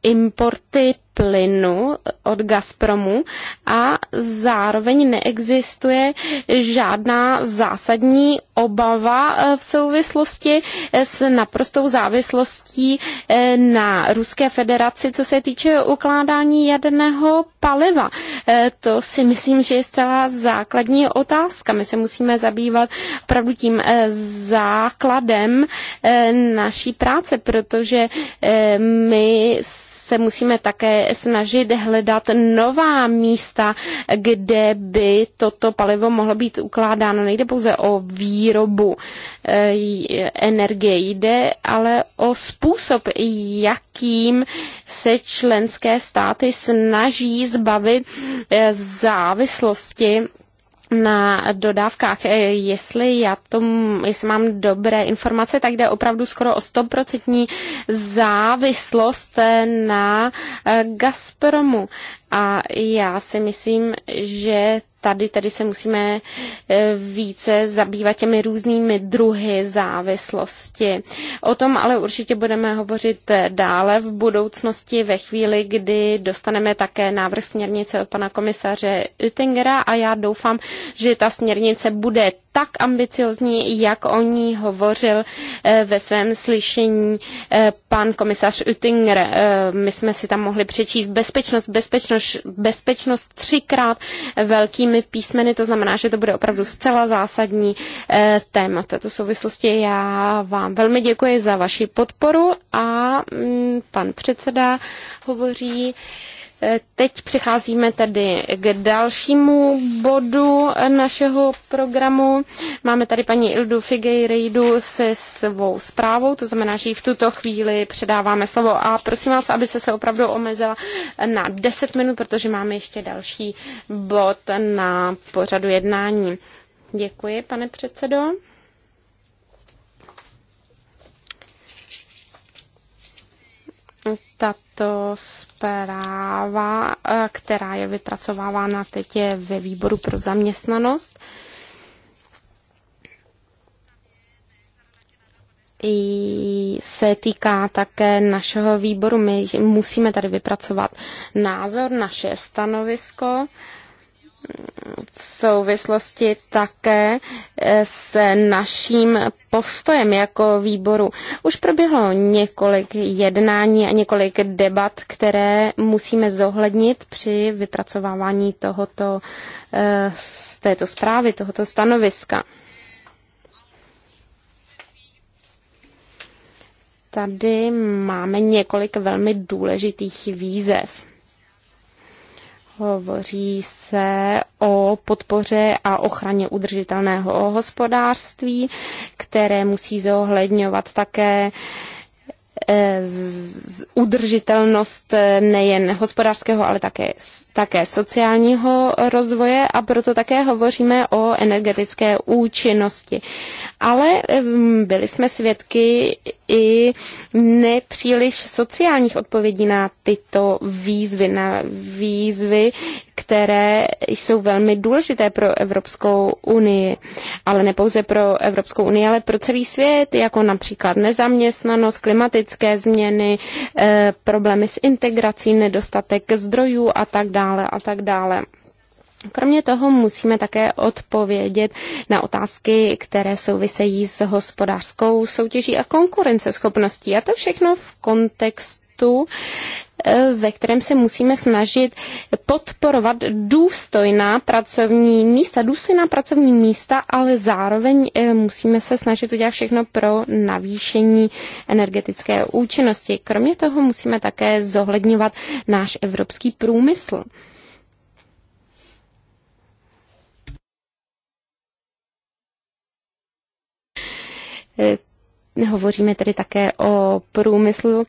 importy plynu od Gazpromu a zároveň neexistuje žádná zásadní obava eh, v souvislosti eh, s naprostou závislostí eh, na Ruské federaci, co se týče ukládání jaderného paliva. To si myslím, že je zcela základní otázka. My se musíme zabývat opravdu tím základem naší práce, protože my se musíme také snažit hledat nová místa, kde by toto palivo mohlo být ukládáno. Nejde pouze o výrobu eh, energie, jde ale o způsob, jakým se členské státy snaží zbavit eh, závislosti na dodávkách. E, jestli já tom, jestli mám dobré informace, tak jde opravdu skoro o 100% závislost e, na e, Gazpromu. A já si myslím, že tady tady se musíme e, více zabývat těmi různými druhy závislosti. O tom ale určitě budeme hovořit e, dále v budoucnosti ve chvíli, kdy dostaneme také návrh směrnice od pana komisaře Utingera, a já doufám, že ta směrnice bude tak ambiciozní, jak o ní hovořil eh, ve svém slyšení eh, pan komisař Utinger, eh, My jsme si tam mohli přečíst bezpečnost, bezpečnost, bezpečnost třikrát velkými písmeny, to znamená, že to bude opravdu zcela zásadní téma v této souvislosti. Já vám velmi děkuji za vaši podporu a mm, pan předseda hovoří Teď přecházíme tedy k dalšímu bodu našeho programu. Máme tady paní Ildu Figueiredu se svou zprávou, to znamená, že ji v tuto chvíli předáváme slovo. A prosím vás, abyste se opravdu omezila na 10 minut, protože máme ještě další bod na pořadu jednání. Děkuji, pane předsedo. Tato to zpráva, eh, která je vypracovávána teď je ve výboru pro zaměstnanost. I se týká také našeho výboru. My musíme tady vypracovat názor, naše stanovisko v souvislosti také eh, s naším postojem jako výboru. Už proběhlo několik jednání a několik debat, které musíme zohlednit při vypracovávání tohoto, eh, z této zprávy, tohoto stanoviska. Tady máme několik velmi důležitých výzev. Hovoří se o podpoře a ochraně udržitelného hospodářství, které musí zohledňovat také Eh, udržitelnost eh, nejen hospodářského, ale také, také sociálního rozvoje a proto také hovoříme o energetické účinnosti. Ale byli jsme svědky i nepříliš sociálních odpovědí na tyto výzvy, na výzvy, které jsou velmi důležité pro Evropskou unii, ale ne pouze pro Evropskou unii, ale pro celý svět, jako například nezaměstnanost, klimatické změny, eh, problémy s integrací, nedostatek zdrojů a tak dále a tak dále. Kromě toho musíme také odpovědět na otázky, které souvisejí s hospodářskou soutěží a konkurenceschopností. A to všechno v kontextu Eh, ve kterém se musíme snažit podporovat důstojná pracovní místa, důstojná pracovní místa, ale zároveň eh, musíme se snažit udělat všechno pro navýšení energetické účinnosti. Kromě toho musíme také zohledňovat náš evropský průmysl. Eh, hovoříme tedy také o průmyslu,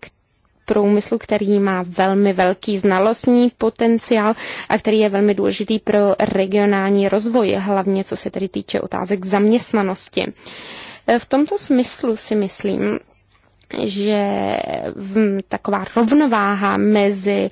průmyslu, který má velmi velký znalostní potenciál a který je velmi důležitý pro regionální rozvoj, hlavně co se tedy týče otázek zaměstnanosti. V tomto smyslu si myslím, že taková rovnováha mezi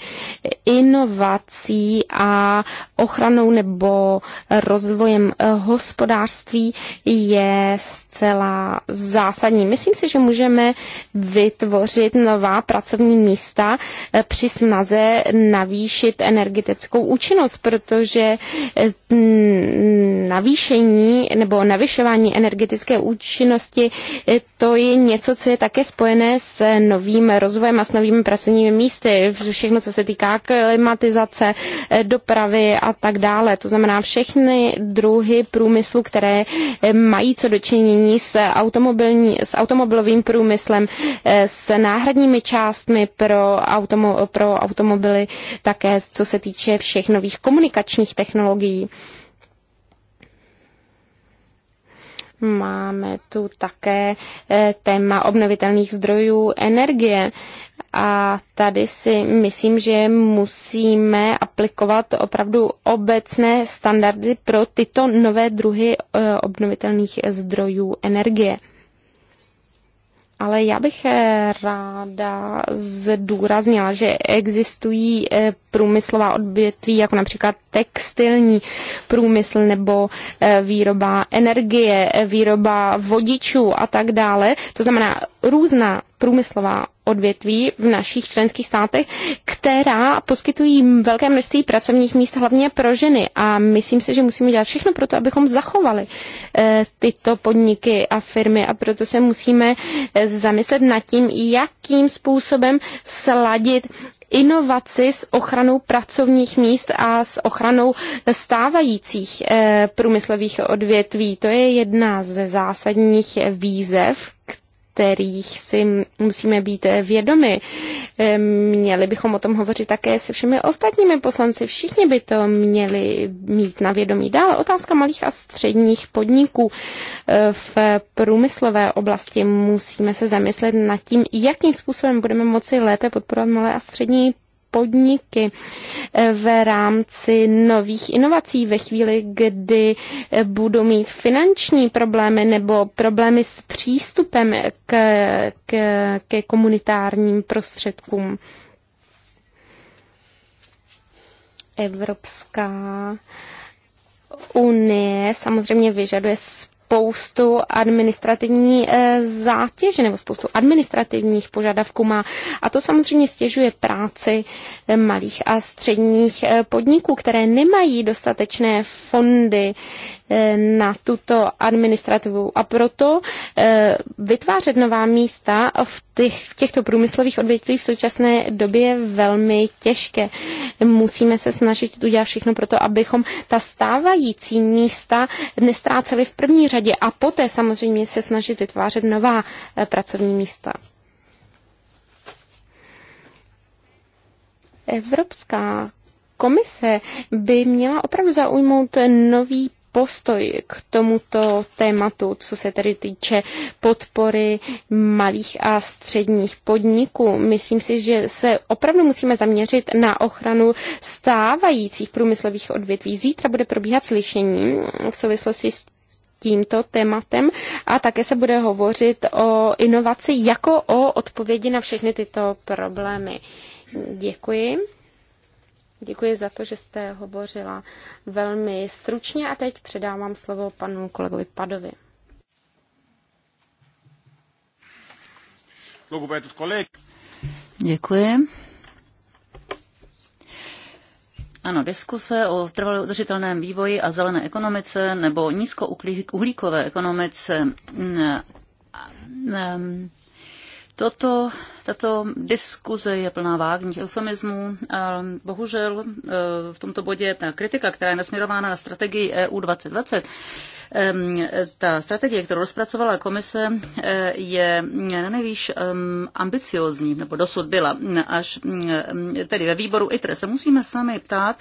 inovací a ochranou nebo rozvojem eh, hospodářství je zcela zásadní. Myslím si, že můžeme vytvořit nová pracovní místa eh, při snaze navýšit energetickou účinnost, protože eh, navýšení nebo navyšování energetické účinnosti to je něco, co je také společné spojené s novým rozvojem a s novými pracovními místy, všechno, co se týká klimatizace, dopravy a tak dále. To znamená všechny druhy průmyslu, které mají co dočinění s, automobilní, s automobilovým průmyslem, s náhradními částmi pro, automo, pro automobily, také co se týče všech nových komunikačních technologií. Máme tu také eh, téma obnovitelných zdrojů energie. A tady si myslím, že musíme aplikovat opravdu obecné standardy pro tyto nové druhy eh, obnovitelných zdrojů energie ale já bych eh, ráda zdůraznila, že existují eh, průmyslová odvětví, jako například textilní průmysl nebo eh, výroba energie, výroba vodičů a tak dále. To znamená různá průmyslová odvětví v našich členských státech, která poskytují velké množství pracovních míst, hlavně pro ženy. A myslím si, že musíme dělat všechno pro to, abychom zachovali eh, tyto podniky a firmy. A proto se musíme eh, zamyslet nad tím, jakým způsobem sladit inovaci s ochranou pracovních míst a s ochranou stávajících eh, průmyslových odvětví. To je jedna ze zásadních výzev, kterých si musíme být eh, vědomi. Eh, měli bychom o tom hovořit také se všemi ostatními poslanci. Všichni by to měli mít na vědomí. Dále otázka malých a středních podniků eh, v průmyslové oblasti. Musíme se zamyslet nad tím, jakým způsobem budeme moci lépe podporovat malé a střední podniky eh, v rámci nových inovací ve chvíli, kdy eh, budou mít finanční problémy nebo problémy s přístupem k, k, ke komunitárním prostředkům. Evropská unie samozřejmě vyžaduje spoustu administrativní eh, zátěže nebo spoustu administrativních požadavků má. A to samozřejmě stěžuje práci eh, malých a středních eh, podniků, které nemají dostatečné fondy Eh, na tuto administrativu. A proto eh, vytvářet nová místa v těch, těchto průmyslových odvětvích v současné době je velmi těžké. Musíme se snažit udělat všechno pro to, abychom ta stávající místa nestráceli v první řadě a poté samozřejmě se snažit vytvářet nová eh, pracovní místa. Evropská komise by měla opravdu zaujmout nový postoj k tomuto tématu, co se tedy týče podpory malých a středních podniků. Myslím si, že se opravdu musíme zaměřit na ochranu stávajících průmyslových odvětví. Zítra bude probíhat slyšení v souvislosti s tímto tématem a také se bude hovořit o inovaci jako o odpovědi na všechny tyto problémy. Děkuji. Děkuji za to, že jste hovořila velmi stručně a teď předávám slovo panu kolegovi Padovi. Děkuji. Ano, diskuse o trvalé udržitelném vývoji a zelené ekonomice nebo nízkouhlíkové ekonomice mm, mm, Toto, tato diskuze je plná vágních eufemismů. Bohužel eh, v tomto bodě ta kritika, která je nasměrována na strategii EU 2020, ehm, ta strategie, kterou rozpracovala komise, eh, je na nejvýš ehm, ambiciozní, nebo dosud byla, až ehm, tedy ve výboru ITRE se musíme sami ptát,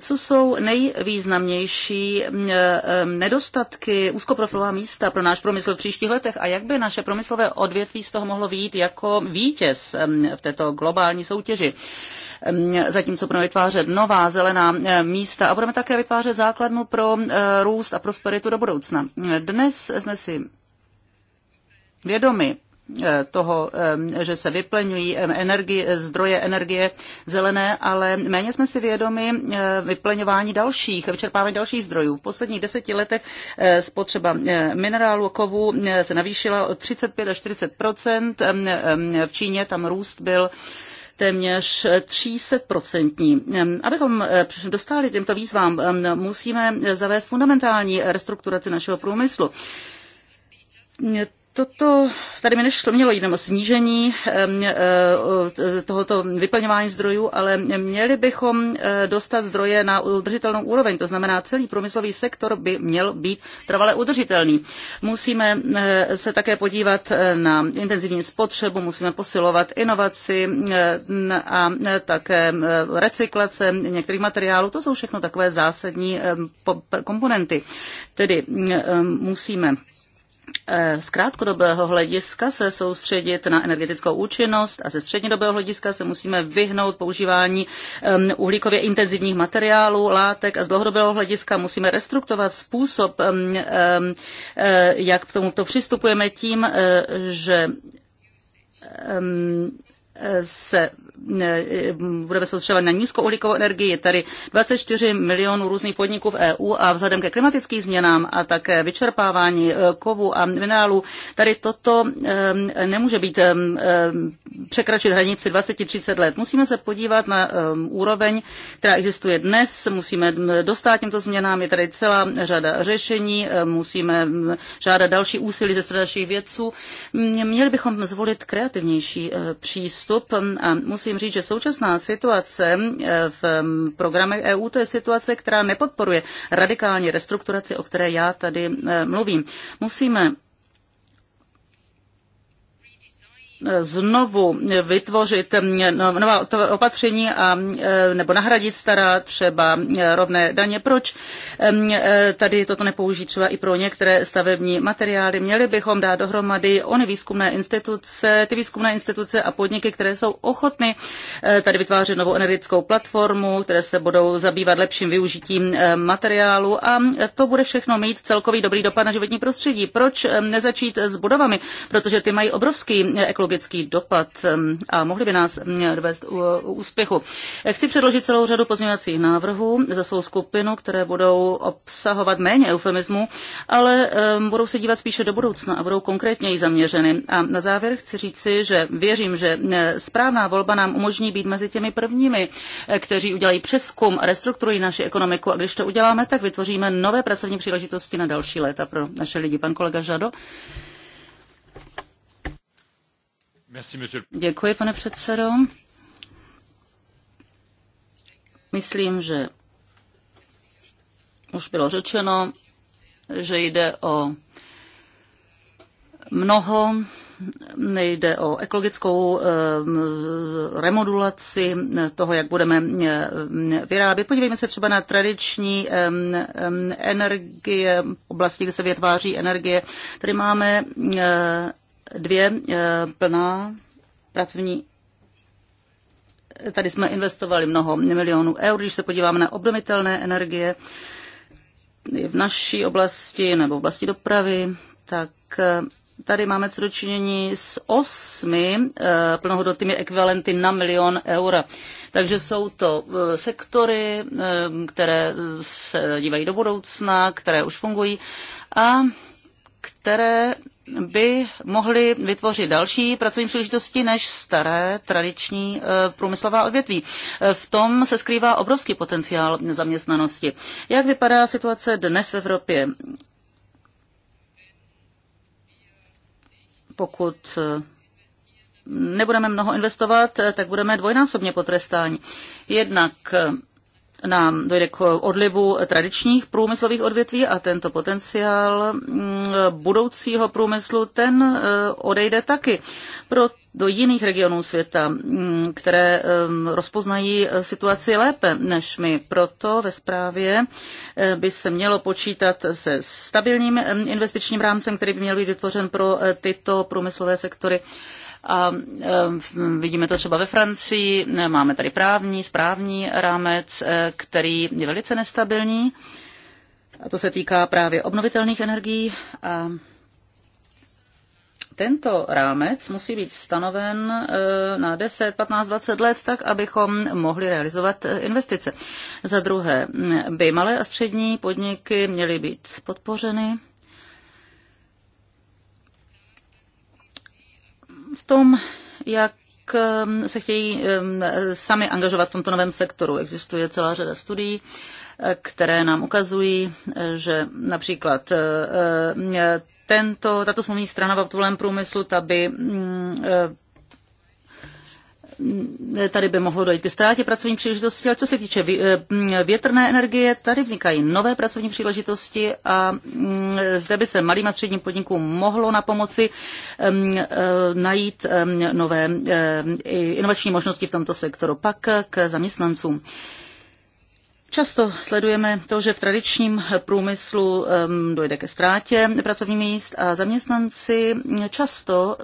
co jsou nejvýznamnější mm, eh, eh, nedostatky úzkoprofilová místa pro náš promysl v příštích letech a jak by naše průmyslové odvětví z toho mohlo výjít jako vítěz mm, v této globální soutěži? Mm, zatímco budeme vytvářet nová zelená místa a budeme také vytvářet základnu pro růst a prosperitu do budoucna. Dnes jsme si vědomi Eh, toho, eh, že se vyplňují eh, energie, zdroje energie zelené, ale méně jsme si vědomi vyplňování dalších, vyčerpávání dalších zdrojů. V posledních deseti letech spotřeba minerálu kovu se navýšila o 35 až 40 V Číně tam růst byl téměř 300%. Abychom dostali těmto výzvám, musíme zavést fundamentální restrukturaci našeho průmyslu Toto, tady mi nešlo, mělo jenom o snížení eh, eh, tohoto vyplňování zdrojů, ale měli bychom eh, dostat zdroje na udržitelnou úroveň. To znamená, celý průmyslový sektor by měl být trvale udržitelný. Musíme se také podívat na intenzivní spotřebu, musíme posilovat inovaci a také recyklace některých materiálů. To jsou všechno takové zásadní komponenty. Tedy musíme Eh, z krátkodobého hlediska se soustředit na energetickou účinnost a ze střednědobého hlediska se musíme vyhnout používání uhlíkově intenzivních materiálů, látek a z dlouhodobého hlediska musíme restruktovat způsob, eh, jak k tomuto přistupujeme tím, eh, že se budeme soustředovat na nízkouhlíkovou energii. Je tady 24 milionů různých podniků v EU a vzhledem ke klimatickým změnám a také vyčerpávání eh, kovu a minerálů, tady toto eh, nemůže být eh, překračit hranici 20-30 let. Musíme se podívat na úroveň, která existuje dnes, musíme mm, dostat těmto změnám, je tady celá řada řešení, musíme mm, žádat další úsilí ze strany našich vědců. Mm, měli bychom zvolit kreativnější přístup a musíme musím říct, že současná situace eh, v programech EU to je situace, která nepodporuje radikální restrukturaci, o které já tady eh, mluvím. Musíme znovu vytvořit nová opatření a, nebo nahradit stará třeba rovné daně. Proč tady toto nepoužít třeba i pro některé stavební materiály? Měli bychom dát dohromady ony výzkumné instituce, ty výzkumné instituce a podniky, které jsou ochotny eh, tady vytvářet novou energetickou platformu, které se budou zabývat lepším využitím eh, materiálu a to bude všechno mít celkový dobrý dopad na životní prostředí. Proč nezačít s budovami? Protože ty mají obrovský eh, ekologický ekologický dopad a mohli by nás dovést úspěchu. Chci předložit celou řadu pozměňovacích návrhů za svou skupinu, které budou obsahovat méně eufemismu, ale budou se dívat spíše do budoucna a budou konkrétněji zaměřeny. A na závěr chci říci, že věřím, že správná volba nám umožní být mezi těmi prvními, eh, kteří udělají přeskum a restrukturují naši ekonomiku. A když to uděláme, tak vytvoříme nové pracovní příležitosti na další léta pro naše lidi. Pan kolega Žado. Děkuji, pane předsedo. Myslím, že už bylo řečeno, že jde o mnoho Nejde o ekologickou ehm, remodulaci toho, jak budeme ehm, vyrábět. Podívejme se třeba na tradiční ehm, energie, oblasti, kde se vytváří energie. Tady máme eh, dvě eh, plná pracovní Tady jsme investovali mnoho milionů eur, když se podíváme na obnovitelné energie v naší oblasti nebo v oblasti dopravy, tak eh, tady máme co dočinění s osmi eh, plnohodnotnými ekvivalenty na milion eur. Takže jsou to sektory, které se dívají do budoucna, které už fungují a které by mohly vytvořit další pracovní příležitosti než staré tradiční e, průmyslová odvětví. E, v tom se skrývá obrovský potenciál zaměstnanosti. Jak vypadá situace dnes v Evropě? Pokud e, nebudeme mnoho investovat, tak budeme dvojnásobně potrestáni. Jednak nám dojde k odlivu tradičních průmyslových odvětví a tento potenciál mm, budoucího průmyslu, ten e, odejde taky pro do jiných regionů světa, mm, které e, rozpoznají e, situaci lépe než my. Proto ve zprávě by se mělo počítat se stabilním investičním rámcem, který by měl být vytvořen pro tyto průmyslové sektory. A um, vidíme to třeba ve Francii, máme tady právní, správní rámec, eh, který je velice nestabilní. A to se týká právě obnovitelných energií. A tento rámec musí být stanoven eh, na 10, 15, 20 let, tak abychom mohli realizovat eh, investice. Za druhé, by malé a střední podniky měly být podpořeny v tom, jak um, se chtějí um, sami angažovat v tomto novém sektoru. Existuje celá řada studií, které nám ukazují, že například uh, uh, tento, tato smluvní strana v automobilovém průmyslu, ta by mm, tady by mohlo dojít ke ztrátě pracovní příležitosti, ale co se týče eh, větrné energie, tady vznikají nové pracovní příležitosti a zde by se malým a středním podnikům mohlo na pomoci eh, najít nové eh, inovační možnosti v tomto sektoru. Pak k zaměstnancům. Často sledujeme to, že v tradičním průmyslu dojde ke ztrátě pracovních míst a zaměstnanci často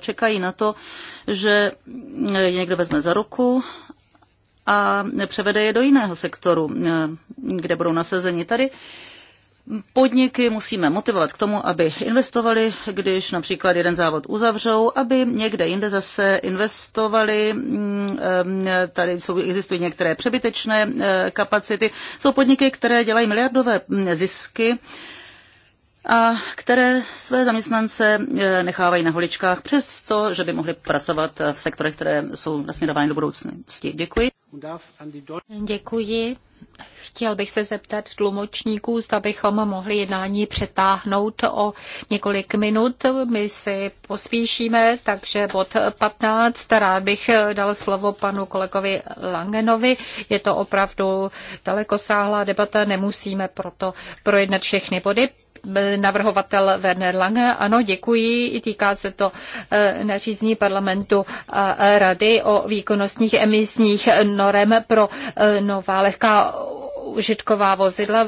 čekají na to, že e, je někdo vezme za ruku a převede je do jiného sektoru, e, kde budou nasazeni. Tady Podniky musíme motivovat k tomu, aby investovali, když například jeden závod uzavřou, aby někde jinde zase investovali. Mm, mm, tady jsou, existují některé přebytečné eh, kapacity. Jsou podniky, které dělají miliardové mm, zisky a které své zaměstnance eh, nechávají na holičkách přesto, že by mohli pracovat eh, v sektorech, které jsou nasměrovány do budoucnosti. Děkuji. Děkuji. Chtěl bych se zeptat tlumočníků, zda bychom mohli jednání přetáhnout o několik minut. My si pospíšíme, takže bod 15. Rád bych dal slovo panu kolegovi Langenovi. Je to opravdu dalekosáhlá debata, nemusíme proto projednat všechny body navrhovatel Werner Lange. Ano, děkuji. Týká se to eh, nařízení parlamentu a rady o výkonnostních emisních norem pro eh, nová lehká užitková vozidla.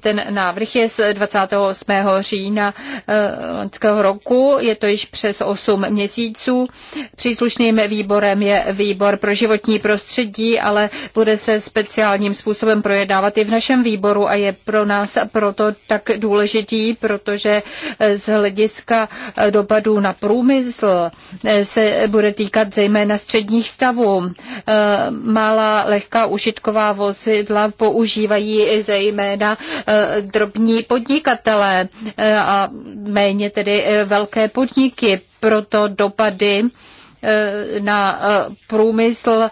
Ten návrh je z 28. října eh, loňského roku, je to již přes 8 měsíců. Příslušným výborem je výbor pro životní prostředí, ale bude se speciálním způsobem projednávat i v našem výboru a je pro nás proto tak důležitý, protože eh, z hlediska eh, dopadů na průmysl se bude týkat zejména středních stavů. Malá lehká užitková vozidla po používají zejména e, drobní podnikatelé e, a méně tedy e, velké podniky. Proto dopady na průmysl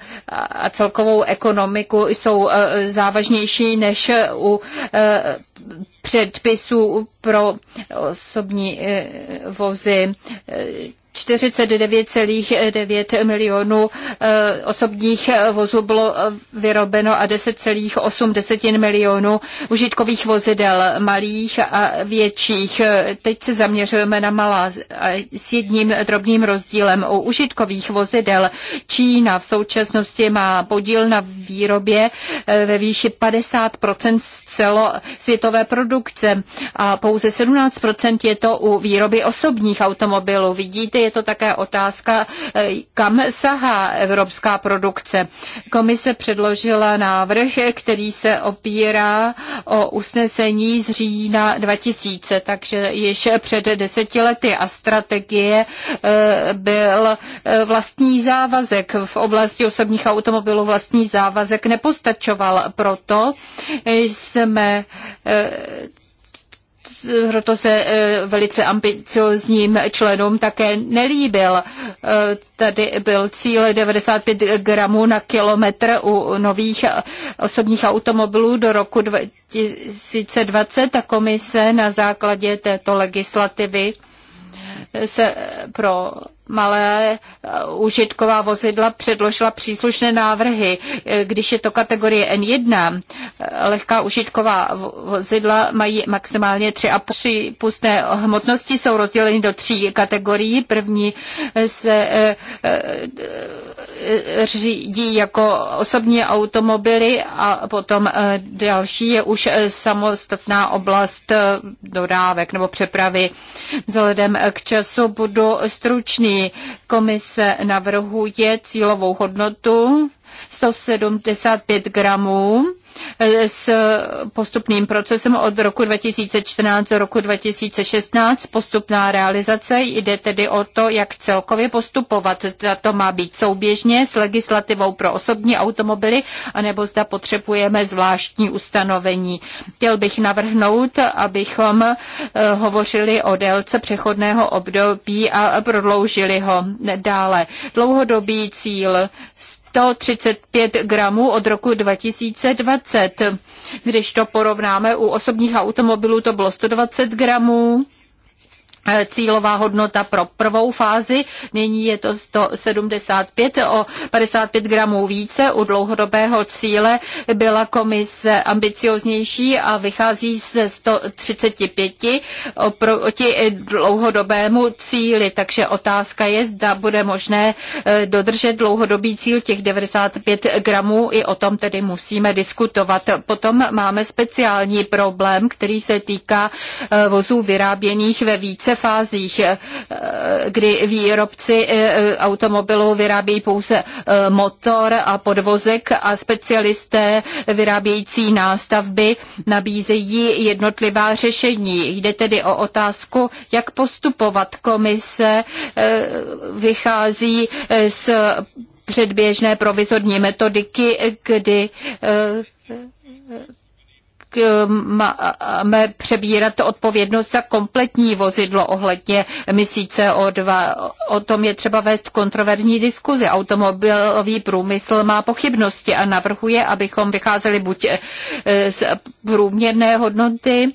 a celkovou ekonomiku jsou závažnější než u předpisů pro osobní vozy. 49,9 milionů eh, osobních eh, vozů bylo eh, vyrobeno a 10,8 milionů užitkových vozidel malých a větších. Teď se zaměřujeme na malá s jedním drobným rozdílem. U užitkových vozidel Čína v současnosti má podíl na výrobě ve výši 50 z celosvětové produkce a pouze 17 je to u výroby osobních automobilů. Vidíte, je to také otázka, eh, kam sahá evropská produkce. Komise předložila návrh, který se opírá o usnesení z října 2000, takže již před deseti lety a strategie eh, byl eh, vlastní závazek v oblasti osobních automobilů vlastní závazek nepostačoval. Proto jsme proto se e, velice ambiciozním členům také nelíbil. E, tady byl cíl 95 gramů na kilometr u nových osobních automobilů do roku 2020 a komise na základě této legislativy se pro malé eh, užitková vozidla předložila příslušné návrhy. Eh, když je to kategorie N1, eh, lehká užitková vozidla mají maximálně 3,5 pustné hmotnosti, jsou rozděleny do tří kategorií. První se řídí jako osobní automobily a potom další je už samostatná oblast dodávek nebo přepravy. Vzhledem k času budu stručný Komise navrhuje cílovou hodnotu 175 gramů s postupným procesem od roku 2014 do roku 2016. Postupná realizace jde tedy o to, jak celkově postupovat. Zda to má být souběžně s legislativou pro osobní automobily, anebo zda potřebujeme zvláštní ustanovení. Chtěl bych navrhnout, abychom eh, hovořili o délce přechodného období a prodloužili ho dále. Dlouhodobý cíl 135 gramů od roku 2020. Když to porovnáme u osobních automobilů, to bylo 120 gramů Eh, cílová hodnota pro prvou fázi. Nyní je to 175 o 55 gramů více. U dlouhodobého cíle byla komise ambicioznější a vychází ze 135 oproti dlouhodobému cíli. Takže otázka je, zda bude možné eh, dodržet dlouhodobý cíl těch 95 gramů. I o tom tedy musíme diskutovat. Potom máme speciální problém, který se týká eh, vozů vyráběných ve více více fázích, eh, kdy výrobci eh, eh, automobilů vyrábějí pouze motor a podvozek a specialisté vyrábějící nástavby nabízejí jednotlivá řešení. Jde tedy o otázku, jak postupovat. Komise vychází z předběžné provizorní metodiky, kdy Eh, máme přebírat odpovědnost za kompletní vozidlo ohledně emisí CO2. O tom je třeba vést kontroverzní diskuzi. Automobilový průmysl má pochybnosti a navrhuje, abychom vycházeli buď eh, z průměrné hodnoty,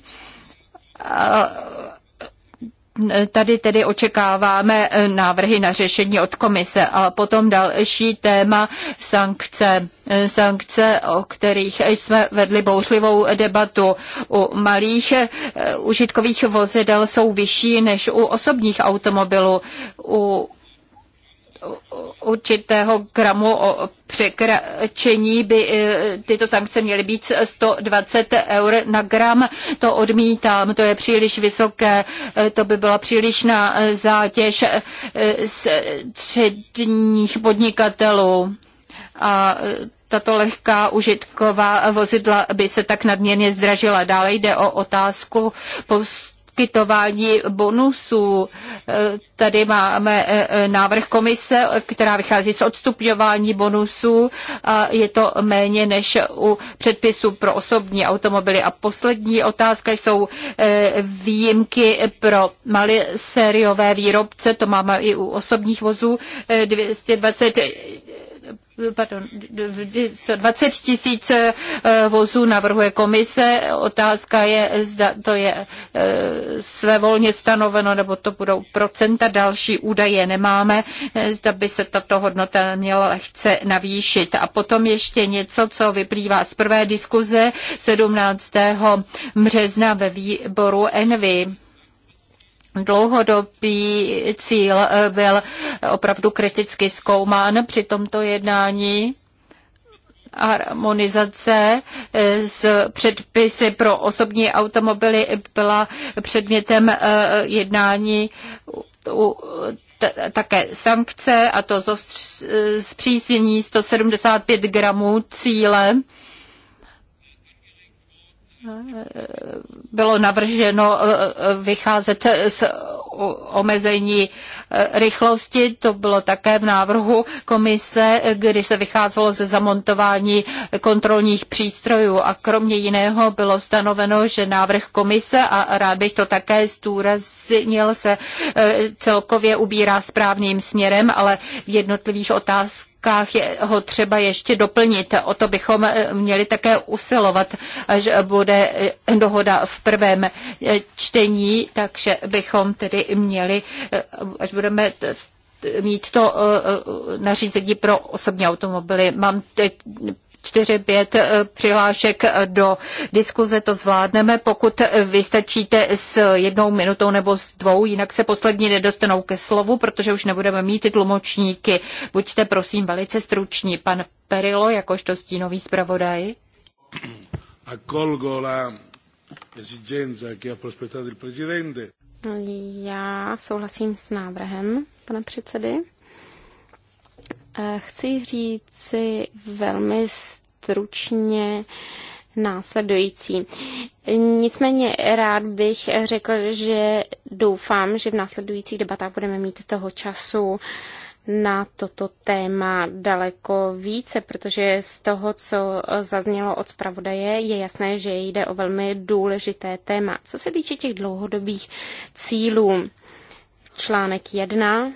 tady tedy očekáváme eh, návrhy na řešení od komise. A potom další téma sankce. Eh, sankce, o kterých jsme vedli bouřlivou debatu. U malých eh, užitkových vozidel jsou vyšší než u osobních automobilů. U určitého gramu o překračení by eh, tyto sankce měly být 120 eur na gram. To odmítám, to je příliš vysoké, eh, to by byla přílišná eh, zátěž středních podnikatelů. A tato lehká užitková vozidla by se tak nadměrně zdražila. Dále jde o otázku post poskytování bonusů. Tady máme eh, návrh komise, která vychází z odstupňování bonusů. A je to méně než u předpisů pro osobní automobily. A poslední otázka jsou eh, výjimky pro malé sériové výrobce. To máme i u osobních vozů 220 eh, pardon, 120 tisíc eh, vozů navrhuje komise. Otázka je, zda to je eh, své volně stanoveno, nebo to budou procenta, další údaje nemáme, eh, zda by se tato hodnota měla lehce navýšit. A potom ještě něco, co vyplývá z prvé diskuze 17. března ve výboru Envy dlouhodobý cíl eh, byl opravdu kriticky zkoumán při tomto jednání harmonizace eh, s předpisy pro osobní automobily byla předmětem eh, jednání u také sankce, a to zpřísnění 175 gramů cíle bylo navrženo eh, eh, vycházet z omezení eh, rychlosti. To bylo také v návrhu komise, kdy se vycházelo ze zamontování kontrolních přístrojů a kromě jiného bylo stanoveno, že návrh komise, a rád bych to také zdůraznil, se celkově ubírá správným směrem, ale v jednotlivých otázkách dávkách je ho třeba ještě doplnit. O to bychom eh, měli také usilovat, až bude eh, dohoda v prvém eh, čtení, takže bychom tedy měli, až budeme mít to nařízení pro osobní automobily. Mám teď čtyři pět eh, přihlášek eh, do diskuze, to zvládneme, pokud vystačíte s jednou minutou nebo s dvou, jinak se poslední nedostanou ke slovu, protože už nebudeme mít ty tlumočníky. Buďte prosím velice struční. Pan Perilo, jakožto stínový zpravodaj. Accolgo la esigenza che ha prospettato il Presidente. Já souhlasím s návrhem pana předsedy chci říci velmi stručně následující. Nicméně rád bych řekl, že doufám, že v následujících debatách budeme mít toho času na toto téma daleko více, protože z toho, co zaznělo od zpravodaje, je jasné, že jde o velmi důležité téma. Co se týče těch dlouhodobých cílů, článek 1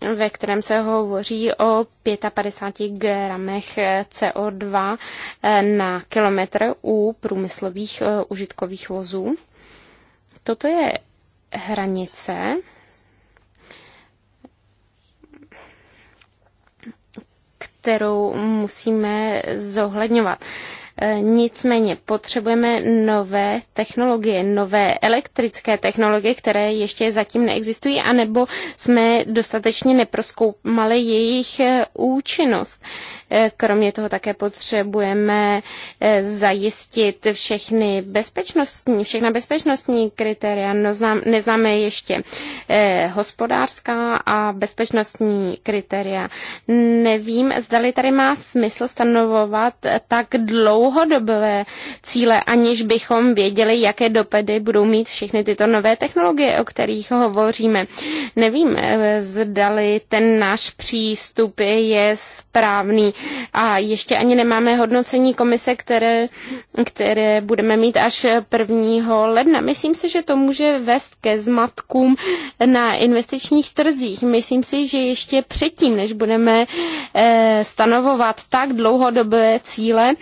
ve kterém se hovoří o 55 gramech CO2 eh, na kilometr u průmyslových eh, užitkových vozů. Toto je hranice, kterou musíme zohledňovat. E, nicméně potřebujeme nové technologie, nové elektrické technologie, které ještě zatím neexistují, anebo jsme dostatečně neproskoumali jejich e, účinnost. Kromě toho také potřebujeme eh, zajistit všechny bezpečnostní, všechna bezpečnostní kritéria. neznáme ještě eh, hospodářská a bezpečnostní kritéria. Nevím, zdali tady má smysl stanovovat tak dlouhodobé cíle, aniž bychom věděli, jaké dopady budou mít všechny tyto nové technologie, o kterých hovoříme. Nevím, eh, zdali ten náš přístup je správný a ještě ani nemáme hodnocení komise, které, které budeme mít až 1. ledna. Myslím si, že to může vést ke zmatkům na investičních trzích. Myslím si, že ještě předtím, než budeme eh, stanovovat tak dlouhodobé cíle,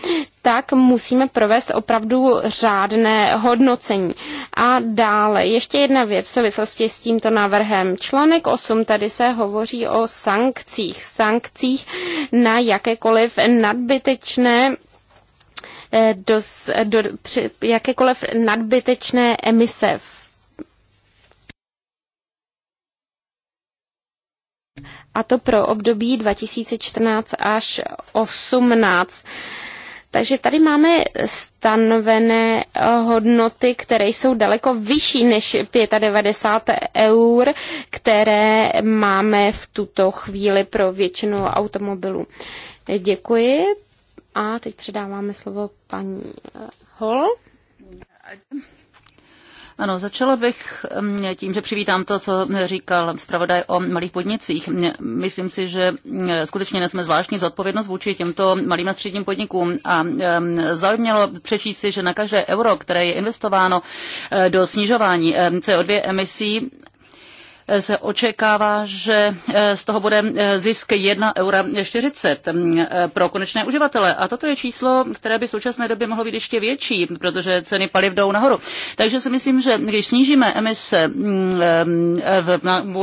tak musíme provést opravdu řádné hodnocení. A dále, ještě jedna věc v souvislosti s tímto návrhem. Článek 8 tady se hovoří o sankcích. Sankcích na jakékoliv nadbytečné eh, do, do, při jakékoliv nadbytečné emise a to pro období 2014 až 18. Takže tady máme stanovené eh, hodnoty, které jsou daleko vyšší než 95 eur, které máme v tuto chvíli pro většinu automobilů. Děkuji. A teď předáváme slovo paní Hol. Eh, ano, začala bych mm, tím, že přivítám to, co říkal zpravodaj o malých podnicích. Myslím si, že mm, skutečně nesme zvláštní zodpovědnost vůči těmto malým a středním podnikům a mm, zaujímalo přečíst si, že na každé euro, které je investováno eh, do snižování eh, CO2 emisí, se očekává, že eh, z toho bude eh, zisk 1,40 eura mm, eh, pro konečné uživatele. A toto je číslo, které by v současné době mohlo být ještě větší, protože ceny paliv jdou nahoru. Takže si myslím, že když snížíme emise mm,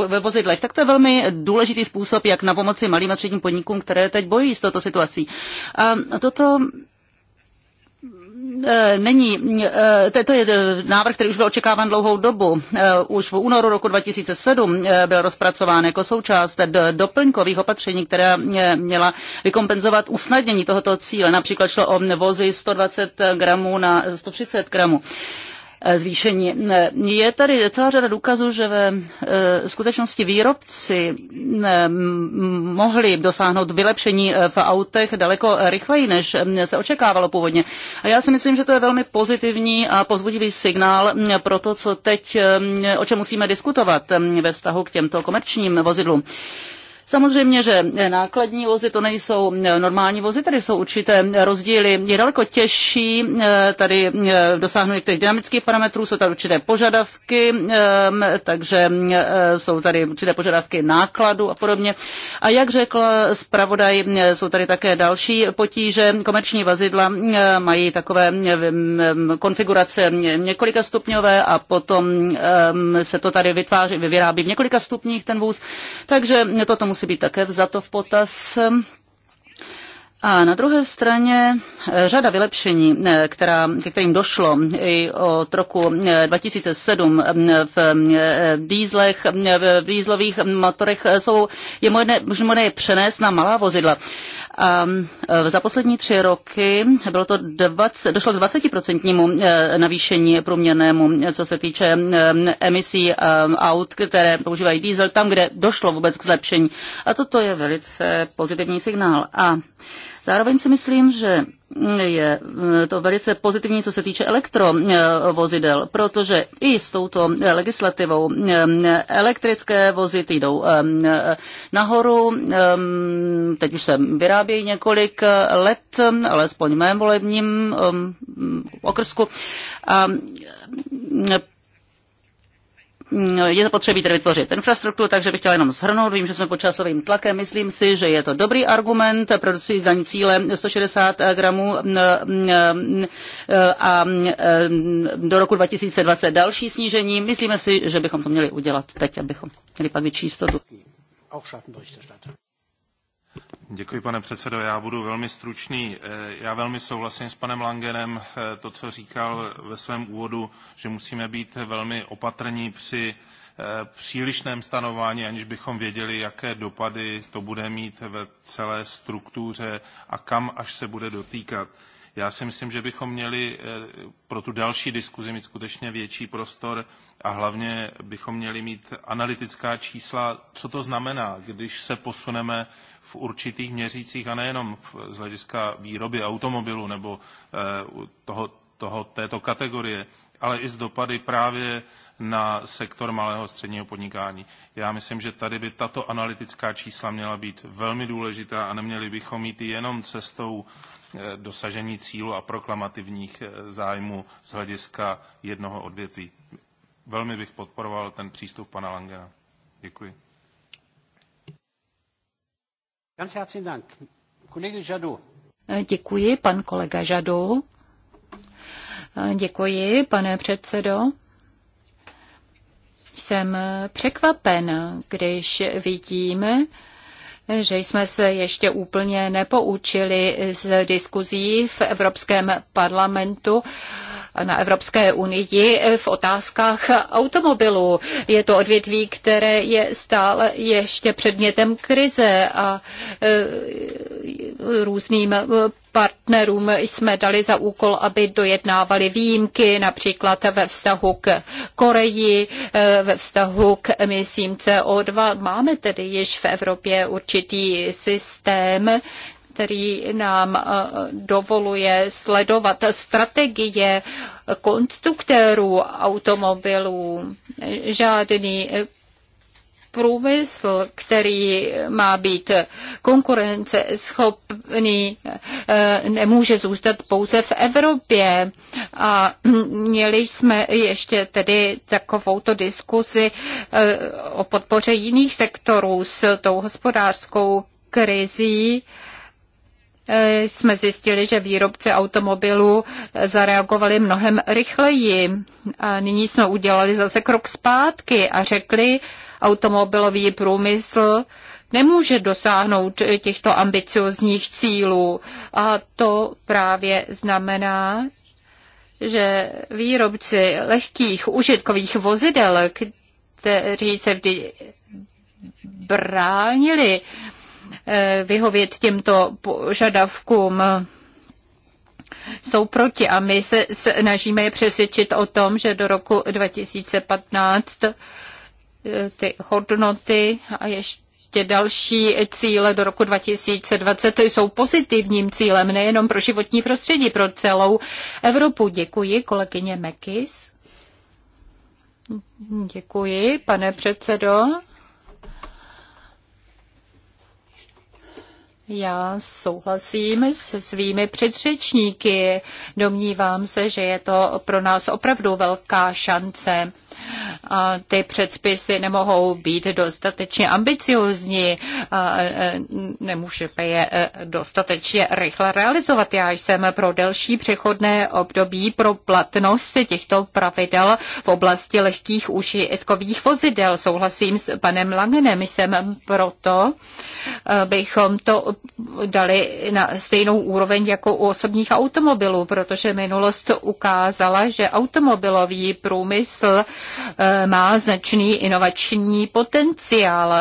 ve vozidlech, tak to je velmi důležitý způsob, jak na pomoci malým a středním podnikům, které teď bojí s touto situací. A toto E, není, e, to je e, návrh, který už byl očekáván dlouhou dobu. Už v únoru roku 2007 byl rozpracován jako součást doplňkových opatření, která měla vykompenzovat usnadnění tohoto cíle. Například šlo o vozy 120 gramů na 130 gramů. Eh, zvýšení. Eh, je tady celá řada důkazů, že ve eh, skutečnosti výrobci mohli dosáhnout vylepšení v autech daleko rychleji, než se očekávalo původně. A já si myslím, že to je velmi pozitivní a pozbudivý signál pro to, co teď, o čem musíme diskutovat ve vztahu k těmto komerčním vozidlům. Samozřejmě, že nákladní vozy to nejsou eh, normální vozy, tady jsou určité rozdíly. Je daleko těžší eh, tady eh, dosáhnout některých dynamických parametrů, jsou tady určité požadavky, ehm, takže jsou tady určité požadavky nákladu a podobně. A jak řekl zpravodaj, jsou tady také další potíže. Komerční vazidla mají takové ehm, konfigurace několika stupňové a potom ehm, se to tady vytváří, vyrábí v několika stupních ten vůz, takže toto musí být také vzato v potaz a na druhé straně eh, řada vylepšení, eh, která, ke kterým došlo i od roku 2007 eh, v dýzlech, v dýzlových motorech, jsou, je možné, možné je přenést na malá vozidla. A za poslední tři roky bylo to 20, došlo k 20% navýšení průměrnému, co se týče emisí aut, které používají diesel, tam, kde došlo vůbec k zlepšení. A toto je velice pozitivní signál. A Zároveň si myslím, že je eh, to velice pozitivní, co se týče elektrovozidel, protože i s touto legislativou eh, elektrické vozy jdou eh, nahoru. Teď už se vyrábějí několik let, alespoň v mém volebním okrsku. A je zapotřebí tedy vytvořit infrastrukturu, takže bych chtěla jenom shrnout, vím, že jsme pod časovým tlakem, myslím si, že je to dobrý argument pro dosažení cíle 160 gramů a do roku 2020 další snížení. Myslíme si, že bychom to měli udělat teď, abychom měli pak větší jistotu. Děkuji, pane předsedo. Já budu velmi stručný. Eh, já velmi souhlasím s panem Langenem eh, to, co říkal ve svém úvodu, že musíme být velmi opatrní při eh, přílišném stanování, aniž bychom věděli, jaké dopady to bude mít ve celé struktuře a kam až se bude dotýkat. Já si myslím, že bychom měli pro tu další diskuzi mít skutečně větší prostor a hlavně bychom měli mít analytická čísla, co to znamená, když se posuneme v určitých měřících a nejenom z hlediska výroby automobilu nebo eh, toho, toho, této kategorie, ale i z dopady právě na sektor malého a středního podnikání. Já myslím, že tady by tato analytická čísla měla být velmi důležitá a neměli bychom jít jenom cestou eh, dosažení cílu a proklamativních eh, zájmů z hlediska jednoho odvětví. Velmi bych podporoval ten přístup pana Langena. Děkuji. Ganz herzlichen Dank. Kollege Jadot. Eh, děkuji, pan kolega Žadu. Eh, děkuji, pane předsedo. Jsem překvapen, když vidím, že jsme se ještě úplně nepoučili z diskuzí v Evropském parlamentu na Evropské unii v otázkách automobilů. Je to odvětví, které je stále ještě předmětem krize a e, různým partnerům jsme dali za úkol, aby dojednávali výjimky, například ve vztahu k Koreji, e, ve vztahu k emisím CO2. Máme tedy již v Evropě určitý systém, který nám eh, dovoluje sledovat strategie konstruktérů automobilů. Žádný průmysl, který má být konkurenceschopný, eh, nemůže zůstat pouze v Evropě. A měli jsme ještě tedy takovouto diskuzi eh, o podpoře jiných sektorů s tou hospodářskou krizí jsme zjistili, že výrobci automobilů zareagovali mnohem rychleji. A nyní jsme udělali zase krok zpátky a řekli, automobilový průmysl nemůže dosáhnout těchto ambiciozních cílů. A to právě znamená, že výrobci lehkých užitkových vozidel, kteří se vždy bránili Eh, vyhovět těmto požadavkům jsou proti a my se snažíme je přesvědčit o tom, že do roku 2015 eh, ty hodnoty a ještě další cíle do roku 2020 jsou pozitivním cílem nejenom pro životní prostředí, pro celou Evropu. Děkuji kolegyně Mekis. Děkuji, pane předsedo. Já souhlasím se svými předřečníky. Domnívám se, že je to pro nás opravdu velká šance ty předpisy nemohou být dostatečně ambiciozní, nemůžeme je e, dostatečně rychle realizovat. Já jsem pro delší přechodné období pro platnost těchto pravidel v oblasti lehkých užitkových vozidel. Souhlasím s panem Langenem, jsem proto, e, bychom to dali na stejnou úroveň jako u osobních automobilů, protože minulost ukázala, že automobilový průmysl e, má značný inovační potenciál,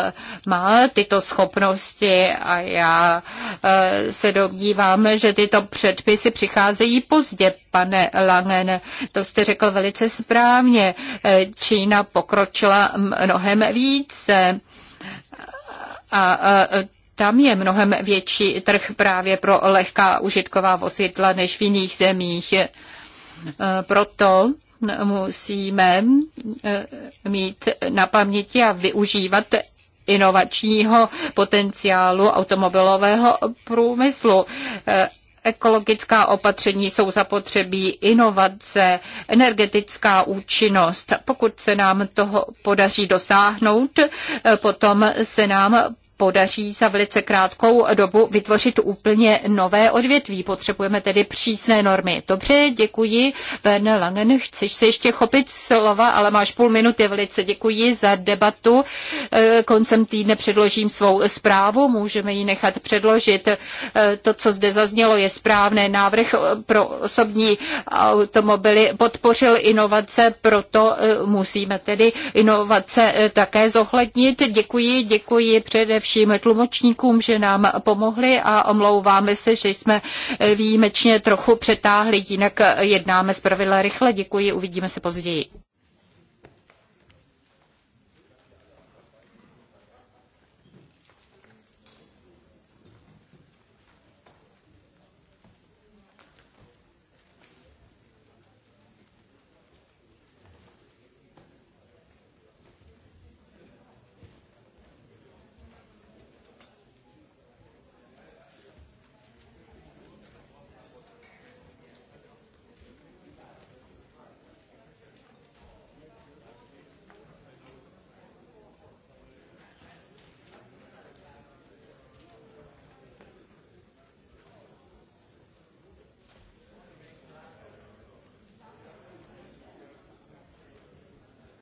má tyto schopnosti a já eh, se domnívám, že tyto předpisy přicházejí pozdě, pane Langen. To jste řekl velice správně. Eh, Čína pokročila mnohem více. A e, tam je mnohem větší trh právě pro lehká užitková vozidla než v jiných zemích. Eh, Proto musíme e, mít na paměti a využívat inovačního potenciálu automobilového průmyslu. E, ekologická opatření jsou zapotřebí inovace, energetická účinnost. Pokud se nám toho podaří dosáhnout, e, potom se nám podaří za velice krátkou dobu vytvořit úplně nové odvětví. Potřebujeme tedy přísné normy. Dobře, děkuji. Ben Langen, chceš se ještě chopit slova, ale máš půl minuty. Velice děkuji za debatu. E, koncem týdne předložím svou zprávu, můžeme ji nechat předložit. E, to, co zde zaznělo, je správné. Návrh pro osobní automobily podpořil inovace, proto e, musíme tedy inovace také zohlednit. Děkuji, děkuji především především tlumočníkům, že nám pomohli a omlouváme se, že jsme výjimečně trochu přetáhli, jinak jednáme zpravidla rychle. Děkuji, uvidíme se později.